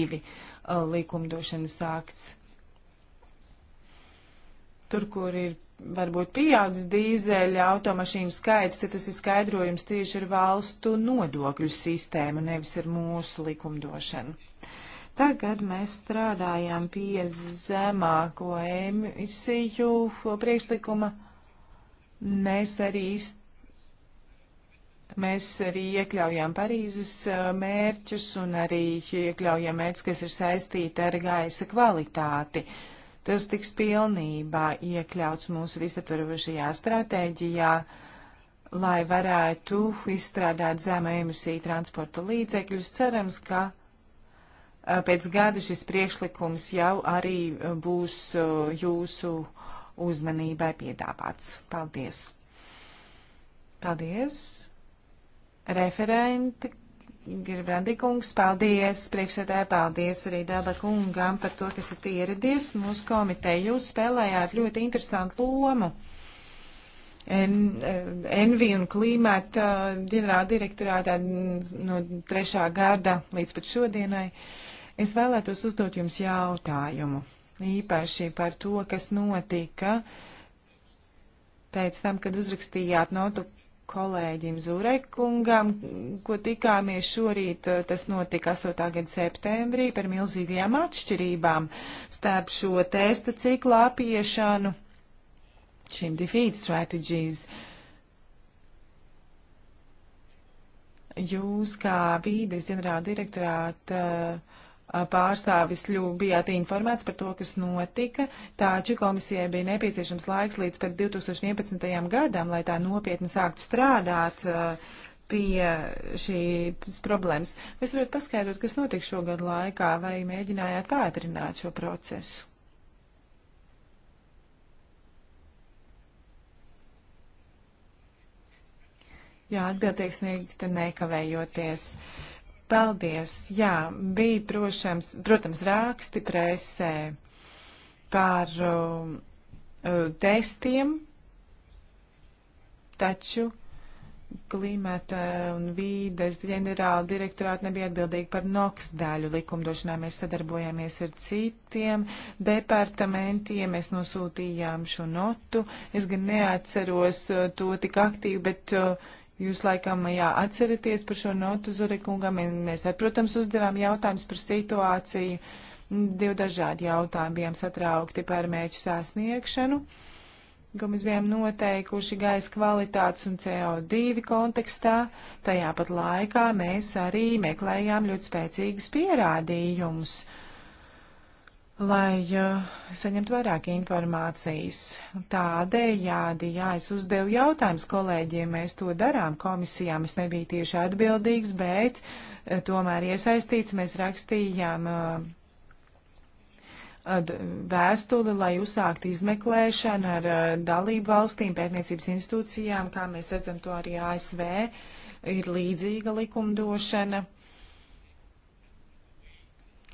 likumdošanas akts. Tur, kur ir varbūt pieaudzis dīzeļa automašīnu skaits, tad tas ir skaidrojums tieši ar valstu nodokļu sistēmu, nevis ar mūsu likumdošanu. Tagad mēs strādājam pie zemāko emisiju priekšlikuma. Mēs arī, mēs arī iekļaujam Parīzes mērķus un arī iekļaujam mērķus, kas ir saistīti ar gaisa kvalitāti. Uh, tas tiks pilnībā iekļauts mūsu visaptvarošajā stratēģijā, lai varētu izstrādāt zema emisiju transporta līdzekļus. Cerams, ka pēc gada šis priekšlikums jau arī būs jūsu uzmanībai piedāvāts. Paldies! Paldies! Referenti Grandi kungs, paldies, priekšsēdē, paldies arī Daba kungam par to, kas ir ieradies mūsu komiteja. Jūs spēlējāt ļoti interesantu lomu. En, Envi un klīmēta ģenerāla direktorātā no trešā gada līdz pat šodienai. Es vēlētos uzdot jums jautājumu īpaši par to, kas notika pēc tam, kad uzrakstījāt notu kolēģim Zurekungam, ko tikāmies šorīt, eh, tas notika 8. gada septembrī par milzīgajām atšķirībām starp šo testa ciklu apiešanu, šīm defeat strategies. Jūs kā vīdes ģenerāla direktorāta uh, pārstāvis ļu, bijāt informēts par to, kas notika, taču komisijai bija nepieciešams laiks līdz pat 2011. gadam, lai tā nopietni sāktu strādāt pie šīs problēmas. Vai varat paskaidrot, kas notika šogad laikā, vai mēģinājāt pātrināt šo procesu? Jā, atbildīgs sniegta nekavējoties. Uh, Paldies. Jā, bija, prošams, protams, rāksti presē par um, uh, testiem, taču klimata un vīdes ģenerāla direktorāti nebija atbildīgi par NOX daļu likumdošanā. Mēs sadarbojāmies ar citiem departamentiem, mēs nosūtījām šo notu. Es gan neatceros uh, to tik aktīvi, bet uh, Jūs laikam jā, atceraties par šo notu Zurikungam, mēs, protams, uzdevām jautājumus par situāciju. Divi dažādi jautājumi bijām satraukti par mērķu sasniegšanu, ko mēs bijām noteikuši gaisa kvalitātes un CO2 kontekstā. Tajā pat laikā mēs arī meklējām ļoti spēcīgus pierādījumus. Uh, lai uh, saņemtu vairāk informācijas. Tādējādi, jā, es uzdevu jautājumus kolēģiem, mēs to darām komisijā, es nebiju tieši atbildīgs, bet uh, tomēr iesaistīts, mēs rakstījām uh, vēstuli, lai uzsāktu izmeklēšanu ar dalību valstīm, pētniecības institūcijām, kā mēs redzam to arī ASV, ir līdzīga likumdošana. Uh,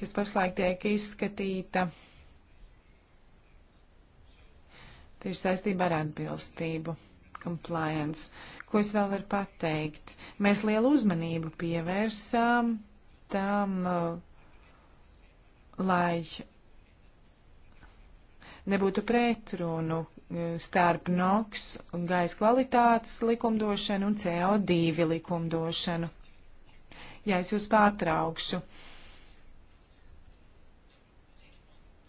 kas pašlaik tiek izskatīta, tieši saistībā ar atbilstību, compliance. Ko es vēl varu pateikt? Mēs lielu uzmanību pievērsām tam, uh, lai nebūtu pretrunu uh, starp NOX un gaisa kvalitātes likumdošanu un CO2 likumdošanu. Jā, es jūs pārtraukšu. Uh,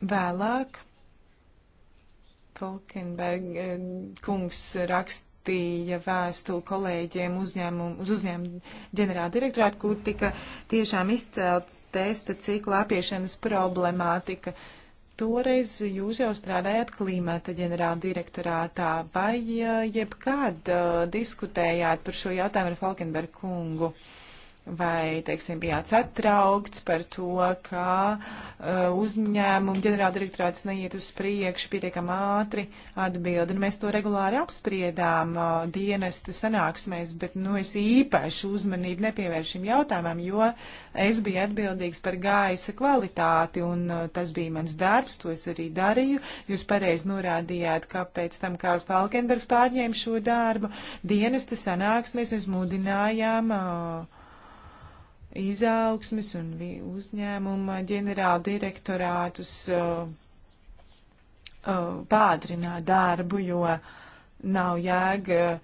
Vēlāk Falkenberg eh, kungs rakstīja vēstuli kolēģiem uzņēmumu, uz uzņēmumu ģenerāla direktorātu, kur tika tiešām izcelts testa cikla apiešanas problemātika. Toreiz jūs jau strādājāt klimata ģenerāla direktorātā, vai eh, jebkād uh, eh, diskutējāt par šo jautājumu ar Falkenberg kungu? Uh, vai, teiksim, bijāt satraukts par to, ka uh, uzņēmumu ģenerāldirektorāts neiet uz priekšu pietiekam ātri atbildi. Un nu, mēs to regulāri apspriedām uh, dienesta sanāksmēs, bet, nu, es īpaši uzmanību nepievēršam jautājumam, jo es biju atbildīgs par gaisa kvalitāti, un uh, tas bija mans darbs, to es arī darīju. Jūs pareizi norādījāt, ka pēc tam Kārls Falkenbergs pārņēma šo darbu dienesta sanāksmēs, mēs mudinājām. Uh, izaugsmes un uzņēmuma ģenerāla direktorātus uh, uh, pātrināt darbu, jo nav jēga uh,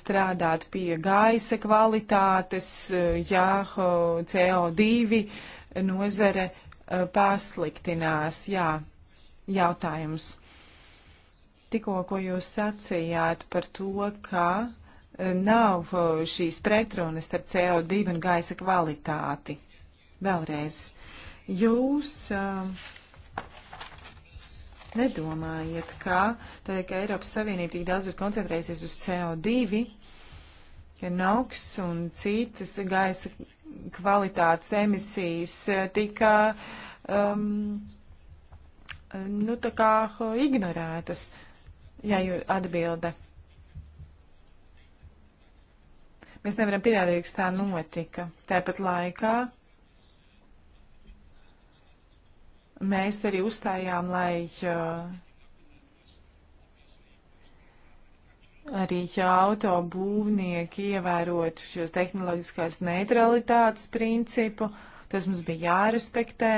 strādāt pie gaisa kvalitātes, uh, ja CO2 nozare uh, pasliktinās. Jā, jautājums. Tikko, ko jūs sacījāt par to, ka nav uh, šīs pretrunas starp CO2 un gaisa kvalitāti. Vēlreiz, jūs uh, nedomājiet, ka tad, ka Eiropas Savienība tik daudz ir koncentrējusies uz CO2, ka NOX un citas gaisa kvalitātes emisijas uh, tika um, nu, tā kā ignorētas. Jā, atbilde. Mm. Mēs nevaram pierādīt, ka tā notika. Tāpat laikā mēs arī uzstājām, lai uh, arī auto būvnieki ievērotu šos tehnoloģiskās neutralitātes principu. Tas mums bija jārespektē.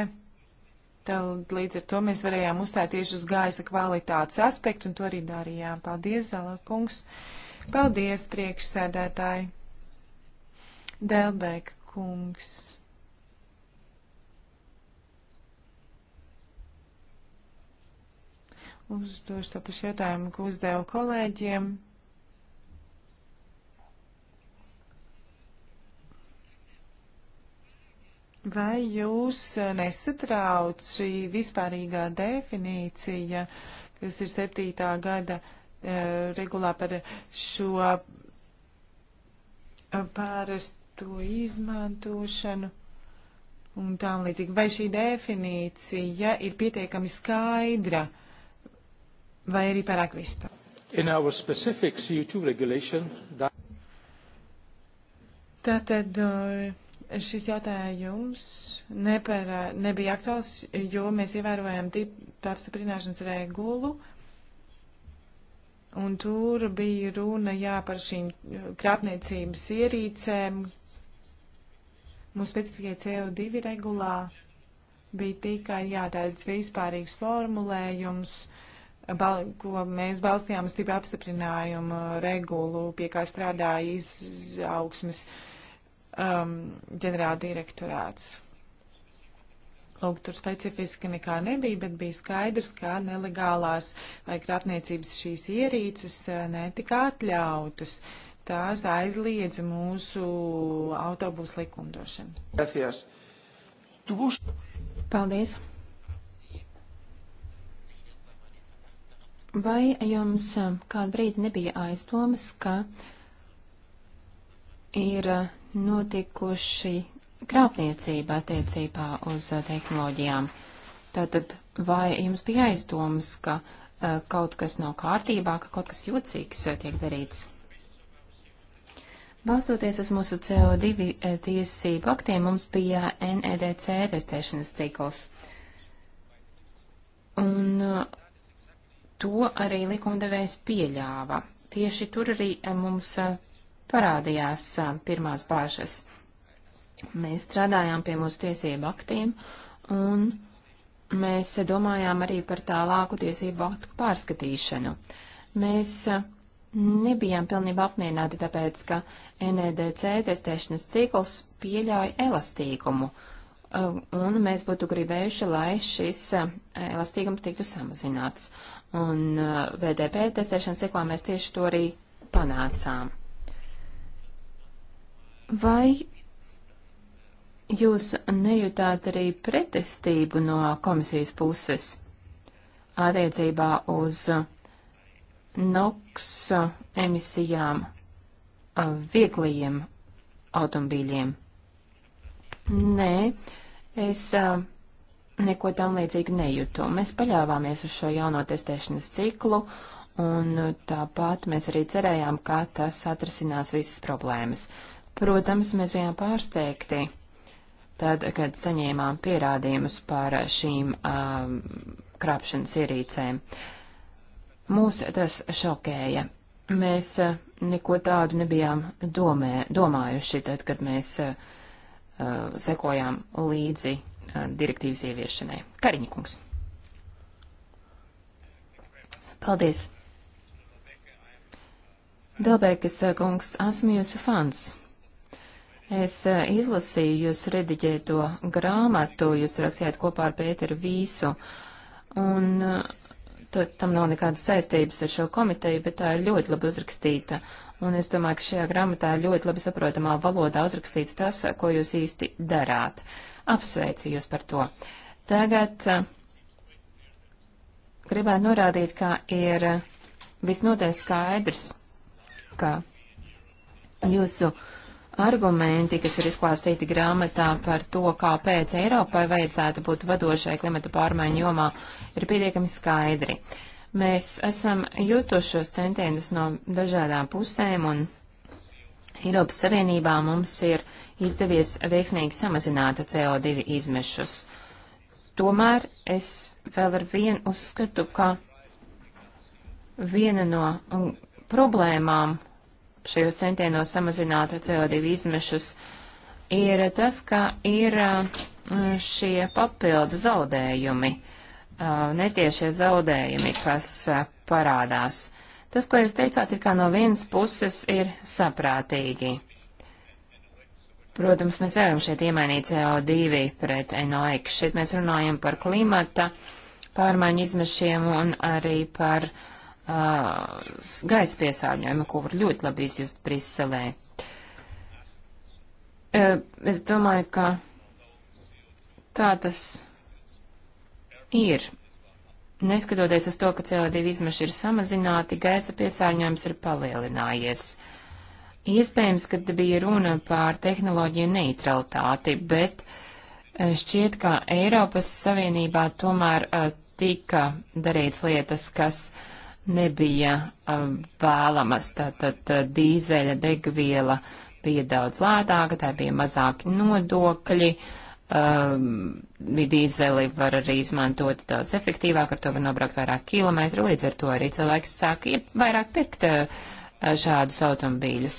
Tad līdz ar to mēs varējām uzstāt tieši uz gaisa kvalitātes aspektu, un to arī darījām. Paldies, Zala kungs! Paldies, priekšsēdētāji! Delbēka kungs. Uzdošu to pašu jautājumu, ko uzdevu kolēģiem. Vai jūs eh, nesatrauc šī vispārīgā definīcija, kas ir septītā gada e, regulā par šo eh, pārest to izmantošanu un tām līdzīgi. Vai šī definīcija ir pietiekami skaidra vai arī pārāk vispār? That... Tātad uh, šis jautājums neparā, uh, nebija aktuāls, jo mēs ievērojam tipu apstiprināšanas regulu. Un tur bija runa jā, par šīm uh, krāpniecības ierīcēm, Mūsu specifiskajai CO2 regulā bija tikai jā, tāds vispārīgs formulējums, bal, ko mēs balstījām uz tipu apstiprinājumu regulu, pie kā strādāja izaugsmes um, ģenerāldirektorāts. Lūk, tur specifiski nekā nebija, bet bija skaidrs, ka nelegālās vai krāpniecības šīs ierīces uh, netika atļautas. Uh, tās aizliedz mūsu autobusu likumdošanu. Gracias. Tu būs. Paldies. Vai jums kādu brīdi nebija aizdomas, ka ir notikuši krāpniecība attiecībā uz tehnoloģijām? Tātad, vai jums bija aizdomas, ka uh, kaut kas nav kārtībā, ka kaut kas jocīgs tiek darīts? Balstoties uz mūsu CO2 eh, tiesību aktiem, mums bija NEDC testēšanas cikls. Un eh, to arī likumdevējs pieļāva. Tieši tur arī eh, mums parādījās pirmās bāžas. Mēs strādājām pie mūsu tiesību aktiem un mēs domājām arī par tālāku tiesību aktu pārskatīšanu. Mēs nebijām pilnībā apmierināti, tāpēc, ka NEDC testēšanas cikls pieļauj elastīgumu, uh, un mēs būtu gribējuši, lai šis uh, elastīgums tiktu samazināts. Un uh, VDP testēšanas ciklā mēs tieši to arī panācām. Vai jūs nejūtāt arī pretestību no komisijas puses attiecībā uz NOX emisijām vieglajiem automobīļiem. Nē, es neko tam līdzīgu nejūtu. Mēs paļāvāmies uz šo jauno testēšanas ciklu, un tāpat mēs arī cerējām, ka tas atrasinās visas problēmas. Protams, mēs bijām pārsteigti, tad, kad saņēmām pierādījumus par šīm um, krāpšanas ierīcēm. Uh, Mūs tas šokēja. Mēs eh, neko tādu nebijām domē, domājuši, tad, kad mēs uh, sekojām līdzi uh, direktīvas ieviešanai. Kariņkungs. Paldies. Delbēkas kungs, esmu jūsu fans. Es uh, izlasīju jūsu rediģēto grāmatu, jūs rakstījāt kopā ar Pēteru Vīsu. Un uh, T tam nav nekādas saistības ar šo komiteju, bet tā ir ļoti labi uzrakstīta. Un es domāju, ka šajā grāmatā ļoti labi saprotamā valodā uzrakstīts tas, ko jūs īsti darāt. Apsveicu jūs par to. Tagad eh, gribētu norādīt, ka ir visnotaļ skaidrs, ka jūsu uh, argumenti, kas ir izklāstīti grāmatā par to, kāpēc Eiropai vajadzētu būt vadošai klimata pārmaiņu jomā, ir pietiekami skaidri. Mēs esam jutušos centienus no dažādām pusēm, un Eiropas Savienībā mums ir izdevies veiksmīgi samazināt CO2 izmešus. Tomēr es vēl ar vienu uzskatu, ka viena no problēmām šajos centienos samazināt CO2 izmešus, ir tas, ka ir šie papildu zaudējumi, netiešie zaudējumi, kas parādās. Tas, ko jūs teicāt, ir kā no vienas puses ir saprātīgi. Protams, mēs nevaram šeit iemainīt CO2 pret NOx. Šeit mēs runājam par klimata pārmaiņu izmešiem un arī par uh, Uh, gaisa piesārņojumu, ko var ļoti labi izjust Briselē. Uh, es domāju, ka tā tas ir. Neskatoties uz to, ka CO2 izmeši ir samazināti, gaisa piesārņojums ir palielinājies. Iespējams, ka bija runa par tehnoloģiju neutralitāti, bet uh, šķiet, ka Eiropas Savienībā tomēr tika darīts lietas, kas uh, nebija vēlamas. Tātad dīzeļa degviela bija daudz lētāka, tā bija mazāki nodokļi. Um, dīzeli var arī izmantot daudz efektīvāk, ar to var nobraukt vairāk kilometru, līdz ar to arī cilvēks sāk vairāk pirkt uh, šādus automobīļus.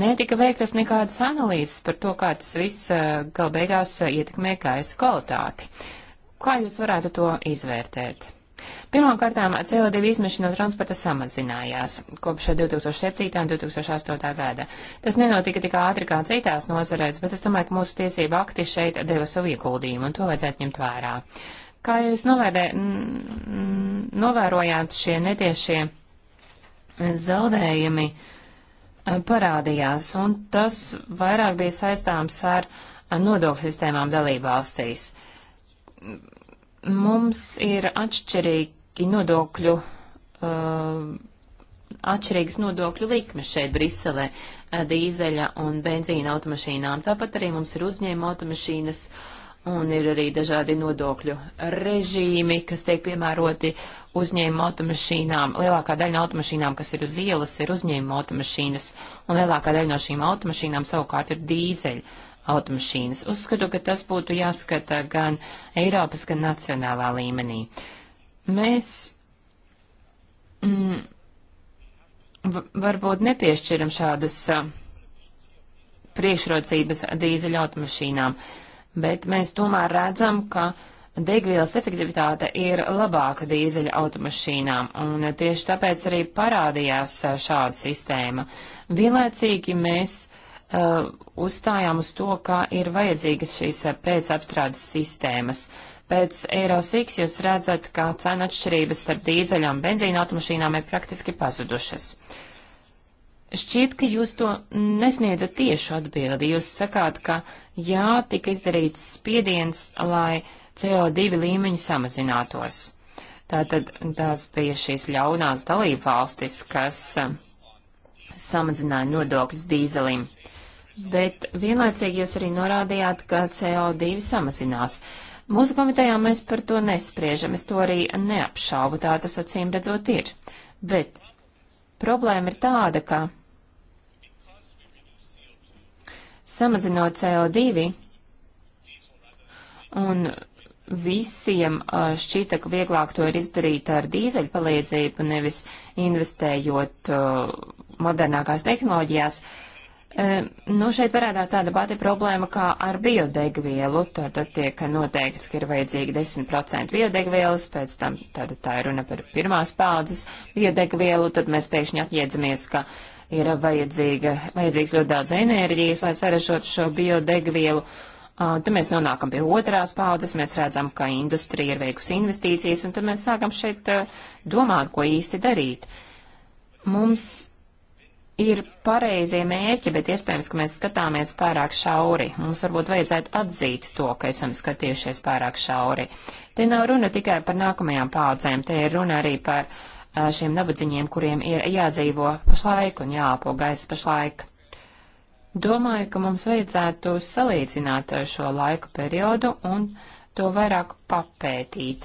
Netika veiktas nekādas analīzes par to, kā tas viss uh, gal beigās ietekmē gaisa kvalitāti. Kā jūs varētu to izvērtēt? Pirmkārtām CO2 izmeši no transporta samazinājās kopš 2007. un 2008. gada. Tas nenotika tik ātri kā citās nozarēs, bet es domāju, ka mūsu tiesība akti šeit deva savu ieguldījumu, un to vajadzētu ņemt vērā. Kā jūs novērē, novērojāt šie netiešie zaudējumi parādījās, un tas vairāk bija saistāms ar nodokļu sistēmām dalībvalstīs mums ir atšķirīgi nodokļu, uh, atšķirīgas nodokļu likmes šeit Briselē uh, dīzeļa un benzīna automašīnām. Tāpat arī mums ir uzņēma automašīnas un ir arī dažādi nodokļu režīmi, kas tiek piemēroti uzņēma automašīnām. Lielākā daļa no automašīnām, kas ir uz ielas, ir uzņēma automašīnas, un lielākā daļa no šīm automašīnām savukārt ir dīzeļa automašīnas. Uzskatu, ka tas būtu jāskata gan Eiropas, gan nacionālā līmenī. Mēs mm, varbūt nepiešķiram šādas priekšrocības dīzeļa automašīnām, bet mēs tomēr redzam, ka degvielas efektivitāte ir labāka dīzeļa automašīnām, un tieši tāpēc arī parādījās šāda sistēma. Vienlaicīgi mēs uh, uzstājām uz to, ka ir vajadzīgas šīs uh, pēcapstrādes sistēmas. Pēc Eiro 6 jūs redzat, ka cena atšķirības starp dīzeļa un benzīna automašīnām ir praktiski pazudušas. Šķiet, ka jūs to nesniedzat tiešu atbildi. Jūs sakāt, ka jā, tika izdarīts spiediens, lai CO2 līmeņi samazinātos. Tātad tās bija šīs ļaunās dalībvalstis, kas uh, samazināja nodokļus dīzelim bet vienlaicīgi jūs arī norādījāt, ka CO2 samazinās. Mūsu komitejā mēs par to nespriežam, es to arī neapšaubu, tā tas acīm redzot ir. Bet problēma ir tāda, ka samazinot CO2 un visiem šķita, ka vieglāk to ir izdarīt ar dīzeļu palīdzību, nevis investējot modernākās tehnoloģijās. Uh, Nu, šeit parādās tāda pati problēma kā ar biodegvielu. Tātad tiek noteikts, ka ir vajadzīgi 10% biodegvielas, pēc tam tāda tā ir runa par pirmās paudzes biodegvielu, tad mēs pēkšņi atjēdzamies, ka ir vajadzīga, vajadzīgs ļoti daudz enerģijas, lai sarežotu šo biodegvielu. Tad mēs nonākam pie otrās paudzes, mēs redzam, ka industrija ir veikusi investīcijas, un tad mēs sākam šeit domāt, ko īsti darīt. Mums ir pareizie mērķi, bet iespējams, ka mēs skatāmies pārāk šauri. Mums varbūt vajadzētu atzīt to, ka esam skatījušies pārāk šauri. Te nav runa tikai par nākamajām paudzēm, te ir runa arī par šiem nabadzīņiem, kuriem ir jādzīvo pašlaik un jāapo gaisa pašlaik. Domāju, ka mums vajadzētu salīdzināt šo laika periodu un to vairāk papētīt.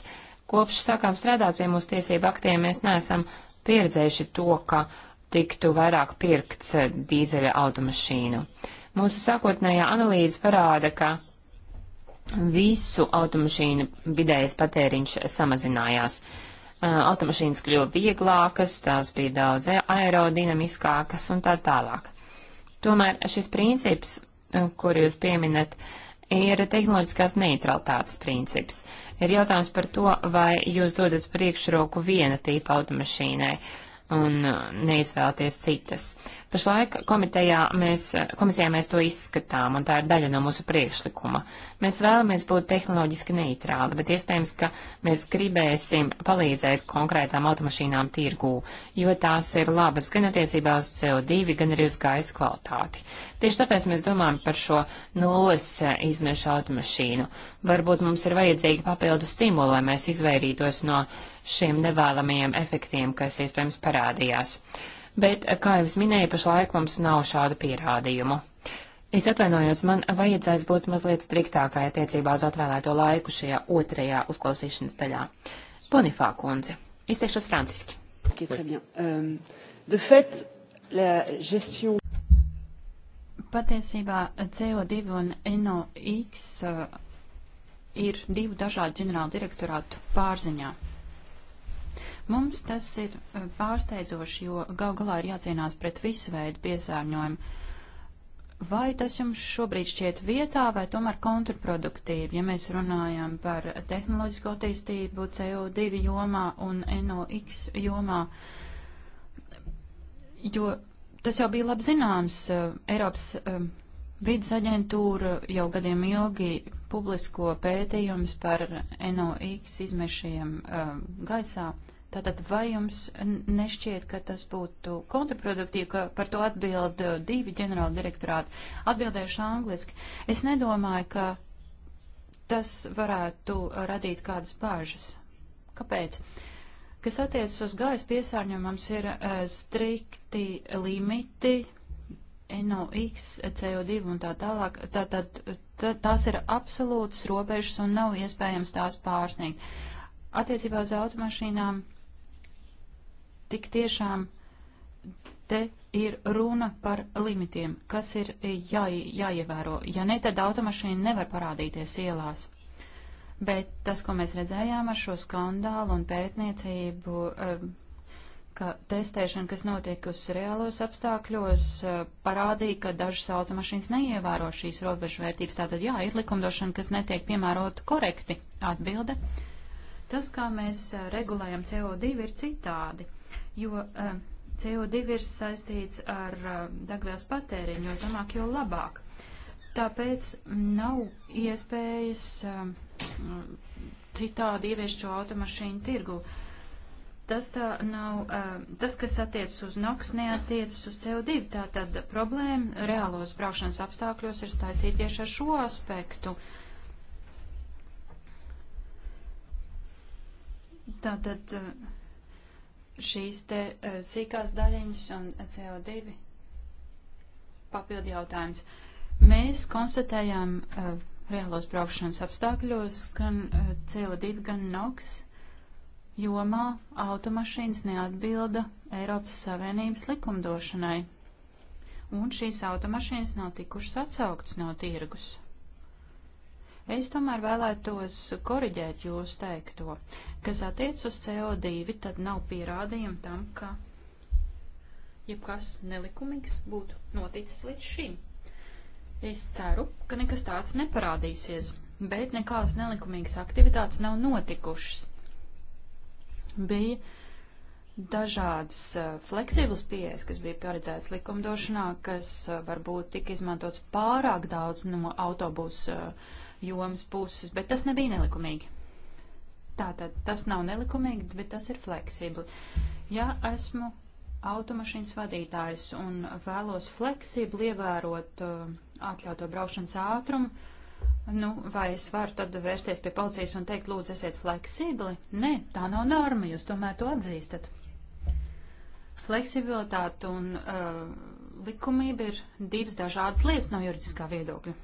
Kopš sākām strādāt pie mūsu tiesību aktiem, mēs neesam pieredzējuši to, ka uh, tiktu vairāk pirkts dīzeļa automašīnu. Mūsu sākotnējā analīze parāda, ka visu automašīnu vidējais patēriņš samazinājās. Automašīnas kļuva vieglākas, tās bija daudz aerodinamiskākas un tā tālāk. Tomēr šis princips, kur jūs pieminat, ir tehnoloģiskās neutralitātes princips. Ir jautājums par to, vai jūs dodat priekšroku viena tīpa automašīnai un uh, neizvēlties citas. Pašlaik komitejā mēs, uh, komisijā mēs to izskatām, un tā ir daļa no mūsu priekšlikuma. Mēs vēlamies būt tehnoloģiski neitrāli, bet iespējams, ka mēs gribēsim palīdzēt konkrētām automašīnām tirgū, jo tās ir labas gan attiecībā uz CO2, gan arī uz gaisa kvalitāti. Tieši tāpēc mēs domājam par šo nulles uh, izmešu automašīnu. Varbūt mums ir vajadzīgi papildu stimulu, lai mēs izvairītos no uh, šiem nevēlamajiem efektiem, kas iespējams parādījās. Bet, kā jau es minēju, pašlaik mums nav šādu pierādījumu. Es atvainojos, man vajadzēs būt mazliet striktākai attiecībā uz atvēlēto laiku šajā otrajā uzklausīšanas daļā. Bonifā kundze, izteikšos franciski. Okay, très bien. Um, de fait, la gestion patiesībā CO2 un NOx uh, ir divu dažādu ģenerālu direktorātu pārziņā. Mums tas ir eh, pārsteidzoši, jo gal galā ir jācīnās pret visu veidu piesārņojumu. Vai tas jums šobrīd šķiet vietā vai tomēr kontraproduktīvi, ja mēs runājam par tehnoloģisko attīstību CO2 jomā un NOx jomā? Jo tas jau bija labi zināms, eh, Eiropas eh, vidas aģentūra jau gadiem ilgi publisko pētījums par NOx izmešiem gaisā. Tātad vai jums nešķiet, ka tas būtu kontraproduktīvi, ka par to atbild uh, divi ģenerāli direktorāti? Atbildējuši angliski. Es nedomāju, ka tas varētu radīt kādas bāžas. Kāpēc? Kas attiecas uz gaisa piesārņojumu, mums ir uh, strikti limiti NOx, CO2 un tā tālāk. Tātad tā, tā, tās ir absolūtas robežas un nav iespējams tās pārsniegt. Attiecībā uz automašīnām Tik tiešām te ir runa par limitiem, kas ir jā, jāievēro. Ja ne, tad automašīna nevar parādīties ielās. Bet tas, ko mēs redzējām ar šo skandālu un pētniecību, eh, ka testēšana, kas notiek uz reālos apstākļos, eh, parādīja, ka dažas automašīnas neievēro šīs robežvērtības. Tātad, jā, ir likumdošana, kas netiek piemērota korekti. Atbilde. Tas, kā mēs eh, regulējam CO2, ir citādi jo eh, CO2 ir saistīts ar eh, degvielas patēriņu, jo zemāk, jo labāk. Tāpēc nav iespējas eh, citādi ieviest šo automašīnu tirgu. Tas, tā nav, tas, kas attiecas uz NOX, neatiecas uz CO2. Tātad problēma reālos braukšanas apstākļos ir saistīta tieši ar šo aspektu. Tātad. Uh, šīs te eh, sīkās daļiņas un eh, CO2 papildu jautājums. Mēs konstatējām eh, reālos braukšanas apstākļos gan CO2, gan NOX jomā automašīnas neatbilda Eiropas Savienības likumdošanai, un šīs automašīnas nav tikušas atsauktas no tirgus. Es tomēr vēlētos koriģēt jūs teikto, kas attiec uz CO2, tad nav pierādījumi tam, ka jebkas nelikumīgs būtu noticis līdz šim. Es ceru, ka nekas tāds neparādīsies, bet nekādas nelikumīgas aktivitātes nav notikušas. Bija dažādas uh, fleksiblas pieejas, kas bija paredzētas likumdošanā, kas uh, varbūt tika izmantots pārāk daudz no autobusu jomas puses, bet tas nebija nelikumīgi. Tātad tas nav nelikumīgi, bet tas ir fleksibli. Ja esmu automašīnas vadītājs un vēlos fleksibli ievērot uh, atļauto braušanas ātrumu, nu, vai es varu tad vērsties pie policijas un teikt, lūdzu, esiet fleksibli? Nē, tā nav norma, jūs tomēr to atzīstat. Fleksibilitāte un uh, likumība ir divas dažādas lietas no juridiskā viedokļa.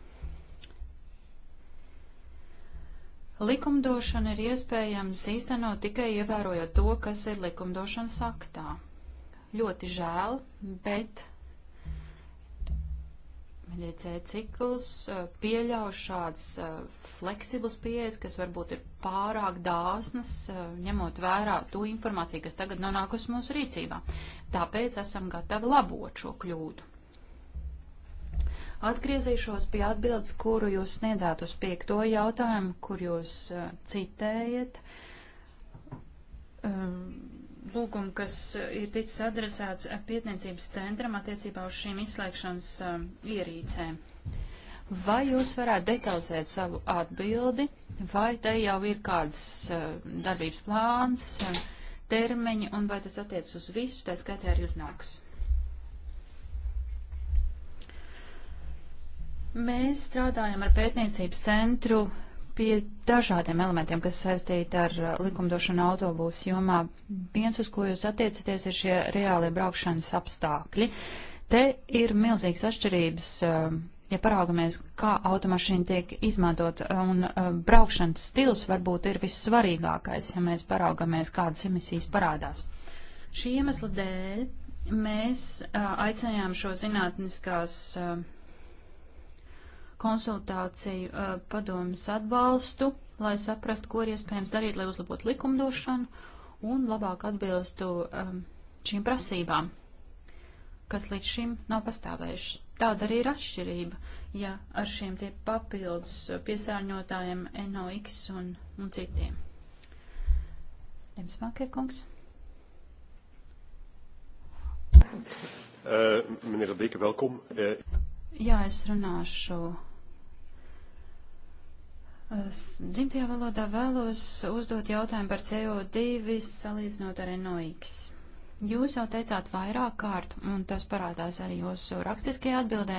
Likumdošana ir iespējams īstenot tikai ievērojot to, kas ir likumdošanas aktā. Ļoti žēl, bet Medicē cikls eh, pieļauj šādas eh, fleksiblas pieejas, kas varbūt ir pārāk dāsnas, eh, ņemot vērā to informāciju, kas tagad nonākusi mūsu rīcībā. Tāpēc esam gatavi labot šo kļūdu. Atgriezīšos pie atbildes, kuru jūs sniedzāt uz piekto jautājumu, kur jūs uh, citējat. Um, lūgumu, kas uh, ir ticis adresēts uh, pietniecības centram attiecībā uz šīm izslēgšanas um, ierīcēm. Vai jūs varētu detalizēt savu atbildi, vai te jau ir kādas uh, darbības plāns, uh, termiņi, un vai tas attiec uz visu, tā skaitā arī uz nākus? Mēs strādājam ar pētniecības centru pie dažādiem elementiem, kas saistīti ar uh, likumdošanu autobūvas jomā. Viens, uz ko jūs attiecaties, ir šie reālie braukšanas apstākļi. Te ir milzīgas atšķirības, uh, ja paraugamies, kā automašīna tiek izmantot, un uh, braukšanas stils varbūt ir vissvarīgākais, ja mēs paraugamies, kādas emisijas parādās. Šī iemesla dēļ mēs aicinājām šo zinātniskās konsultāciju uh, padomas atbalstu, lai saprastu, ko ir iespējams darīt, lai uzlabotu likumdošanu un labāk atbilstu um, šīm prasībām, kas līdz šim nav pastāvējušas. Tāda arī ir atšķirība, ja ar šiem tie papildus piesārņotājiem NOx un, un citiem. Jums Makerkungs. Uh, eh, meneer Beke, welkom. Uh. Jā, es runāšu Dzimtajā valodā vēlos uzdot jautājumu par CO2 salīdzinot ar NOx. Jūs jau teicāt vairāk kārt, un tas parādās arī jūsu rakstiskajā atbildē,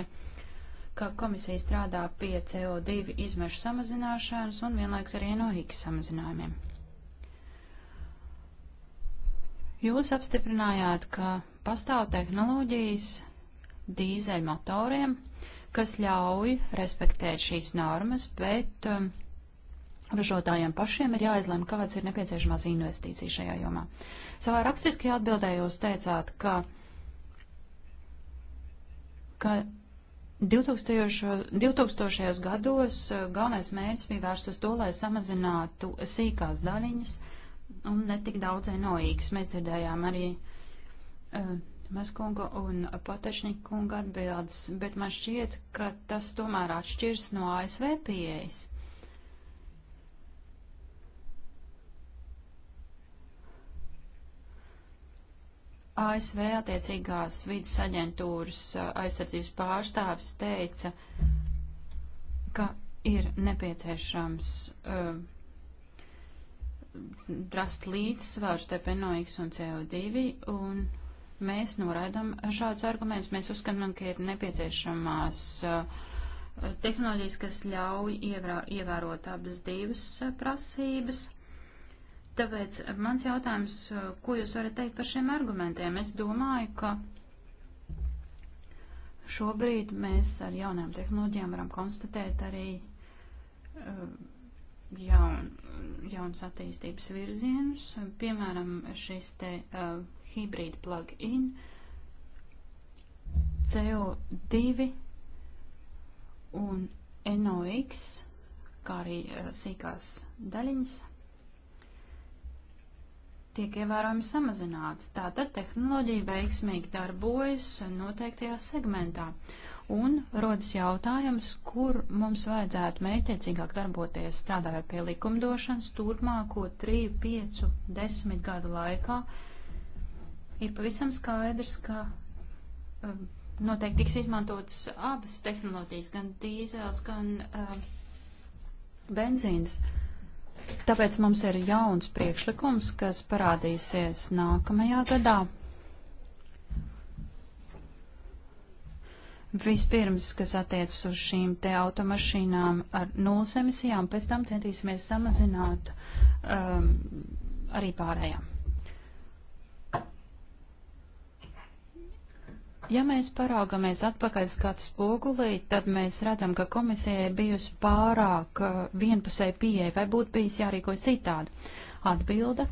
ka komisija strādā pie CO2 izmešu samazināšanas un vienlaiks arī NOx samazinājumiem. Jūs apstiprinājāt, ka pastāv tehnoloģijas dīzeļmotoriem, motoriem, kas ļauj respektēt šīs normas, bet um, ražotājiem pašiem ir jāizlem, kādas ir nepieciešamās investīcijas šajā jomā. Savā rakstiskajā atbildē jūs teicāt, ka, ka 2000, 2000. gados uh, galvenais mērķis bija vērsts uz to, lai samazinātu sīkās daļiņas un netik daudz enojīgas. Mēs dzirdējām arī uh, Maskunga un Potečnika kunga atbildes, bet man šķiet, ka tas tomēr atšķirs no ASV pieejas. ASV attiecīgās vidas aģentūras uh, aizsardzības pārstāvis teica, ka ir nepieciešams uh, rast līdzsvaru starp NOx un CO2, un Mēs noraidam šādus argumentus. Mēs uzskatām, ka ir nepieciešamās uh, tehnoloģijas, kas ļauj ievērot abas divas uh, prasības. Tāpēc mans jautājums, uh, ko jūs varat teikt par šiem argumentiem? Es domāju, ka šobrīd mēs ar jaunām tehnoloģijām varam konstatēt arī jaun, jaunas attīstības virzienus. Piemēram, šis te uh, hibrīdu plug-in, CO2 un NOx, kā arī eh, sīkās daļiņas, tiek ievērojami samazināts. Tātad tehnoloģija veiksmīgi darbojas noteiktajā segmentā. Un rodas jautājums, kur mums vajadzētu mētiecīgāk darboties, strādājot pie likumdošanas turpmāko 3, 5, 10 gadu laikā, ir pavisam skaidrs, ka um, noteikti tiks izmantotas abas tehnoloģijas, gan dīzels, gan um, benzīns. Tāpēc mums ir jauns priekšlikums, kas parādīsies nākamajā gadā. Vispirms, kas attiecas uz šīm te automašīnām ar nulles emisijām, pēc tam centīsimies samazināt um, arī pārējām. Ja mēs paraugamies atpakaļ skatu spogulī, tad mēs redzam, ka komisijai bijusi pārāk uh, vienpusēja pieeja, vai būtu bijis jārīkojas citādi. Atbilde.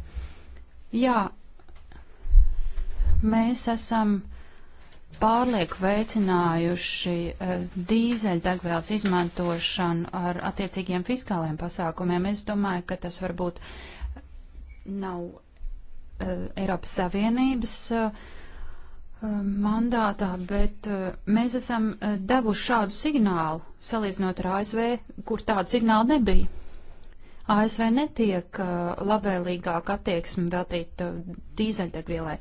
Jā, mēs esam pārlieku veicinājuši uh, dīzeļdegvielas izmantošanu ar attiecīgiem fiskāliem pasākumiem. Es domāju, ka tas varbūt nav uh, Eiropas Savienības uh, Um, mandātā, bet uh, mēs esam uh, devuši šādu signālu, salīdzinot ar ASV, kur tāda signāla nebija. ASV netiek uh, labvēlīgāk attieksmi veltīt dīzeļdegvielai.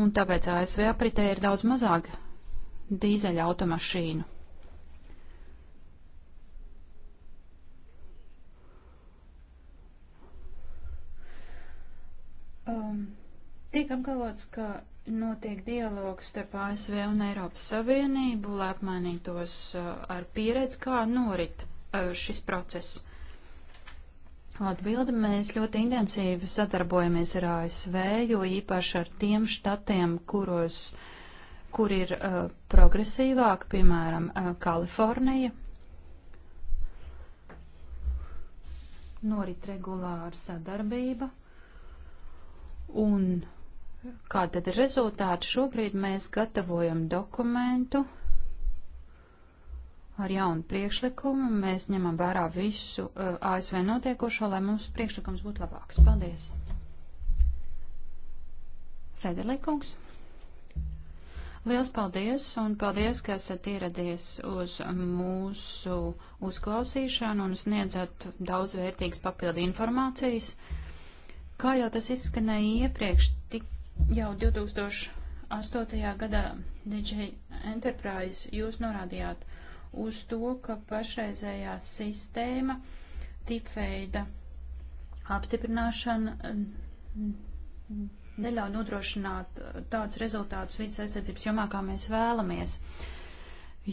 Un tāpēc ASV apritē ir daudz mazāk dīzeļa automašīnu. Um, Tiek apgalvots, ka notiek dialogs starp ASV un Eiropas Savienību, lai apmainītos uh, ar pieredzi, kā norit uh, šis process. Atbildi mēs ļoti intensīvi sadarbojamies ar ASV, jo īpaši ar tiem štatiem, kuros, kur ir uh, progresīvāk, piemēram, uh, Kalifornija. Norit regulāra sadarbība un Kāda tad ir rezultāti? Šobrīd mēs gatavojam dokumentu ar jaunu priekšlikumu. Mēs ņemam vērā visu uh, eh, ASV notiekošo, lai mums priekšlikums būtu labāks. Paldies! Federlikungs. Liels paldies un paldies, ka esat ieradies uz mūsu uzklausīšanu un sniedzat daudz vērtīgas papildu informācijas. Kā jau tas izskanēja iepriekš, tik Jau 2008. gadā DJ Enterprise jūs norādījāt uz to, ka pašreizējā sistēma tipveida apstiprināšana neļauj nodrošināt tādus rezultātus vidas aizsardzības jomā, kā mēs vēlamies.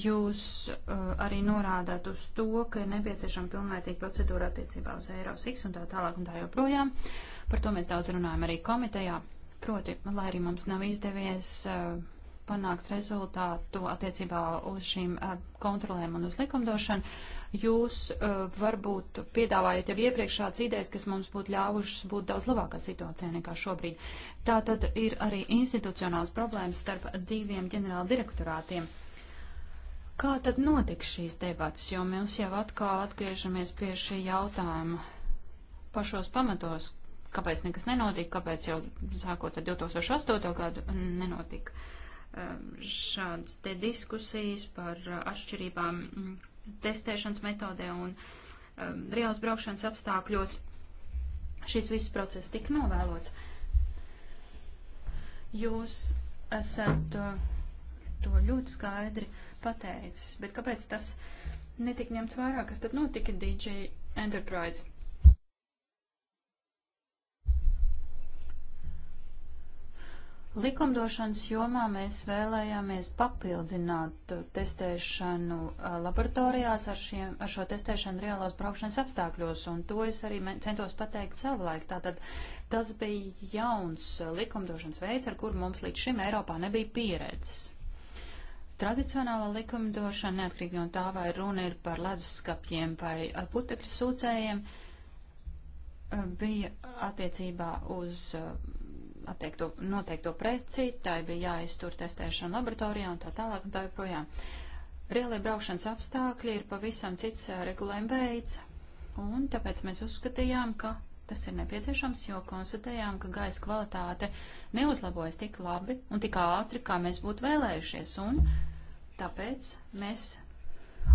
Jūs uh, arī norādāt uz to, ka ir nepieciešama pilnvērtīga procedūra attiecībā uz Eirosiks un tā tālāk un tā joprojām. Par to mēs daudz runājam arī komitejā. Proti, lai arī mums nav izdevies uh, panākt rezultātu attiecībā uz šīm uh, kontrolēm un uz likumdošanu, jūs uh, varbūt piedāvājat jau iepriekš šādas idejas, kas mums būtu ļāvušas būt daudz labākā situācijā nekā šobrīd. Tā tad ir arī institucionāls problēmas starp diviem ģenerāla direktorātiem. Kā tad notiks šīs debats, jo mēs jau atkal atgriežamies pie šī jautājuma pašos pamatos, kāpēc nekas nenotika, kāpēc jau sākot ar 2008. gadu nenotika ehm, šādas te diskusijas par eh, atšķirībām mm, testēšanas metodē un ehm, reāls braukšanas apstākļos. Šis viss process tika novēlots. Jūs esat eh, to ļoti skaidri pateicis, bet kāpēc tas netika ņemts vērā, kas tad notika DJ Enterprise? Likumdošanas jomā mēs vēlējāmies papildināt testēšanu uh, laboratorijās ar, šiem, ar šo testēšanu reālās braukšanas apstākļos, un to es arī centos pateikt savulaik. Tātad tas bija jauns likumdošanas veids, ar kuru mums līdz šim Eiropā nebija pieredzes. Tradicionāla likumdošana, neatkarīgi no tā, vai runa ir par leduskapjiem vai uh, putekļu sūcējiem, uh, bija attiecībā uz attiekto, noteikto preci, tai bija jāiztur testēšana laboratorijā un tā tālāk un tā joprojām. Rielie braukšanas apstākļi ir pavisam cits regulējuma veids, un tāpēc mēs uzskatījām, ka tas ir nepieciešams, jo konstatējām, ka gaisa kvalitāte neuzlabojas tik labi un tik ātri, kā mēs būtu vēlējušies, un tāpēc mēs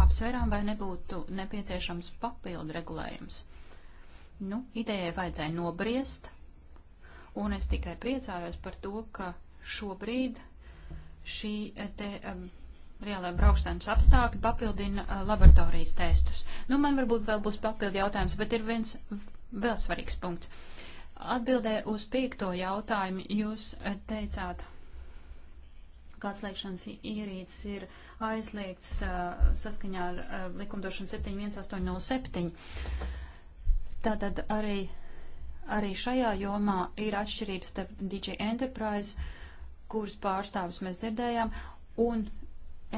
apsverām, vai nebūtu nepieciešams papildu regulējums. Nu, idejai vajadzēja nobriest, Un es tikai priecājos par to, ka šobrīd šī te um, reālajā braukšanas apstākļi papildina uh, laboratorijas testus. Nu, man varbūt vēl būs papildi jautājums, bet ir viens vēl svarīgs punkts. Atbildē uz piekto jautājumu jūs uh, teicāt, ka atslēgšanas ierīces ir aizliegts uh, saskaņā ar likumdošanu 71807. Tātad arī Arī šajā jomā ir atšķirības starp DJ Enterprise, kuras pārstāvis mēs dzirdējām, un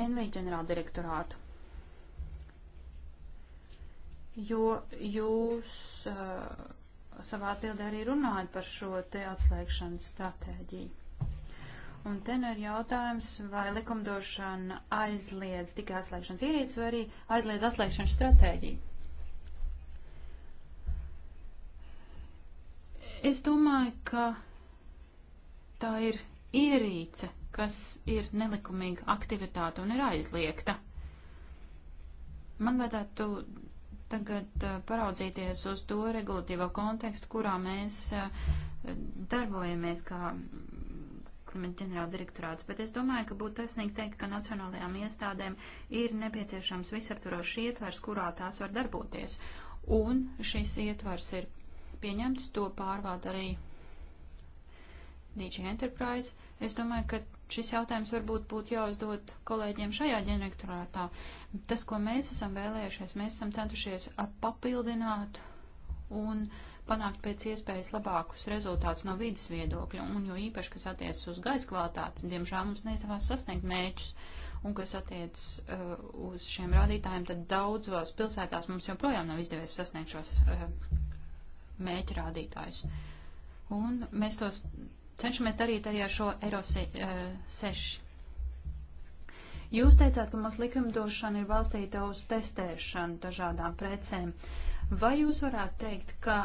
NV ģenerāldirektorātu. Jo jūs uh, savā atbildē arī runājat par šo te atslēgšanas stratēģiju. Un te nu ir jautājums, vai likumdošana aizliedz tikai atslēgšanas ierīces vai arī aizliedz atslēgšanas stratēģiju. Es domāju, ka tā ir ierīce, kas ir nelikumīga aktivitāte un ir aizliegta. Man vajadzētu tagad eh, paraudzīties uz to regulatīvo kontekstu, kurā mēs eh, darbojamies kā klimata ģenerāla direktorāts, bet es domāju, ka būtu taisnīgi teikt, ka nacionālajām iestādēm ir nepieciešams visaptvarošs ietvers, kurā tās var darboties. Un šis ietvers ir pieņemts, to pārvalda arī DG Enterprise. Es domāju, ka šis jautājums varbūt būtu jāuzdod kolēģiem šajā ģenerētorātā. Tas, ko mēs esam vēlējušies, mēs esam centušies papildināt un panākt pēc iespējas labākus rezultātus no vidas viedokļa, un jo īpaši, kas attiecas uz gaisa kvalitāti, diemžēl mums neizdevās sasniegt mēķus, un kas attiecas uh, uz šiem rādītājiem, tad daudzos pilsētās mums joprojām nav izdevies sasniegt šos uh, mēķa rādītājus. Un mēs tos cenšamies darīt arī ar šo Eiro 6. E, jūs teicāt, ka mūsu likumdošana ir valstīta uz testēšanu dažādām precēm. Vai jūs varētu teikt, ka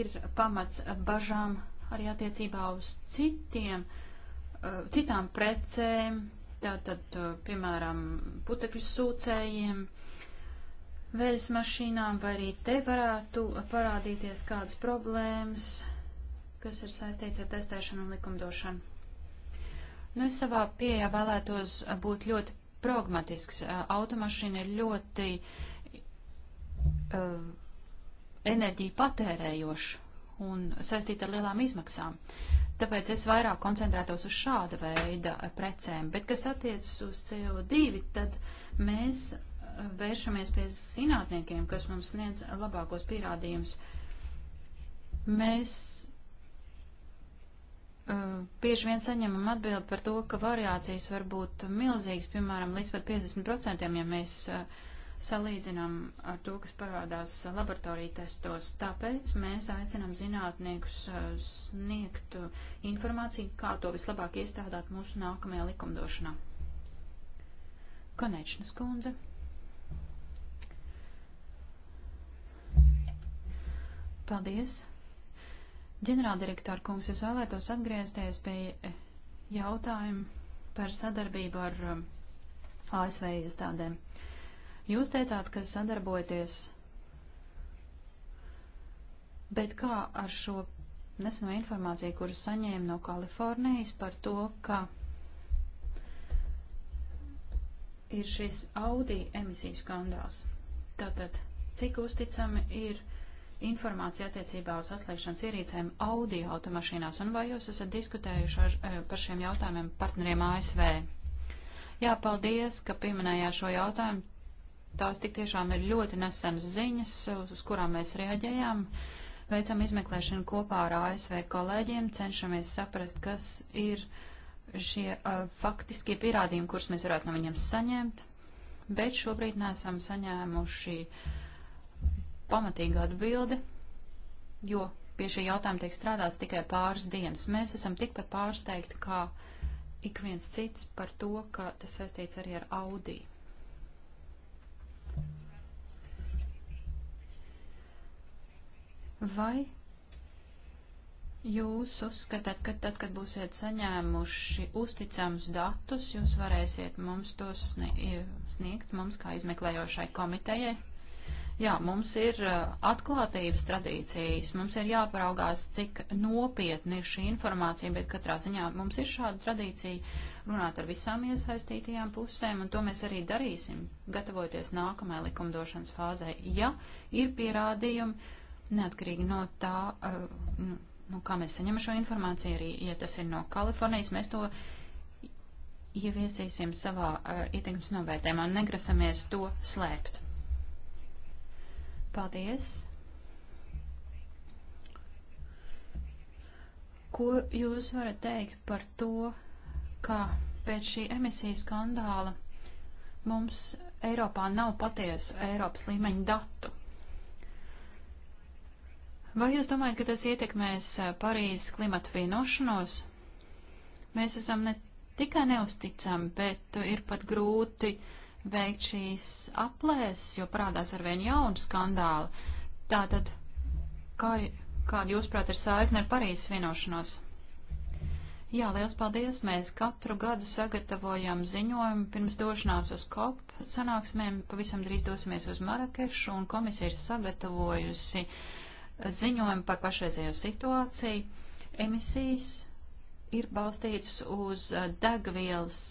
ir pamats bažām arī attiecībā uz citiem, e, citām precēm, tātad, e, piemēram, putekļu sūcējiem? vēļas mašīnām, vai arī te varētu parādīties kādas problēmas, kas ir saistīts ar testēšanu un likumdošanu. Nu, es savā pieejā vēlētos būt ļoti pragmatisks. Automašīna ir ļoti uh, enerģiju patērējoša un saistīta ar lielām izmaksām. Tāpēc es vairāk koncentrētos uz šāda veida precēm, bet kas attiecas uz CO2, tad mēs vēršamies pie zinātniekiem, kas mums sniedz labākos pierādījumus. Mēs uh, bieži vien saņemam atbildi par to, ka variācijas var būt milzīgas, piemēram, līdz pat 50%, ja mēs uh, salīdzinām ar to, kas parādās laboratorija testos. Tāpēc mēs aicinām zinātniekus uh, sniegt informāciju, kā to vislabāk iestrādāt mūsu nākamajā likumdošanā. Konečnas kundze. Paldies! Ģenerāldirektora kungs, es vēlētos atgriezties pie jautājuma par sadarbību ar um, ASV iestādēm. Jūs teicāt, ka sadarbojaties, bet kā ar šo neseno informāciju, kuru saņēmu no Kalifornijas par to, ka ir šis Audi emisiju skandāls. Tātad, cik uzticami ir informācija attiecībā uz saslēgšanas ierīcēm audio automašīnās, un vai jūs esat diskutējuši ar, eh, par šiem jautājumiem partneriem ASV? Jā, paldies, ka pieminējāt šo jautājumu. Tās tik tiešām ir ļoti nesenas ziņas, uz kurām mēs reaģējām. Veicam izmeklēšanu kopā ar ASV kolēģiem, cenšamies saprast, kas ir šie uh, faktiskie pierādījumi, kurus mēs varētu no viņiem saņemt, bet šobrīd nesam saņēmuši uh, pamatīgu atbildi, jo pie šī jautājuma tiek strādāts tikai pāris dienas. Mēs esam tikpat pārsteigti kā ik viens cits par to, ka tas saistīts arī ar Audi. Vai Jūs uzskatāt, ka tad, kad būsiet saņēmuši uzticamus datus, jūs varēsiet mums tos sniegt, mums kā izmeklējošai komitejai? Jā, mums ir uh, atklātības tradīcijas, mums ir jāparaugās, cik nopietni ir šī informācija, bet katrā ziņā mums ir šāda tradīcija runāt ar visām iesaistītajām pusēm, un to mēs arī darīsim, gatavoties nākamajai likumdošanas fāzē, ja ir pierādījumi, neatkarīgi no tā, uh, nu, nu, kā mēs saņemam šo informāciju, arī, ja tas ir no Kalifornijas, mēs to ieviesīsim savā uh, ietekmes novērtējumā un negrasamies to slēpt. Paldies! Ko jūs varat teikt par to, ka pēc šī emisijas skandāla mums Eiropā nav patiesu Eiropas līmeņa datu? Vai jūs domājat, ka tas ietekmēs Parīzes klimata vienošanos? Mēs esam ne tikai neusticami, bet ir pat grūti uh, veikt šīs aplēses, jo parādās ar vien jaunu skandālu. Tātad, kā, kāda jūs prāt ir saikne ar Parīzes vienošanos? Jā, liels paldies! Mēs katru gadu sagatavojam ziņojumu pirms došanās uz COP sanāksmēm. Pavisam drīz dosimies uz Marakešu un komisija ir sagatavojusi ziņojumu par pašreizējo situāciju. Emisijas ir balstītas uz degvielas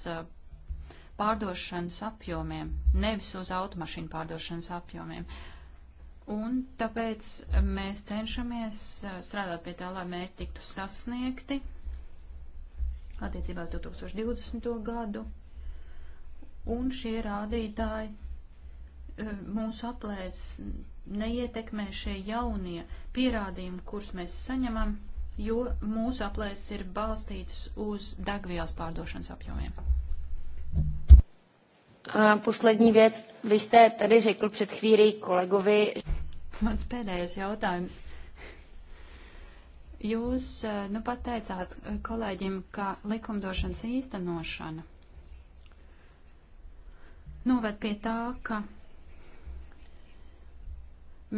pārdošanas apjomiem, nevis uz automašīnu pārdošanas apjomiem. Un tāpēc mēs cenšamies strādāt pie tā, lai mērķi tiktu sasniegti attiecībās 2020. gadu. Un šie rādītāji mūsu aplēs neietekmē šie jaunie pierādījumi, kurus mēs saņemam, jo mūsu aplēses ir balstītas uz degvielas pārdošanas apjomiem. Puslední věc, vy jste tady řekl před chvílí kolegovi. Mans pēdējais jautājums. Jūs eh, nu pateicāt eh, kolēģim, ka likumdošanas īstenošana noved pie tā, ka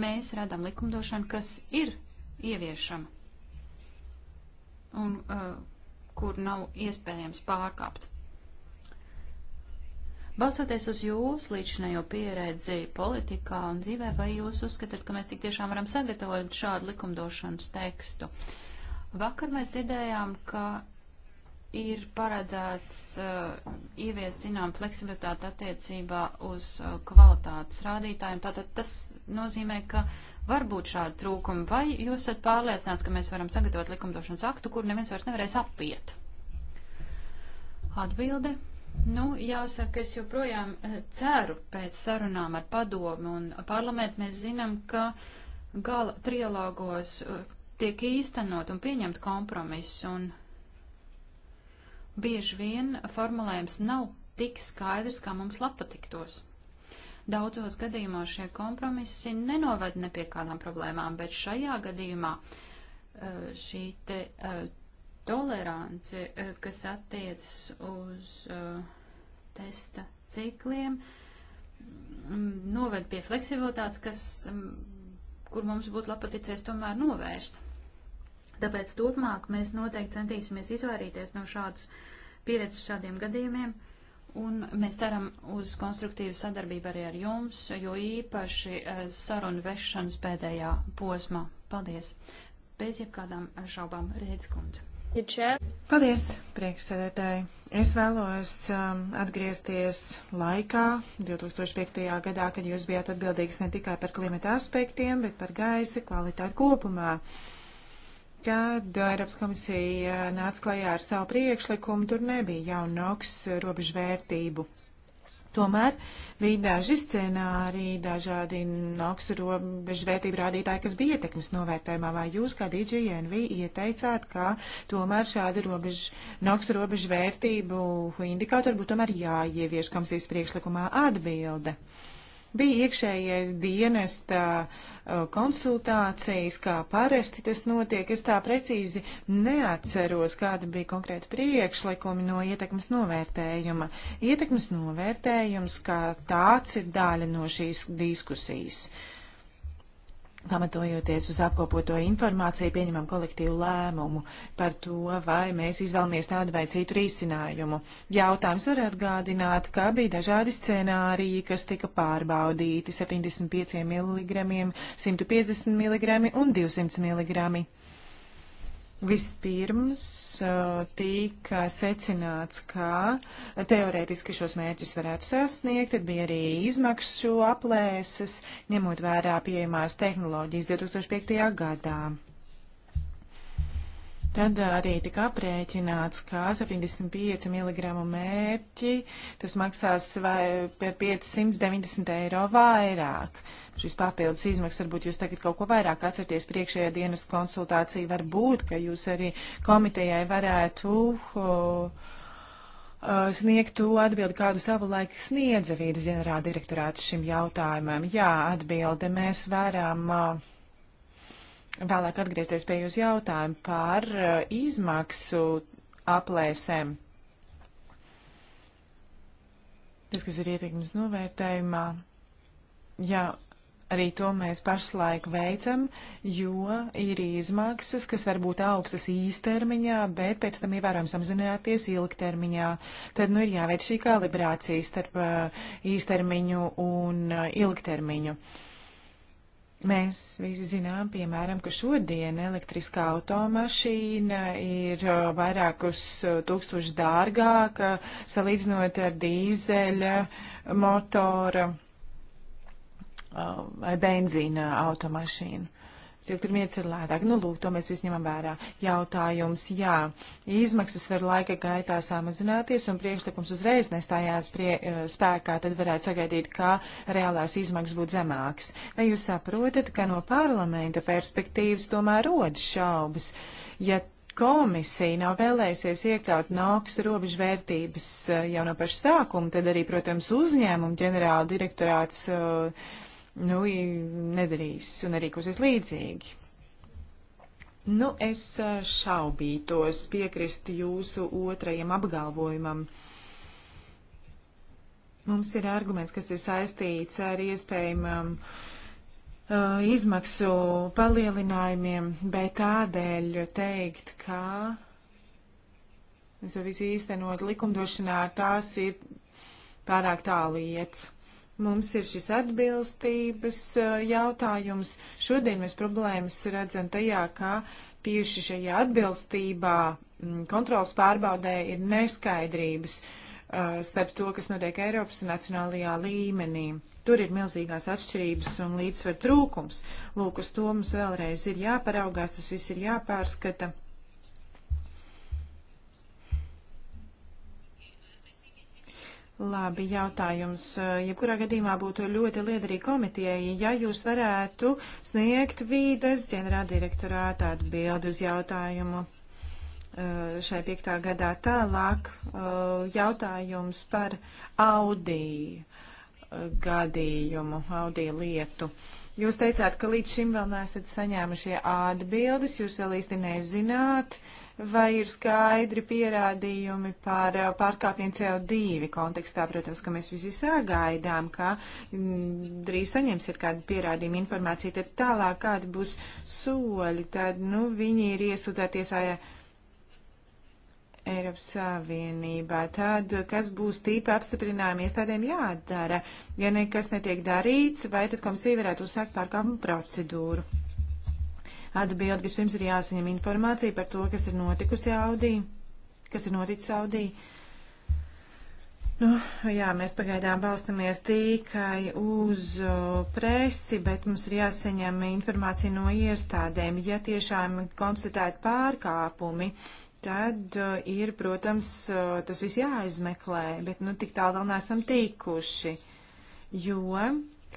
mēs redzam likumdošanu, kas ir ieviešama un uh, kur nav iespējams pārkāpt. Balsoties uz jūsu līdzinējo pieredzi politikā un dzīvē, vai jūs uzskatāt, ka mēs tik tiešām varam sagatavot šādu likumdošanas tekstu? Vakar mēs dzirdējām, ka ir paredzēts uh, ieviest zinām fleksibilitāti attiecībā uz uh, kvalitātes rādītājiem. Tātad tas nozīmē, ka var būt šādi trūkumi. Vai jūs esat pārliecināts, ka mēs varam sagatavot likumdošanas aktu, kur neviens vairs nevarēs apiet? Atbilde. Nu, jāsaka, es joprojām eh, ceru pēc sarunām ar padomu un parlamentu. Mēs zinām, ka gala trialogos eh, tiek īstenot un pieņemt kompromiss, un bieži vien formulējums nav tik skaidrs, kā mums patiktos. Daudzos gadījumos šie kompromisi nenoved ne pie kādām problēmām, bet šajā gadījumā eh, šī te toleranci, eh, kas attiecas uz eh, testa cikliem, mm, noved pie fleksibilitātes, kas, mm, kur mums būtu lapaticies tomēr novērst. Tāpēc turpmāk mēs noteikti centīsimies izvairīties no šādas pieredzes šādiem gadījumiem, un mēs ceram uz konstruktīvu sadarbību arī ar jums, jo īpaši eh, sarunu vešanas pēdējā posmā. Paldies! Bez jebkādām šaubām, Rēdz kundze. Paldies, priekšsēdētāji. Es vēlos um, atgriezties laikā, 2005. gadā, kad jūs bijāt atbildīgs ne tikai par klimata aspektiem, bet par gaisa kvalitāti kopumā. Kad Eiropas komisija nāca klajā ar savu priekšlikumu, tur nebija jau NOX robežvērtību. Tomēr bija daži scenāriji, dažādi noksurobežu vērtību rādītāji, kas bija ietekmes novērtējumā, vai jūs kā DJNV ieteicāt, ka tomēr šādi robežu, noksurobežu vērtību indikātori būtu tomēr jāievieš komisijas priekšlikumā atbilde. Uh, Bija iekšējais dienesta uh, konsultācijas, kā parasti tas notiek. Es tā precīzi neatceros, kāda bija konkrēta priekšlikumi no ietekmes novērtējuma. Ietekmes novērtējums kā tāds ir daļa no šīs diskusijas. Uh, Pamatojoties uz apkopoto informāciju, pieņemam kolektīvu lēmumu par to, vai mēs izvēlamies tādu vai citu risinājumu. Jautājums var atgādināt, ka bija dažādi scenāriji, kas tika pārbaudīti - 75 mg, 150 mg un 200 mg. Vispirms uh, tika secināts, ka teorētiski šos mērķus varētu sasniegt, tad bija arī izmaksu aplēses, ņemot vērā pieejamās tehnoloģijas 2005. gadā. Tad arī tika aprēķināts, ka 75 mg mērķi tas maksās vai par 590 eiro vairāk. Šis papildus izmaksas varbūt jūs tagad kaut ko vairāk atcerties priekšējā dienas konsultācija. Varbūt, ka jūs arī komitejai varētu uh, sniegtu atbildi, kādu savulaik sniedza vīdes ģenerāldirektorāts šim jautājumam. Jā, atbilde mēs varam. Uh, vēlāk atgriezties pie jūsu jautājuma par eh, izmaksu aplēsēm. Tas, kas ir ietekmes novērtējumā, jā, arī to mēs pašlaik veicam, jo ir izmaksas, kas var būt augstas īstermiņā, bet pēc tam ievērojami samazināties ilgtermiņā. Tad, nu, ir jāveic šī kalibrācija starp eh, īstermiņu un eh, ilgtermiņu. Uh, Mēs visi zinām, piemēram, ka šodien elektriskā automašīna ir uh, vairākus uh, tūkstošus dārgāka salīdzinot ar dīzeļa motora uh, vai benzīna automašīnu. Siltumnīca ir lētāk. Nu, lūk, to mēs visi ņemam vērā. Jautājums, jā, izmaksas var laika gaitā samazināties un priekšlikums uzreiz nestājās prie, e, spēkā, tad varētu sagaidīt, ka reālās izmaksas būtu zemākas. Vai jūs saprotat, ka no parlamenta perspektīvas tomēr rodas šaubas? Ja komisija nav vēlējusies iekļaut NOKS robežvērtības e, jau no paša sākuma, tad arī, protams, uzņēmumu ģenerāla direktorāts uh, nu, nedarīs un nerīkosies līdzīgi. Nu, es šaubītos piekrist jūsu otrajam apgalvojumam. Mums ir arguments, kas ir saistīts ar iespējamam uh, izmaksu palielinājumiem, bet tādēļ teikt, ka mēs to visu īstenot likumdošanā, tās ir pārāk tālu iets. Mums ir šis atbilstības jautājums. Šodien mēs problēmas redzam tajā, ka tieši šajā atbilstībā mm, kontrolas pārbaudē ir neskaidrības uh, starp to, kas notiek Eiropas un nacionālajā līmenī. Tur ir milzīgās atšķirības un līdzsver trūkums. Lūk, uz to mums vēlreiz ir jāparaugās, tas viss ir jāpārskata. Labi jautājums. Jebkurā gadījumā būtu ļoti liederīgi komitijai, ja jūs varētu sniegt vīdes ģenerāldirektorāta atbildi uz jautājumu uh, šai piektā gadā. Tālāk uh, jautājums par Audi uh, gadījumu, Audi lietu. Jūs teicāt, ka līdz šim vēl nesat saņēmušie atbildes, jūs vēl īsti nezināt. Uh, vai ir skaidri pierādījumi par uh, pārkāpjiem CO2 kontekstā. Protams, ka mēs visi sagaidām, ka mm, drīz saņemsiet kādu pierādījumu informāciju, tad tālāk kādi būs soļi, tad, nu, viņi ir iesūdzēties vai. Eiropas Savienībā. Tad, kas būs tīpa apstiprinājuma iestādēm jādara? Ja nekas netiek darīts, vai tad komisija varētu uzsākt pārkāpumu procedūru? atbild, kas pirms ir jāsaņem informācija par to, kas ir notikusi Audī, kas ir noticis Audī. Nu, jā, mēs pagaidām balstamies tikai uz presi, bet mums ir jāsaņem informācija no iestādēm. Ja tiešām konstatēt pārkāpumi, tad ir, protams, tas viss jāizmeklē, bet nu tik tālu vēl neesam tikuši, jo,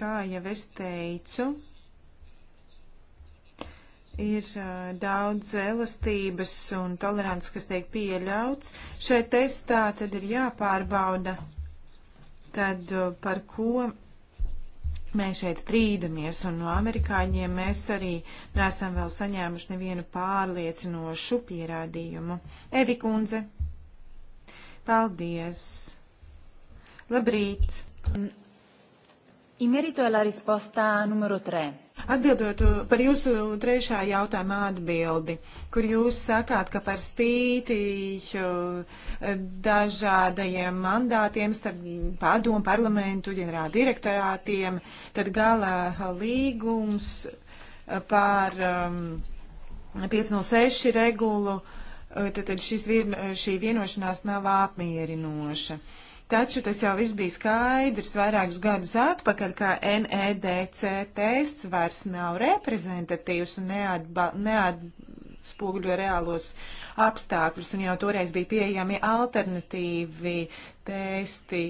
kā jau es teicu, ir daudz elastības un tolerants, kas tiek pieļauts. Šai testā tad ir jāpārbauda, tad par ko mēs šeit strīdamies, un no amerikāņiem mēs arī neesam vēl saņēmuši nevienu pārliecinošu pierādījumu. Evi kundze, paldies! Labrīt! In merito alla risposta numero 3. Atbildot uh, par jūsu trešā jautājuma atbildi, kur jūs sakāt, ka par spīti uh, dažādajiem mandātiem starp padomu parlamentu ģenerāla direktorātiem, tad gala līgums uh, par um, 506 regulu, tad, tad šis, šī vienošanās nav apmierinoša. Uh, Taču tas jau viss bija skaidrs vairākus gadus atpakaļ, ka NEDC tests vairs nav reprezentatīvs un neatba, neatspoguļo reālos apstākļus, un jau toreiz bija pieejami alternatīvi testi.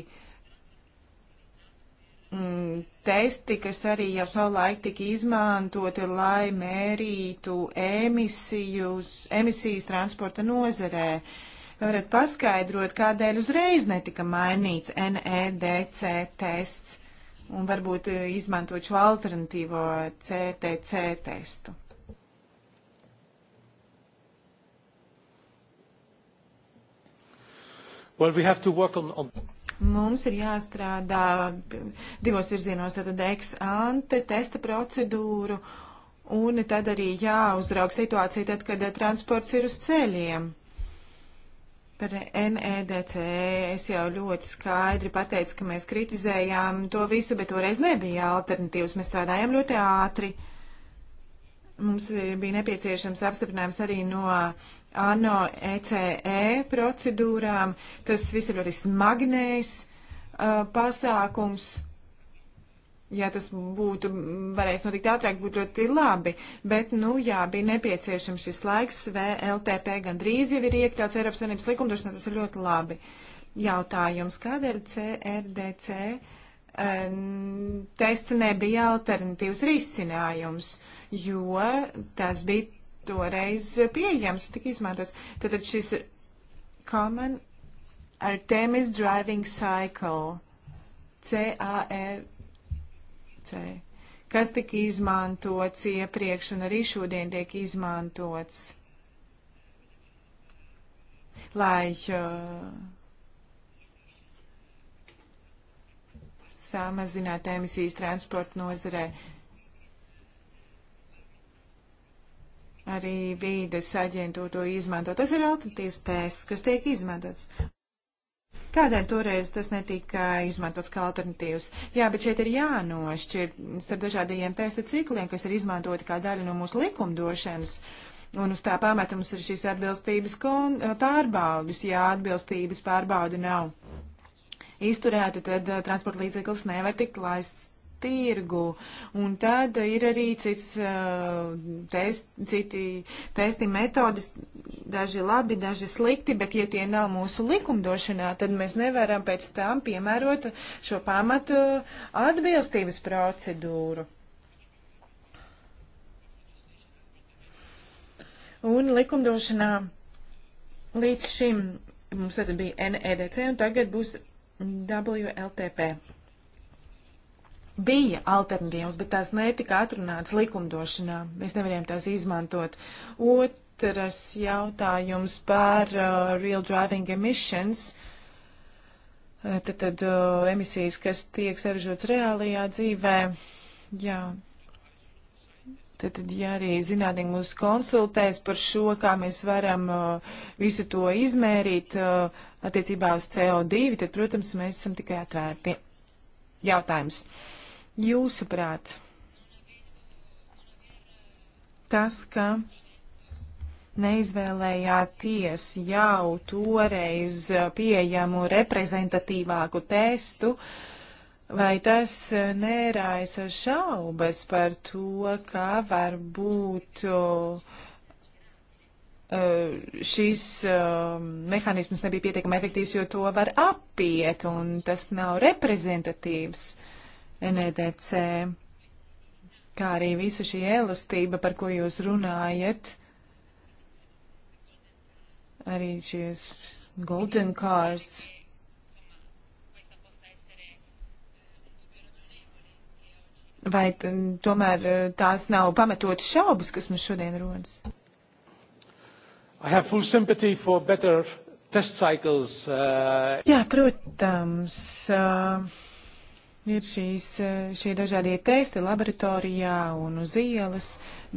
Mm, testi, kas arī jau savulaik tika izmantoti, lai mērītu emisijas transporta nozerē. Uh, varat paskaidrot, kādēļ uzreiz netika mainīts NEDC tests un varbūt e, izmantot šo alternatīvo CTC testu? Well, we have to work on, on mums ir jāstrādā divos virzienos, tātad ex-ante testa procedūru, un tad arī jāuzraug situācija, tad, kad transports ir uz ceļiem. Par NEDC e es jau ļoti skaidri pateicu, ka mēs kritizējām to visu, bet toreiz nebija alternatīvas. Mēs strādājām ļoti ātri. Mums bija nepieciešams apstiprinājums arī no ANO ECE e procedūrām. Tas viss ir ļoti smagnējs uh, pasākums. Ja tas būtu varējis notikt ātrāk, būtu ļoti labi, bet, nu, jā, bija nepieciešams šis laiks, VLTP gandrīz jau ir iekļauts Eiropas Savienības likumdošanā, tas ir ļoti labi. Jautājums, kādēļ CRDC um, eh, tests nebija alternatīvs risinājums, jo tas bija toreiz pieejams, tika izmantots. Tad šis common Artemis driving cycle, CAR komunicē, kas tika izmantots iepriekš un arī šodien tiek izmantots, lai uh, samazinātu emisijas transporta nozarē. Arī vīdes aģentūra to izmanto. Tas ir alternatīvs tests, kas tiek izmantots. Tādēļ toreiz tas netika izmantots kā alternatīvs. Jā, bet šeit ir jānošķir starp dažādajiem testa cikliem, kas ir izmantoti kā daļa no mūsu likumdošanas. Un uz tā pamata mums ir šīs atbilstības kon, pārbaudas. Ja atbilstības pārbauda nav izturēta, tad eh, transporta līdzeklis nevar tikt laists tirgu. Un tad ir arī cits, uh, test, citi testi metodis, daži labi, daži slikti, bet ja tie nav mūsu likumdošanā, tad mēs nevaram pēc tam piemērot šo pamatu atbilstības procedūru. Un likumdošanā līdz šim mums tad bija NEDC un tagad būs WLTP bija alternatīvas, bet tās netika atrunātas likumdošanā. Mēs nevarējām tās izmantot. Otrs jautājums par uh, real driving emissions. Uh, tad, tad uh, emisijas, kas tiek saražotas reālajā dzīvē. Jā. Tad, tad ja arī zinātnieki mūs konsultēs par šo, kā mēs varam uh, visu to izmērīt uh, attiecībā uz CO2, tad, protams, mēs esam tikai atvērti. Jautājums. Uh, Jūsuprāt, tas, ka neizvēlējāties jau toreiz pieejamu reprezentatīvāku testu, vai tas neraisa šaubas par to, kā var būt eh, šis eh, mehānisms nebija pietiekami efektīvs, jo to var apiet, un tas nav reprezentatīvs. Uh, NEDC, kā arī visa šī elastība, par ko jūs runājat, arī šies golden cars. Vai tomēr eh, tās nav pamatotas šaubas, kas mums nu šodien rodas? Cycles, uh... Jā, protams. Uh, ir šīs, e, šie dažādie testi laboratorijā un uz ielas,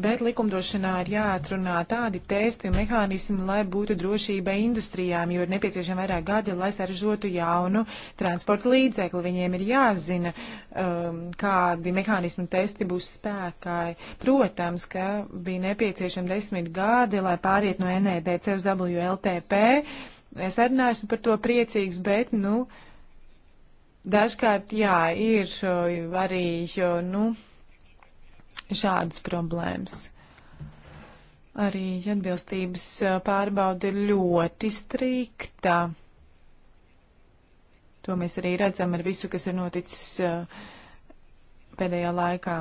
bet likumdošanā ir jāatrunā tādi testi un mehānismi, lai būtu drošība industrijām, jo ir nepieciešama vairāk gadi, lai saražotu jaunu transporta līdzekli. Viņiem ir jāzina, um, kādi mehānismi testi būs spēkā. Protams, ka bija nepieciešama desmit gadi, lai pāriet no NEDC uz WLTP. Es arī neesmu par to priecīgs, bet, nu, uh, Dažkārt, jā, ir šo, arī, jo, nu, šādas problēmas. Arī atbilstības pārbauda ir ļoti strikta. To mēs arī redzam ar visu, kas ir noticis pēdējā laikā.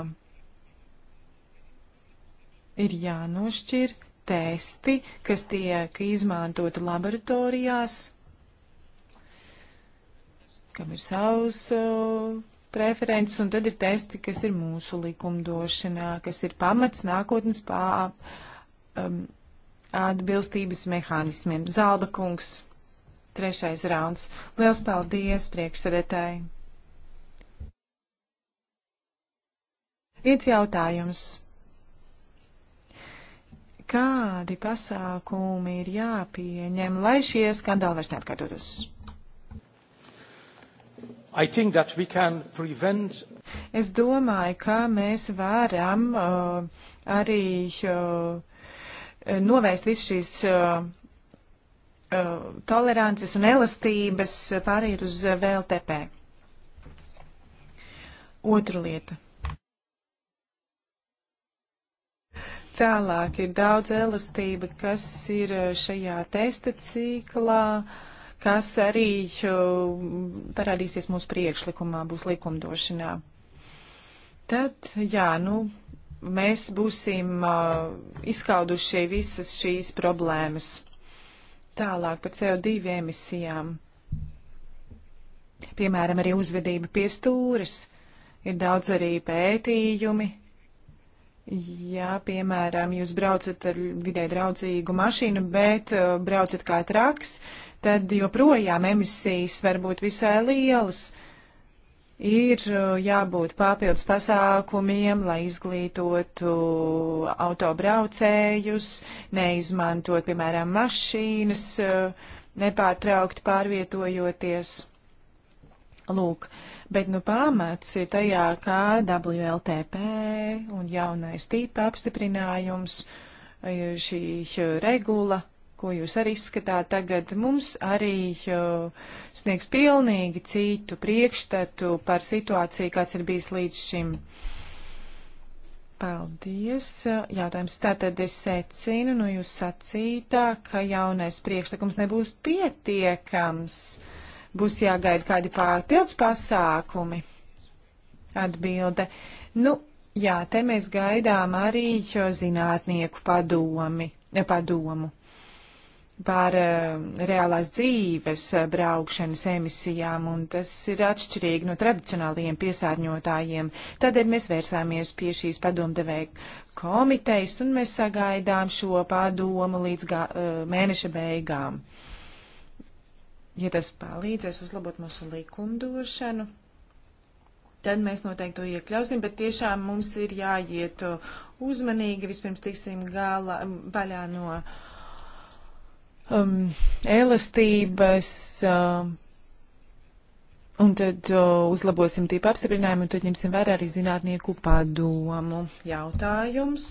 Ir jānošķir testi, kas tiek izmantoti laboratorijās kam ir savs uh, preferences, un tad ir testi, kas ir mūsu likumdošanā, kas ir pamats nākotnes pā, um, atbilstības mehānismiem. Zalba kungs, trešais rauns. Liels paldies priekšsēdētāji! Viens jautājums. Kādi pasākumi ir jāpieņem, lai šie skandāli vairs neatkārtotos? Prevent... Es domāju, ka mēs varam uh, arī uh, novērst visu šīs uh, uh, tolerances un elastības pārējai uz VLTP. Otra lieta. Tālāk ir daudz elastība, kas ir uh, šajā testa ciklā. Uh, kas arī parādīsies mūsu priekšlikumā, būs likumdošanā. Tad, jā, nu, mēs būsim uh, izskauduši visas šīs problēmas. Tālāk par CO2 emisijām. Piemēram, arī uzvedība pie stūres. Ir daudz arī pētījumi, Jā, piemēram, jūs braucat ar vidē draudzīgu mašīnu, bet uh, braucat kā traks, tad joprojām emisijas var būt visai lielas. Ir uh, jābūt papildus pasākumiem, lai izglītotu autobraucējus, neizmantot, piemēram, mašīnas, uh, nepārtraukti pārvietojoties. Lūk, bet nu pamats ir tajā, kā WLTP un jaunais tīpa apstiprinājums, uh, šī regula ko jūs arī izskatāt tagad, mums arī sniegs pilnīgi citu priekšstatu par situāciju, kāds ir bijis līdz šim. Paldies. Jautājums tātad es secinu no jūs sacītā, ka jaunais priekšlikums nebūs pietiekams. Būs jāgaida kādi pārpildus pasākumi. Atbilde. Nu, jā, te mēs gaidām arī zinātnieku padomi, padomu par eh, reālās dzīves eh, braukšanas emisijām, un tas ir atšķirīgi no tradicionālajiem piesārņotājiem. Tādēļ mēs vērsāmies pie šīs padomdevēja komitejas, un mēs sagaidām šo padomu līdz gā, eh, mēneša beigām. Ja tas palīdzēs uzlabot mūsu likumdošanu, tad mēs noteikti to iekļausim, bet tiešām mums ir jāiet uzmanīgi, vispirms tiksim gala vaļā no. Uh, um, elastības. Um, Un tad o, uh, uzlabosim tīpa apstiprinājumu, un tad ņemsim vērā arī zinātnieku padomu. Jautājums.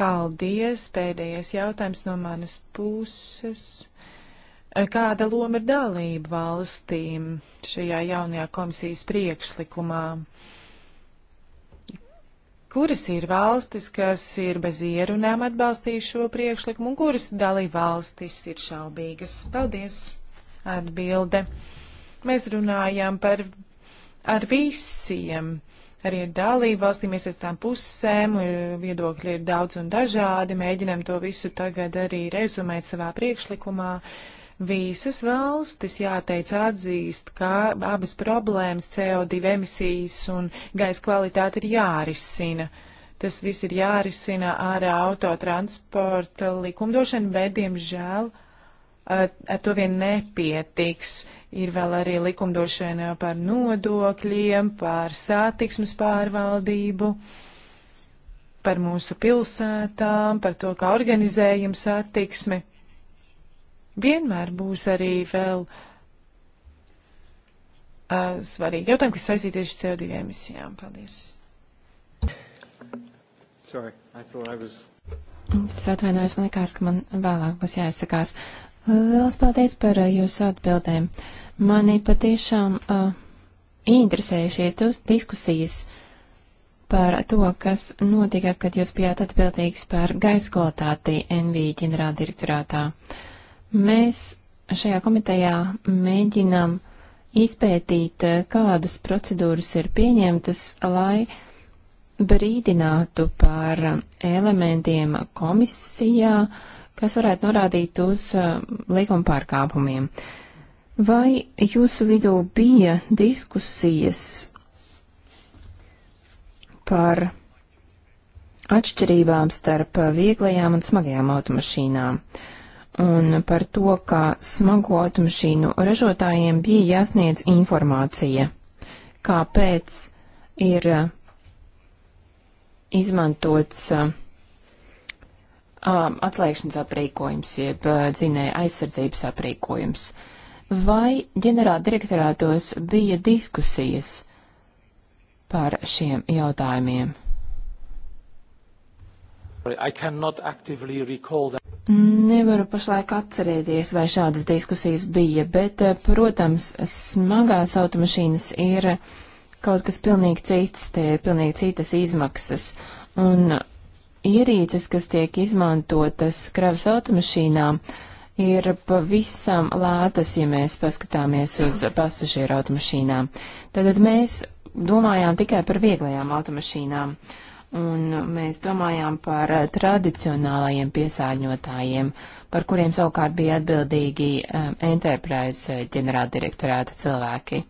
Paldies. Pēdējais jautājums no manas puses. Uh, kāda loma ir dalība valstīm šajā jaunajā komisijas priekšlikumā? Uh, kuras ir valstis, kas ir bez ierunām atbalstījuši šo priekšlikumu, un kuras dalība valstis ir šaubīgas. Paldies! Atbilde. Mēs runājām par ar visiem, arī ar dalību valstīm, iesaistām pusēm, viedokļi ir daudz un dažādi, mēģinam to visu tagad arī rezumēt savā priekšlikumā. Uh, Visas valstis, jāteic, atzīst, ka abas problēmas CO2 emisijas un gaisa kvalitāte ir jārisina. Tas viss ir jārisina ar autotransporta likumdošanu, bet, diemžēl, ar, ar to vien nepietiks. Ir vēl arī likumdošana par nodokļiem, par satiksmes pārvaldību par mūsu pilsētām, par to, kā organizējam satiksmi. Vienmēr būs arī vēl uh, svarīgi jautājumi, kas saistīti tieši CO2 emisijām. Paldies! Sorry, I thought I was Es atvainojos, man liekas, ka man vēlāk būs jāizsakās. Lielas paldies par uh, jūsu atbildēm. Mani patiešām uh, interesēja šīs diskusijas par to, kas notika, kad jūs bijāt atbildīgs par gaisa kvalitāti NV ģenerāldirektorātā. direktorātā. Mēs šajā komitejā mēģinām izpētīt, eh, kādas procedūras ir pieņemtas, lai brīdinātu par eh, elementiem komisijā, kas varētu norādīt uz eh, likuma pārkāpumiem. Vai jūsu vidū bija diskusijas par atšķirībām starp vieglajām un smagajām automašīnām? Uh, un par to, ka smago automašīnu ražotājiem bija jāsniedz informācija, kāpēc ir uh, izmantots uh, um, atslēgšanas aprīkojums, jeb uh, dzinēja aizsardzības aprīkojums. Vai ģenerāldirektorātos bija diskusijas par šiem jautājumiem? Nevaru pašlaik atcerēties, vai šādas diskusijas bija, bet, eh, protams, smagās automašīnas ir kaut kas pilnīgi cits, tie ir pilnīgi citas izmaksas. Un ierīces, kas tiek izmantotas kravas automašīnām, ir pavisam lētas, ja mēs paskatāmies uz pasažieru automašīnām. Tātad mēs domājām tikai par vieglajām automašīnām. Uh, un mēs domājām par tradicionālajiem piesārņotājiem, par kuriem savukārt bija atbildīgi um, Enterprise uh, ģenerāldirektorāta cilvēki.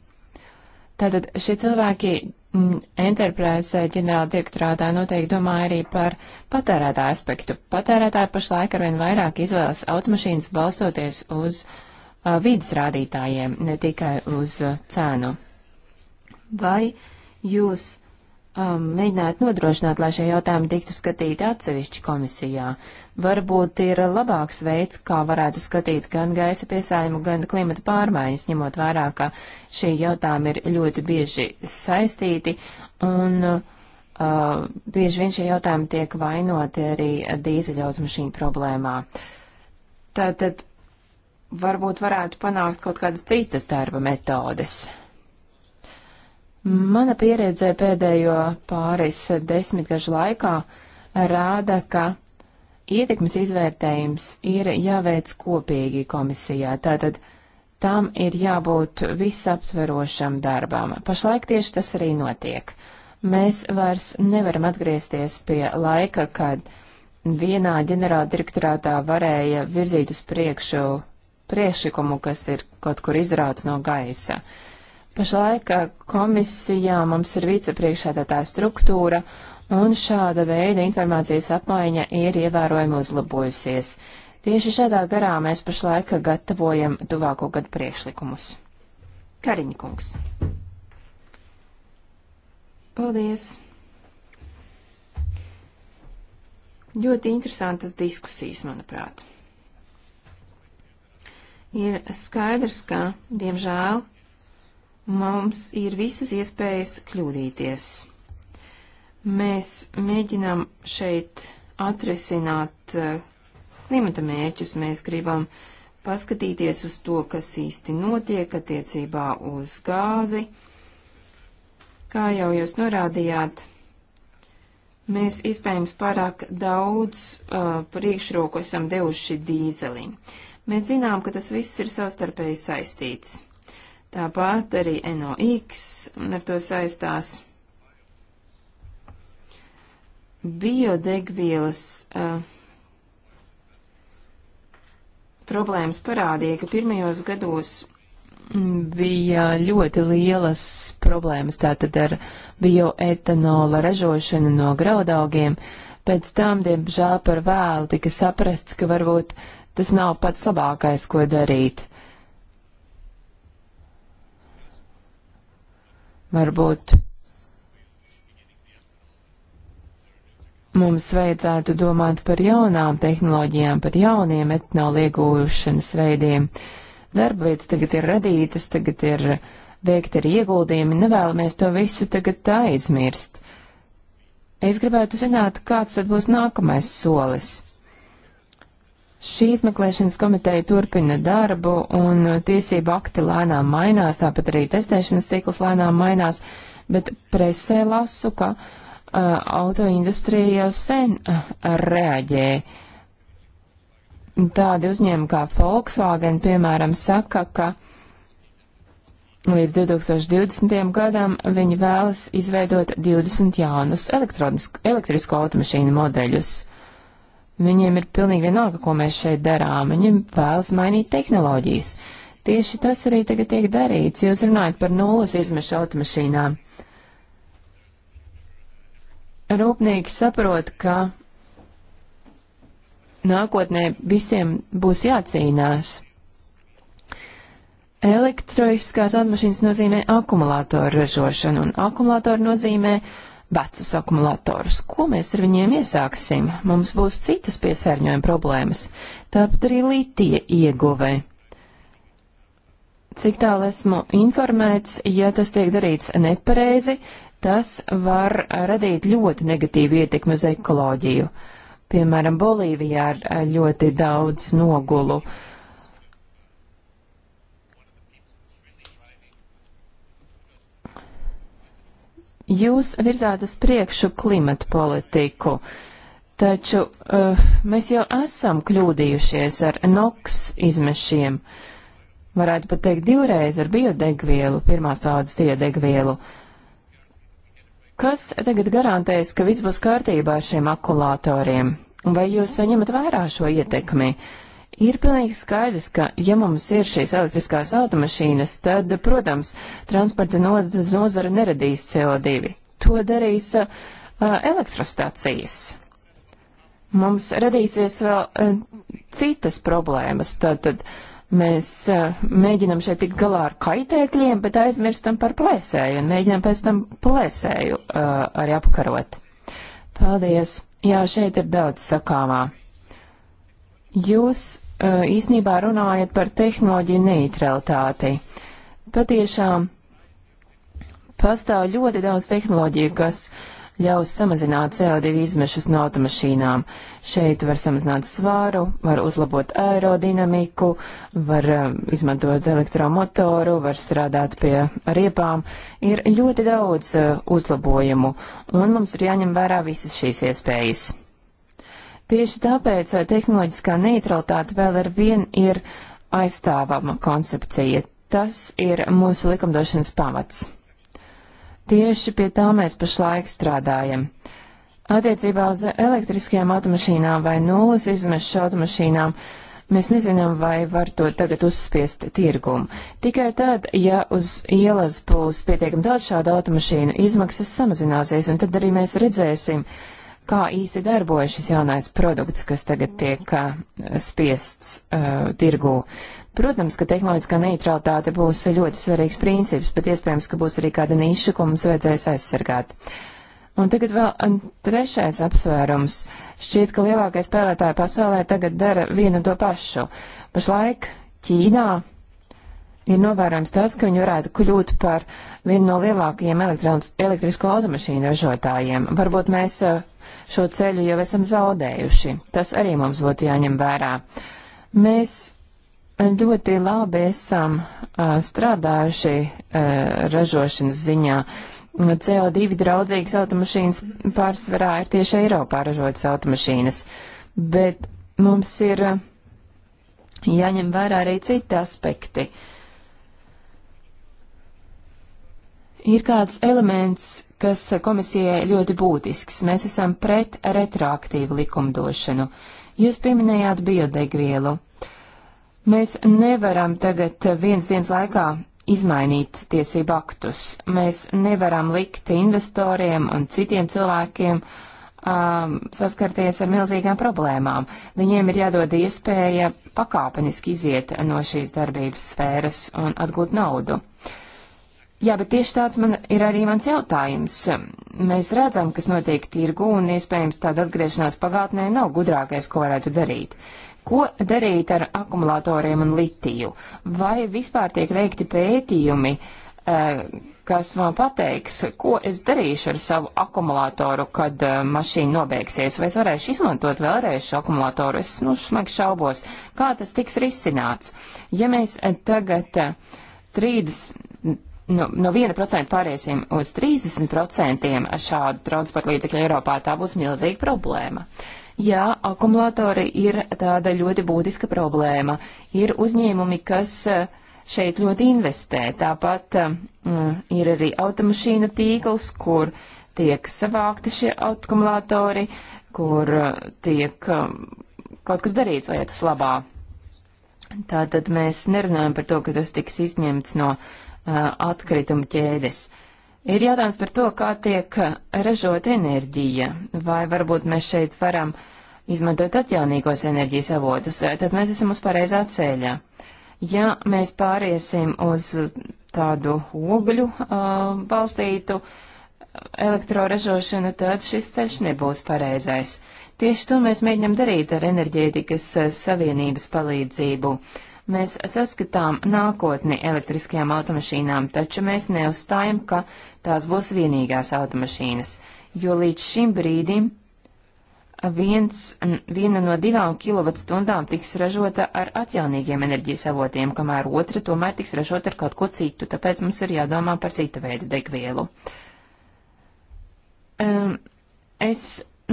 Tātad šie cilvēki mm, Enterprise uh, ģenerāldirektorātā noteikti domā arī par patērētāju aspektu. Patērētāji pašlaik arvien vairāk izvēlas automašīnas balstoties uz uh, vidas rādītājiem, ne tikai uz uh, cenu. Vai jūs um, mēģināt nodrošināt, lai šie jautājumi tiktu skatīti atsevišķi komisijā. Varbūt ir labāks veids, kā varētu skatīt gan gaisa piesājumu, gan klimata pārmaiņas, ņemot vērā, ka šie jautājumi ir ļoti bieži saistīti un uh, bieži vien šie jautājumi tiek vainoti arī dīzeļautomašīnu problēmā. Tātad varbūt varētu panākt kaut kādas citas darba metodes. Mana pieredze pēdējo pāris desmitgažu laikā rāda, ka ietekmes izvērtējums ir jāveic kopīgi komisijā, tātad tam ir jābūt visaptverošam darbam. Pašlaik tieši tas arī notiek. Mēs vairs nevaram atgriezties pie laika, kad vienā ģenerāla direktorātā varēja virzīt uz priekšu priekšlikumu, kas ir kaut kur izrauts no gaisa. Uh, Pašlaik eh, komisijā mums ir vicepriekšēdētāja struktūra, un šāda veida informācijas apmaiņa ir ievērojami uzlabojusies. Tieši šādā garā mēs pašlaik gatavojam tuvāko gadu priekšlikumus. Kariņkungs. Paldies! Ļoti interesantas diskusijas, manuprāt. Ir skaidrs, ka, diemžēl, mums ir visas iespējas kļūdīties. Mēs mēģinām šeit atrisināt eh, klimata mērķus, mēs gribam paskatīties uz to, kas īsti notiek attiecībā uz gāzi. Kā jau jūs norādījāt, mēs iespējams pārāk daudz uh, priekšroku esam devuši dīzelim. Mēs zinām, ka tas viss ir savstarpēji saistīts. Tāpat arī NOx ar to saistās. Biodegvielas uh, problēmas parādīja, ka pirmajos gados bija ļoti lielas problēmas tātad ar bioetanola ražošanu no graudaugiem. Pēc tam, diemžēl, par vēlu tika saprasts, ka varbūt tas nav pats labākais, ko darīt. Varbūt mums vajadzētu domāt par jaunām tehnoloģijām, par jauniem etnola iegūšanas veidiem. Darba vietas tagad ir radītas, tagad ir veikti arī ieguldījumi, nevēlamies to visu tagad aizmirst. Es gribētu zināt, kāds tad būs nākamais solis. Šī izmeklēšanas komiteja turpina darbu, un tiesība akti lēnām mainās, tāpat arī testēšanas cikls lēnām mainās, bet presē lasu, ka uh, autoindustrija jau sen uh, reaģē. Tādi uzņēmumi kā Volkswagen, piemēram, saka, ka līdz 2020. gadam viņi vēlas izveidot 20 jaunus elektrisko automašīnu modeļus. Uh, Viņiem ir pilnīgi vienalga, ko mēs šeit darām. Viņiem vēlas mainīt tehnoloģijas. Tieši tas arī tagad tiek darīts. Jūs runājat par nulles izmešu automašīnām. Rūpnieki saprot, ka nākotnē visiem būs jācīnās. Elektriskās automašīnas nozīmē akumulātoru ražošanu, un akumulātoru nozīmē uh, vecus akumulatorus. Ko mēs ar viņiem iesāksim? Mums būs citas piesārņojuma problēmas, tāpat arī litija ieguvē. Cik tālu esmu informēts, ja tas tiek darīts nepareizi, tas var radīt ļoti negatīvu ietekmi uz ekoloģiju. Piemēram, Bolīvijā ir ļoti daudz nogulu. Uh, Jūs virzāt uz priekšu klimata politiku, taču uh, mēs jau esam kļūdījušies ar NOx izmešiem. Varētu pat teikt divreiz ar biodegvielu, pirmās paudzes biodegvielu. Kas tagad garantēs, ka viss būs kārtībā ar šiem akumulatoriem? Vai jūs saņemat vērā šo ietekmi? Uh, Ir pilnīgi skaidrs, ka, ja mums ir šīs elektriskās automašīnas, tad, protams, transporta nozara neradīs CO2. To darīs uh, elektrostacijas. Mums radīsies vēl uh, citas problēmas. Tātad mēs uh, mēģinam šeit tikt galā ar kaitēkļiem, bet aizmirstam par plēsēju un mēģinam pēc tam plēsēju uh, arī apkarot. Paldies! Jā, šeit ir daudz sakāmā. Jūs uh, īsnībā runājat par tehnoloģiju neutralitāti. Patiešām pastāv ļoti daudz tehnoloģiju, kas ļaus samazināt CO2 izmešus no automašīnām. Šeit var samazināt svāru, var uzlabot aerodinamiku, var uh, izmantot elektromotoru, var strādāt pie riepām. Ir ļoti daudz uh, uzlabojumu, un mums ir jāņem vērā visas šīs iespējas. Tieši tāpēc eh, tehnoloģiskā neutralitāte vēl ar vien ir aizstāvama koncepcija. Tas ir mūsu likumdošanas pamats. Tieši pie tā mēs pašlaik strādājam. Attiecībā uz elektriskajām automašīnām vai nulles izmešu automašīnām mēs nezinām, vai var to tagad uzspiest tirgumu. Tikai tad, ja uz ielas būs pietiekami daudz šādu automašīnu, izmaksas samazināsies, un tad arī mēs redzēsim, uh, kā īsti darbojas šis jaunais produkts, kas tagad tiek spiests uh, tirgū. Protams, ka tehnoloģiskā neutralitāte būs ļoti svarīgs princips, bet iespējams, ka būs arī kāda niša, ko mums vajadzēs aizsargāt. Un tagad vēl trešais apsvērums. Šķiet, ka lielākie spēlētāji pasaulē tagad dara vienu to pašu. Pašlaik Ķīnā ir novērojams tas, ka viņi varētu kļūt par vienu no lielākajiem elektrisko automašīnu ražotājiem. Varbūt mēs šo ceļu jau esam zaudējuši. Tas arī mums būtu jāņem vērā. Mēs ļoti labi esam uh, strādājuši uh, ražošanas ziņā. CO2 draudzīgas automašīnas pārsvarā ir tieši Eiropā ražotas automašīnas, bet mums ir jāņem vērā arī citi aspekti. Uh, Ir kāds elements, kas komisijai ļoti būtisks. Mēs esam pret retroaktīvu likumdošanu. Jūs pieminējāt biodegvielu. Mēs nevaram tagad viens dienas laikā izmainīt tiesību aktus. Mēs nevaram likt investoriem un citiem cilvēkiem um, saskarties ar milzīgām problēmām. Viņiem ir jādod iespēja pakāpeniski iziet no šīs darbības sfēras un atgūt naudu. Uh, Jā, bet tieši tāds man ir arī mans jautājums. Mēs redzam, kas notiek tirgu, un iespējams tāda atgriešanās pagātnē nav gudrākais, ko varētu darīt. Ko darīt ar akumulatoriem un litiju? Vai vispār tiek veikti pētījumi, eh, kas man pateiks, ko es darīšu ar savu akumulatoru, kad eh, mašīna nobeigsies? Vai es varēšu izmantot vēlreiz šo akumulatoru? Es nu šmagi šaubos, kā tas tiks risināts. Ja mēs eh, tagad 30 nu, no 1% pāriesim uz 30% šādu transporta līdzekļu Eiropā, tā būs milzīga problēma. Jā, akumulatori ir tāda ļoti būtiska problēma. Ir uzņēmumi, kas eh, šeit ļoti investē. Tāpat eh, mm, ir arī automašīnu tīkls, kur tiek savākti šie akumulatori, kur eh, tiek kaut kas darīts lietas labā. Tātad mēs nerunājam par to, ka tas tiks izņemts no uh, atkritumu ķēdes. Ir jautājums par to, kā tiek ražota enerģija, vai varbūt mēs šeit varam izmantot atjaunīgos enerģijas avotus, tad mēs esam uz pareizā ceļā. Ja mēs pāriesim uz tādu ogļu uh, balstītu elektroražošanu, tad šis ceļš nebūs pareizais. Tieši to mēs mēģinam darīt ar enerģētikas savienības palīdzību. Uh, Mēs saskatām nākotni elektriskajām automašīnām, taču mēs neuzstājam, ka tās būs vienīgās automašīnas, jo līdz šim brīdim viens, viena no divām kilovatstundām tiks ražota ar atjaunīgiem enerģijas avotiem, kamēr otra tomēr tiks ražota ar kaut ko citu, tāpēc mums ir jādomā par cita veida degvielu. Um, es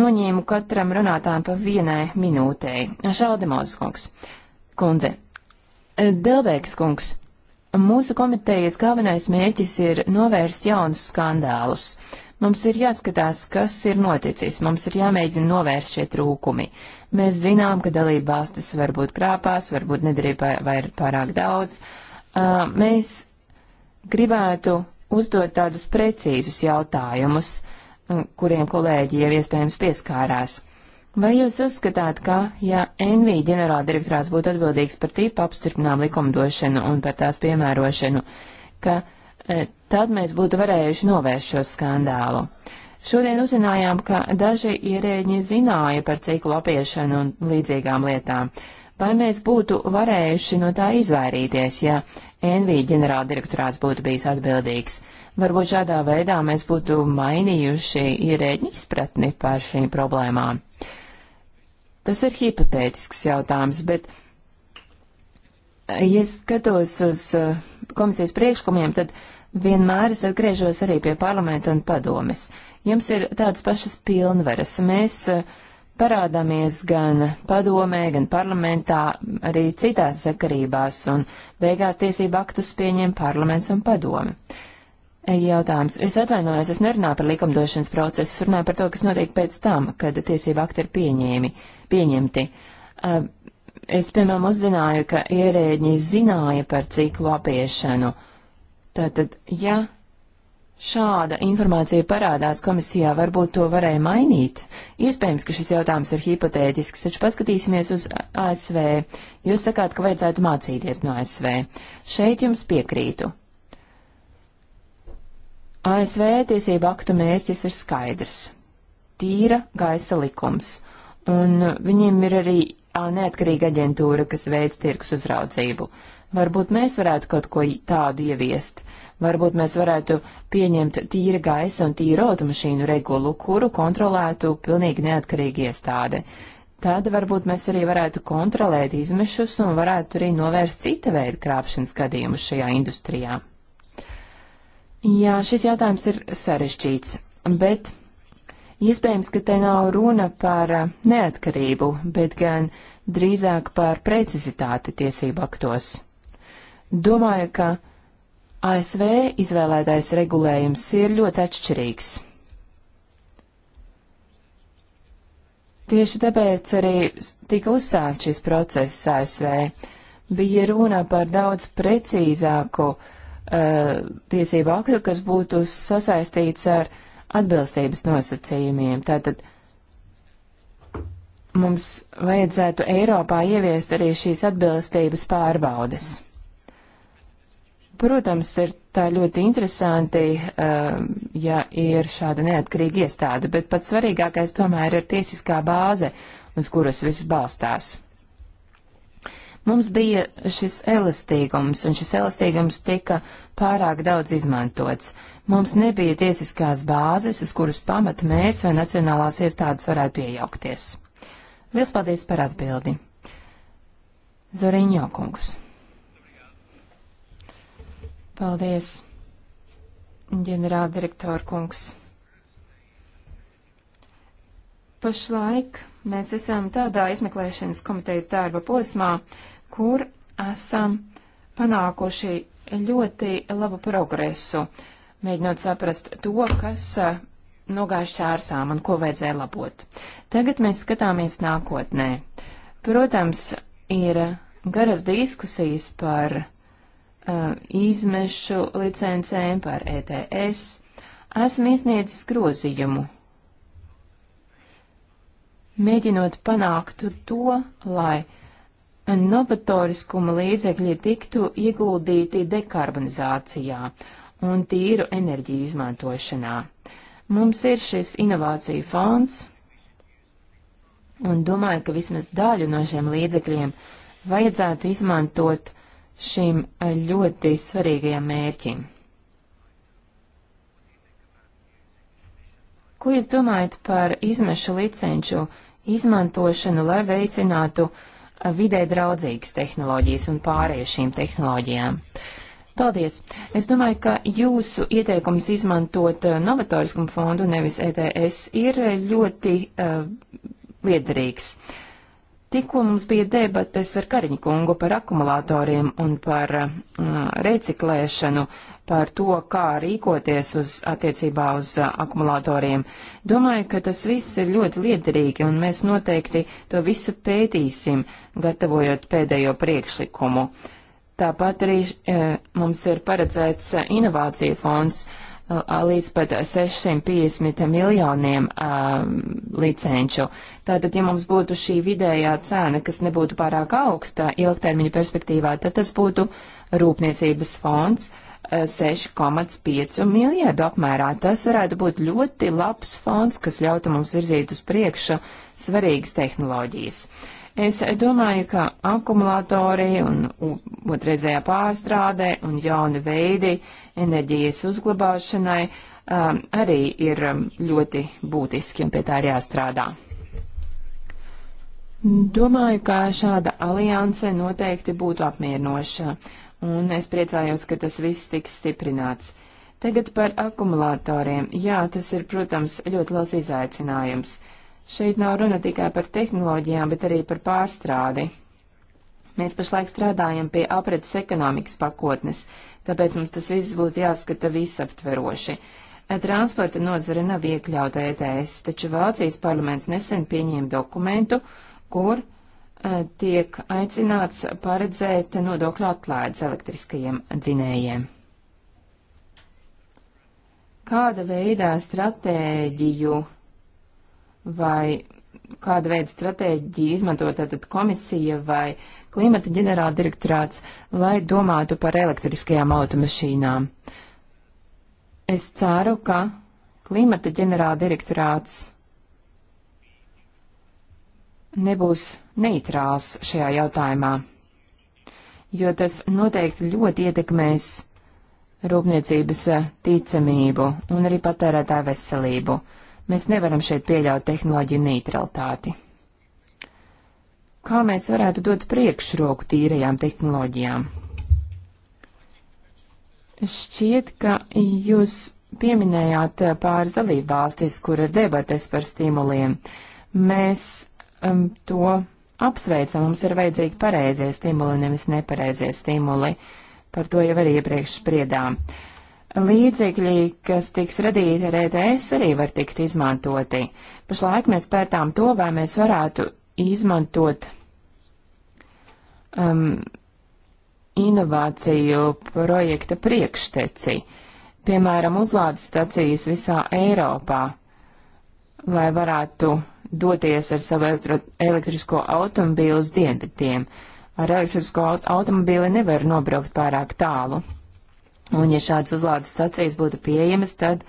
noņēmu katram runātājam pa vienai minūtei. Šaldi Mozeskungs. Kundze, Delbēks kungs, mūsu komitejas galvenais mērķis ir novērst jaunus skandālus. Mums ir jāskatās, kas ir noticis, mums ir jāmēģina novērst šie trūkumi. Mēs zinām, ka dalība valstis varbūt krāpās, varbūt nedarīja vai ir pārāk daudz. Uh, mēs gribētu uzdot tādus precīzus jautājumus, mm, kuriem kolēģi jau iespējams pieskārās. Vai jūs uzskatāt, ka, ja NV ģenerāldirektorās būtu atbildīgs par tīpa apstiprinām likumdošanu un par tās piemērošanu, ka e, tad mēs būtu varējuši novērst šo skandālu? Šodien uzzinājām, ka daži ierēģi zināja par ciklu apiešanu un līdzīgām lietām. Vai mēs būtu varējuši no tā izvairīties, ja NV ģenerāldirektorās būtu bijis atbildīgs? Varbūt šādā veidā mēs būtu mainījuši ierēģi izpratni par šīm problēmām. Tas ir hipotētisks jautājums, bet, ja skatos uz uh, komisijas priekšlikumiem, tad vienmēr es atgriežos arī pie parlamenta un padomes. Jums ir tādas pašas pilnvaras. Mēs uh, parādāmies gan padomē, gan parlamentā, arī citās sakarībās, un beigās tiesību aktus pieņem parlaments un padome jautājums. Es atvainojos, es nerunāju par likumdošanas procesu, es runāju par to, kas notiek pēc tam, kad tiesība akti ir pieņēmi, pieņemti. Uh, es, piemēram, uzzināju, ka ierēģi zināja par ciklu apiešanu. Tātad, ja šāda informācija parādās komisijā, varbūt to varēja mainīt. Iespējams, ka šis jautājums ir hipotētisks, taču paskatīsimies uz ASV. Jūs sakāt, ka vajadzētu mācīties no ASV. Šeit jums piekrītu. ASV tiesību aktu mērķis ir skaidrs - tīra gaisa likums, un viņiem ir arī neatkarīga aģentūra, kas veids tirgus uzraudzību. Varbūt mēs varētu kaut ko tādu ieviest. Varbūt mēs varētu pieņemt tīra gaisa un tīra automašīnu regulu, kuru kontrolētu pilnīgi neatkarīga iestāde. Tad varbūt mēs arī varētu kontrolēt izmešus un varētu arī novērst cita veida krāpšanas gadījumus šajā industrijā. Jā, šis jautājums ir sarežģīts, bet iespējams, ka te nav runa par eh, neatkarību, bet gan drīzāk par precizitāti tiesību aktos. Domāju, ka ASV izvēlētais regulējums ir ļoti atšķirīgs. Tieši tāpēc arī tika uzsākt šis process ASV. Bija runa par daudz precīzāku uh, Uh, tiesību aktu, kas būtu sasaistīts ar atbilstības nosacījumiem. Tātad mums vajadzētu Eiropā ieviest arī šīs atbilstības pārbaudes. Protams, ir tā ļoti interesanti, uh, ja ir šāda neatkarīga iestāde, bet pats svarīgākais tomēr ir tiesiskā bāze, uz kuras viss balstās. Mums bija šis elastīgums, un šis elastīgums tika pārāk daudz izmantots. Mums nebija tiesiskās bāzes, uz kuras pamat mēs vai nacionālās iestādes varētu iejaukties. Liels paldies par atbildi. Zoriņo kungs. Paldies, ģenerāldirektor kungs. Pašlaik Mēs esam tādā izmeklēšanas komitejas darba posmā, kur esam panākuši ļoti labu progresu, mēģinot saprast to, kas nogājuši čārsām un ko vajadzēja labot. Tagad mēs skatāmies nākotnē. Protams, ir garas diskusijas par uh, izmešu licencēm, par ETS. Esmu iesniedzis grozījumu mēģinot panākt to, lai novatoriskuma līdzekļi tiktu ieguldīti dekarbonizācijā un tīru enerģiju izmantošanā. Mums ir šis inovāciju fonds, un domāju, ka vismaz daļu no šiem līdzekļiem vajadzētu izmantot šim ļoti svarīgajam mērķim. Ko jūs domājat par izmešu licenču? izmantošanu, lai veicinātu vidē draudzīgas tehnoloģijas un pārēju šīm tehnoloģijām. Paldies! Es domāju, ka jūsu ieteikums izmantot novatoriskumu fondu, nevis ETS, ir ļoti uh, liederīgs. Uh, Tikko mums bija debates ar Kariņu kungu par akumulatoriem un par uh, reciklēšanu, par to, kā rīkoties uz attiecībā uz uh, akumulatoriem. Domāju, ka tas viss ir ļoti liederīgi un mēs noteikti to visu pētīsim, gatavojot pēdējo priekšlikumu. Tāpat arī uh, mums ir paredzēts uh, inovāciju fonds. Uh, līdz pat 650 miljoniem um, licenču. Tātad, ja mums būtu šī vidējā cena, kas nebūtu pārāk augsta ilgtermiņa perspektīvā, tad tas būtu rūpniecības fonds 6,5 miljardu apmērā. Tas varētu būt ļoti labs fonds, kas ļautu mums virzīt uz priekšu svarīgas tehnoloģijas. Uh, Es domāju, ka akumulatori un otrreizējā pārstrāde un jauni veidi enerģijas uzglabāšanai um, arī ir um, ļoti būtiski un pie tā ir jāstrādā. Domāju, ka šāda alianse noteikti būtu apmierinoša, un es priecājos, ka tas viss tiks stiprināts. Tagad par akumulatoriem. Jā, tas ir, protams, ļoti liels izaicinājums. Uh, Šeit nav runa tikai par tehnoloģijām, bet arī par pārstrādi. Mēs pašlaik strādājam pie apretes ekonomikas pakotnes, tāpēc mums tas viss būtu jāskata visaptveroši. Transporta nozare nav iekļauta ETS, taču Vācijas parlaments nesen pieņēma dokumentu, kur eh, tiek aicināts paredzēt nodokļu atlaides elektriskajiem dzinējiem. Kāda veidā stratēģiju vai kāda veida stratēģija izmanto tātad komisija vai klimata ģenerāla direktorāts, lai domātu par elektriskajām automašīnām. Es ceru, ka klimata ģenerāla direktorāts nebūs neitrāls šajā jautājumā, jo tas noteikti ļoti ietekmēs rūpniecības eh, ticamību un arī patērētāju veselību. Mēs nevaram šeit pieļaut tehnoloģiju neutralitāti. Kā mēs varētu dot priekšroku tīrajām tehnoloģijām? Šķiet, ka jūs pieminējāt eh, pāris dalību valstis, kur ir debates par stimuliem. Mēs um, to apsveicam, mums ir vajadzīgi pareizie stimuli, nevis nepareizie stimuli. Par to jau arī iepriekš spriedām. Uh, Līdzekļi, kas tiks radīti ar ETS, arī var tikt izmantoti. Pašlaik mēs pētām to, vai mēs varētu izmantot um, inovāciju projekta priekšteci, piemēram, uzlādes stacijas visā Eiropā, lai varētu doties ar savu elektro, elektrisko automobīlu uz dienvidiem. Ar elektrisko aut automobīli nevar nobraukt pārāk tālu. Un ja šādas uzlādes sacīs būtu pieejamas, tad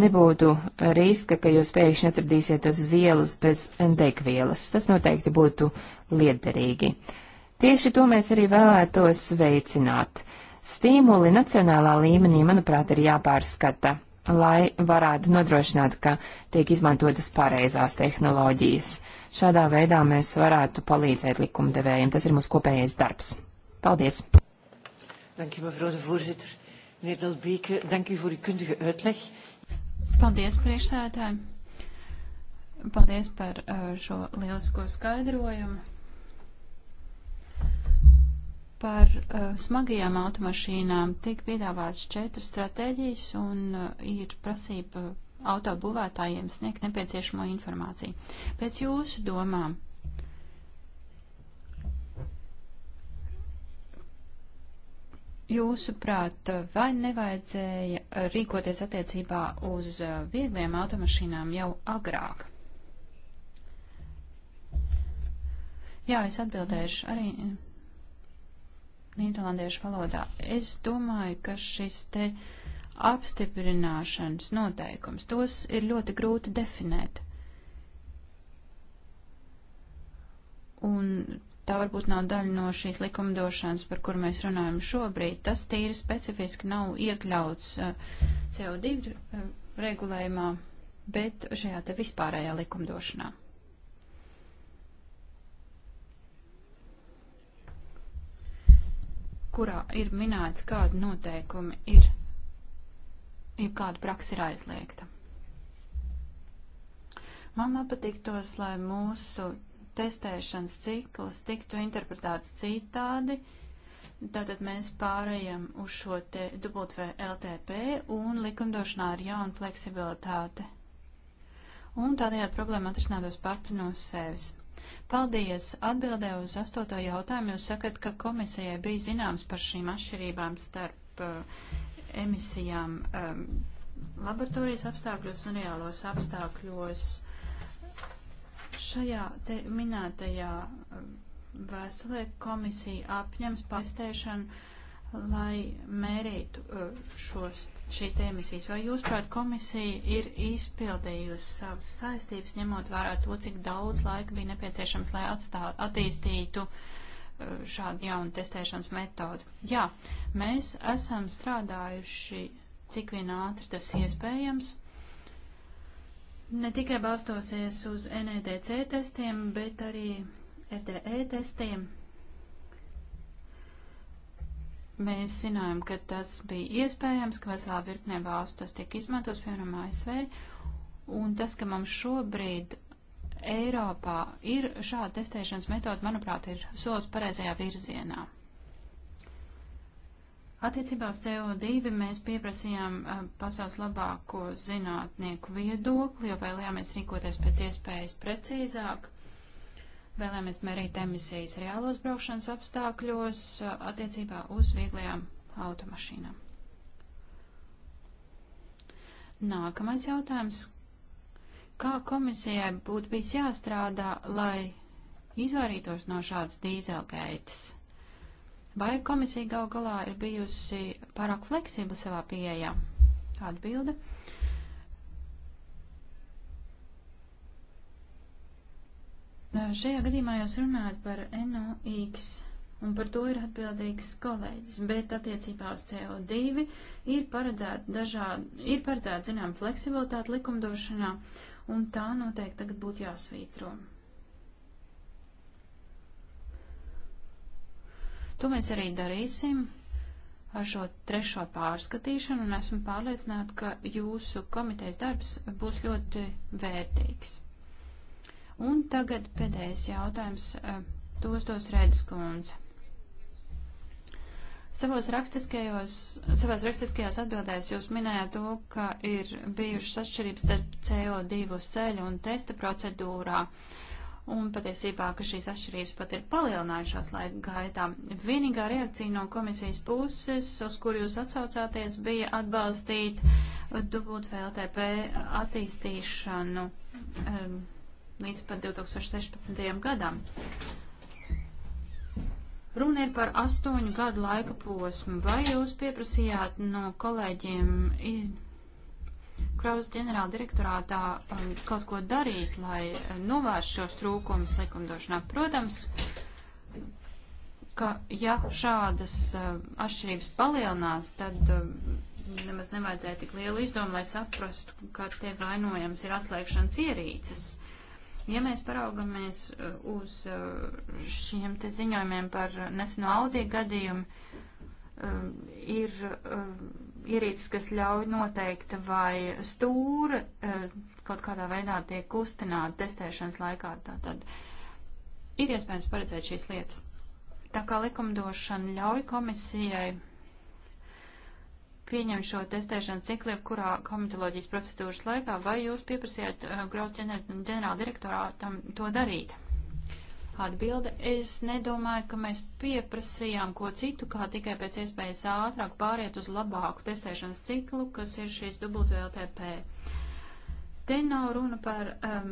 nebūtu riska, ka jūs pēkšņi atradīsieties uz ielas bez degvielas. Tas noteikti būtu liederīgi. Tieši to mēs arī vēlētos veicināt. Stīmuli nacionālā līmenī, manuprāt, ir jāpārskata, lai varētu nodrošināt, ka tiek izmantotas pareizās tehnoloģijas. Šādā veidā mēs varētu palīdzēt likumdevējiem. Tas ir mūsu kopējais darbs. Paldies! Dank u, mevrouw de voorzitter. Meneer Delbeke, dank u voor uw kundige uitleg. Paldies, priekšsēdētāji. Paldies par eh, šo lielisko skaidrojumu. Par uh, smagajām automašīnām tiek piedāvāts četras stratēģijas un uh, ir prasība autobūvētājiem sniegt nepieciešamo informāciju. Pēc jūsu domām, Jūsuprāt, vai nevajadzēja rīkoties attiecībā uz viegliem automašīnām jau agrāk? Jā, es atbildēšu arī nīderlandiešu valodā. Es domāju, ka šis te apstiprināšanas noteikums, tos ir ļoti grūti definēt. Un tā varbūt nav daļa no šīs likumdošanas, par kuru mēs runājam šobrīd. Tas tīri specifiski nav iekļauts eh, CO2 eh, regulējumā, bet šajā te vispārējā likumdošanā. kurā ir minēts, kādi noteikumi ir, ja kāda praksa ir aizliegta. Man patīk tos, lai mūsu testēšanas cikls tiktu interpretēts citādi. Tātad mēs pārējām uz šo te WLTP un likumdošanā ir jauna fleksibilitāte. Un tādējādi problēma atrisinātos pati no sevis. Paldies! Atbildē uz astoto jautājumu jūs sakat, ka komisijai bija zināms par šīm atšķirībām starp uh, emisijām um, laboratorijas apstākļos un reālos apstākļos. Šajā te minētajā um, vēstulē komisija apņems pārstēšanu, lai mērītu uh, šos, šīs te emisijas. Vai jūs, prāt, komisija ir izpildījusi savas saistības, ņemot vērā to, cik daudz laika bija nepieciešams, lai atstā, attīstītu uh, šādu jaunu testēšanas metodu? Jā, mēs esam strādājuši cik vien ātri tas iespējams. Mm ne tikai balstosies uz NEDC testiem, bet arī RDE testiem. Mēs zinājām, ka tas bija iespējams, ka veselā virknē valstu tas tiek izmantots, piemēram, ASV, un tas, ka mums šobrīd Eiropā ir šāda testēšanas metode, manuprāt, ir solis pareizajā virzienā. Attiecībā uz CO2 mēs pieprasījām pasaules labāko zinātnieku viedokli, jo vēlējāmies rīkoties pēc iespējas precīzāk, vēlējāmies mērīt emisijas reālos braukšanas apstākļos attiecībā uz vieglajām automašīnām. Nākamais jautājums. Kā komisijai būtu bijis jāstrādā, lai izvairītos no šādas dīzelgaitas? Vai komisija gal galā ir bijusi pārāk fleksibla savā pieejā? Atbilde. Šajā gadījumā jūs runājat par NOx, un par to ir atbildīgs kolēģis, bet attiecībā uz CO2 ir paredzēta dažādi, ir paredzēta, zinām, fleksibilitāte likumdošanā, un tā noteikti tagad būtu jāsvītro. To mēs arī darīsim ar šo trešo pārskatīšanu, un esmu pārliecināta, ka jūsu komitejas darbs būs ļoti vērtīgs. Un tagad pēdējais jautājums eh, tos tos redz kundze. Savos rakstiskajos, savās rakstiskajās atbildēs jūs minējāt to, ka ir bijušas atšķirības starp CO2 ceļu un testa procedūrā. Uh, un patiesībā, ka šīs atšķirības pat ir palielinājušās laika gaitā. Vienīgā reakcija no komisijas puses, uz kur jūs atsaucāties, bija atbalstīt dubult VLTP attīstīšanu um, līdz pat 2016. gadam. Runa ir par astoņu gadu laika posmu. Vai jūs pieprasījāt no kolēģiem? Kraus ģenerāla direktorātā um, kaut ko darīt, lai uh, novērst šos trūkumus likumdošanā. Protams, ka ja šādas uh, atšķirības palielinās, tad uh, nemaz nevajadzēja tik lielu izdomu, lai saprastu, ka te vainojams ir atslēgšanas ierīces. Ja mēs paraugamies uh, uz uh, šiem te ziņojumiem par neseno audiju gadījumu, um, ir um, ierīces, kas ļauj noteikt, vai stūra eh, kaut kādā veidā tiek kustināta testēšanas laikā. Tātad ir iespējams paredzēt šīs lietas. Tā kā likumdošana ļauj komisijai pieņem šo testēšanas ciklu, kurā komitoloģijas procedūras laikā, vai jūs pieprasījāt uh, eh, Graus ģenerāla direktorātam to darīt? Atbilde. Es nedomāju, ka mēs pieprasījām ko citu, kā tikai pēc iespējas ātrāk pāriet uz labāku testēšanas ciklu, kas ir šīs dubults VLTP. Te nav runa par um,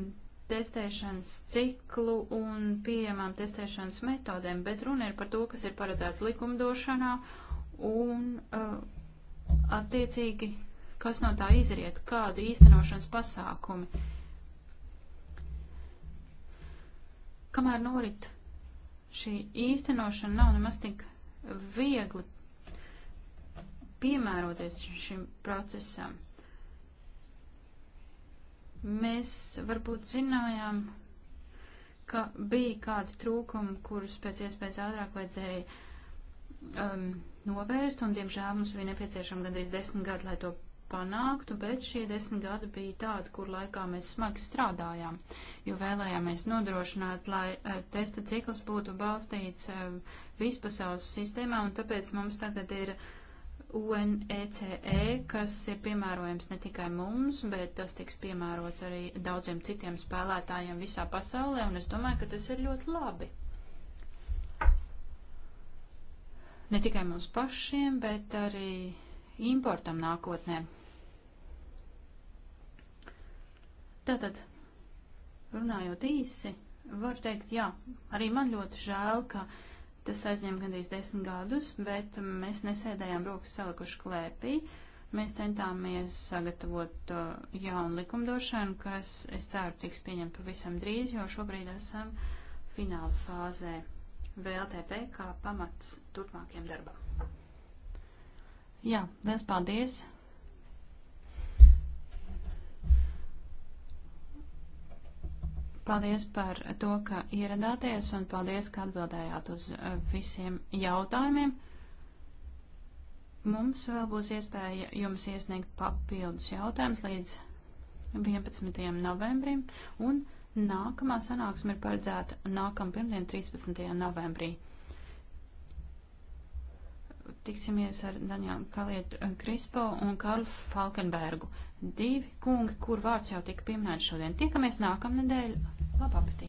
testēšanas ciklu un pieejamām testēšanas metodēm, bet runa ir par to, kas ir paredzēts likumdošanā un uh, attiecīgi, kas no tā izriet, kādi īstenošanas pasākumi. Kamēr norit šī īstenošana, nav nemaz tik viegli piemēroties šim procesam. Mēs varbūt zinājām, ka bija kādi trūkumi, kurus pēc iespējas ātrāk vajadzēja um, novērst, un diemžēl mums bija nepieciešama gandrīz desmit gadi, lai to panāktu, bet šie desmit gadi bija tādi, kur laikā mēs smagi strādājām, jo vēlējāmies nodrošināt, lai e, testa cikls būtu balstīts e, vispasaules sistēmā, un tāpēc mums tagad ir UNECE, e, kas ir piemērojams ne tikai mums, bet tas tiks piemērots arī daudziem citiem spēlētājiem visā pasaulē, un es domāju, ka tas ir ļoti labi. Ne tikai mums pašiem, bet arī importam nākotnē. Tātad, runājot īsi, var teikt, jā, arī man ļoti žēl, ka tas aizņem gandrīz desmit gadus, bet mēs nesēdējām rokas salikuši klēpī. Mēs centāmies sagatavot uh, jaunu likumdošanu, kas, es ceru, tiks pieņemta pavisam drīz, jo šobrīd esam fināla fāzē VLTP kā pamats turpmākiem darbam. Jā, liels paldies! Paldies par to, ka ieradāties un paldies, ka atbildējāt uz eh, visiem jautājumiem. Mums vēl būs iespēja jums iesniegt papildus jautājumus līdz 11. novembrim, un nākamā sanāksme ir paredzēta nākamā pirmdien, 13. novembrī. Tiksimies ar Danielu Kalietu eh, Krispo un Karlu Falkenbergu divi kungi, kur vārds jau tika pieminēts šodien. Tiekamies nākamnedēļ Labu apetīti!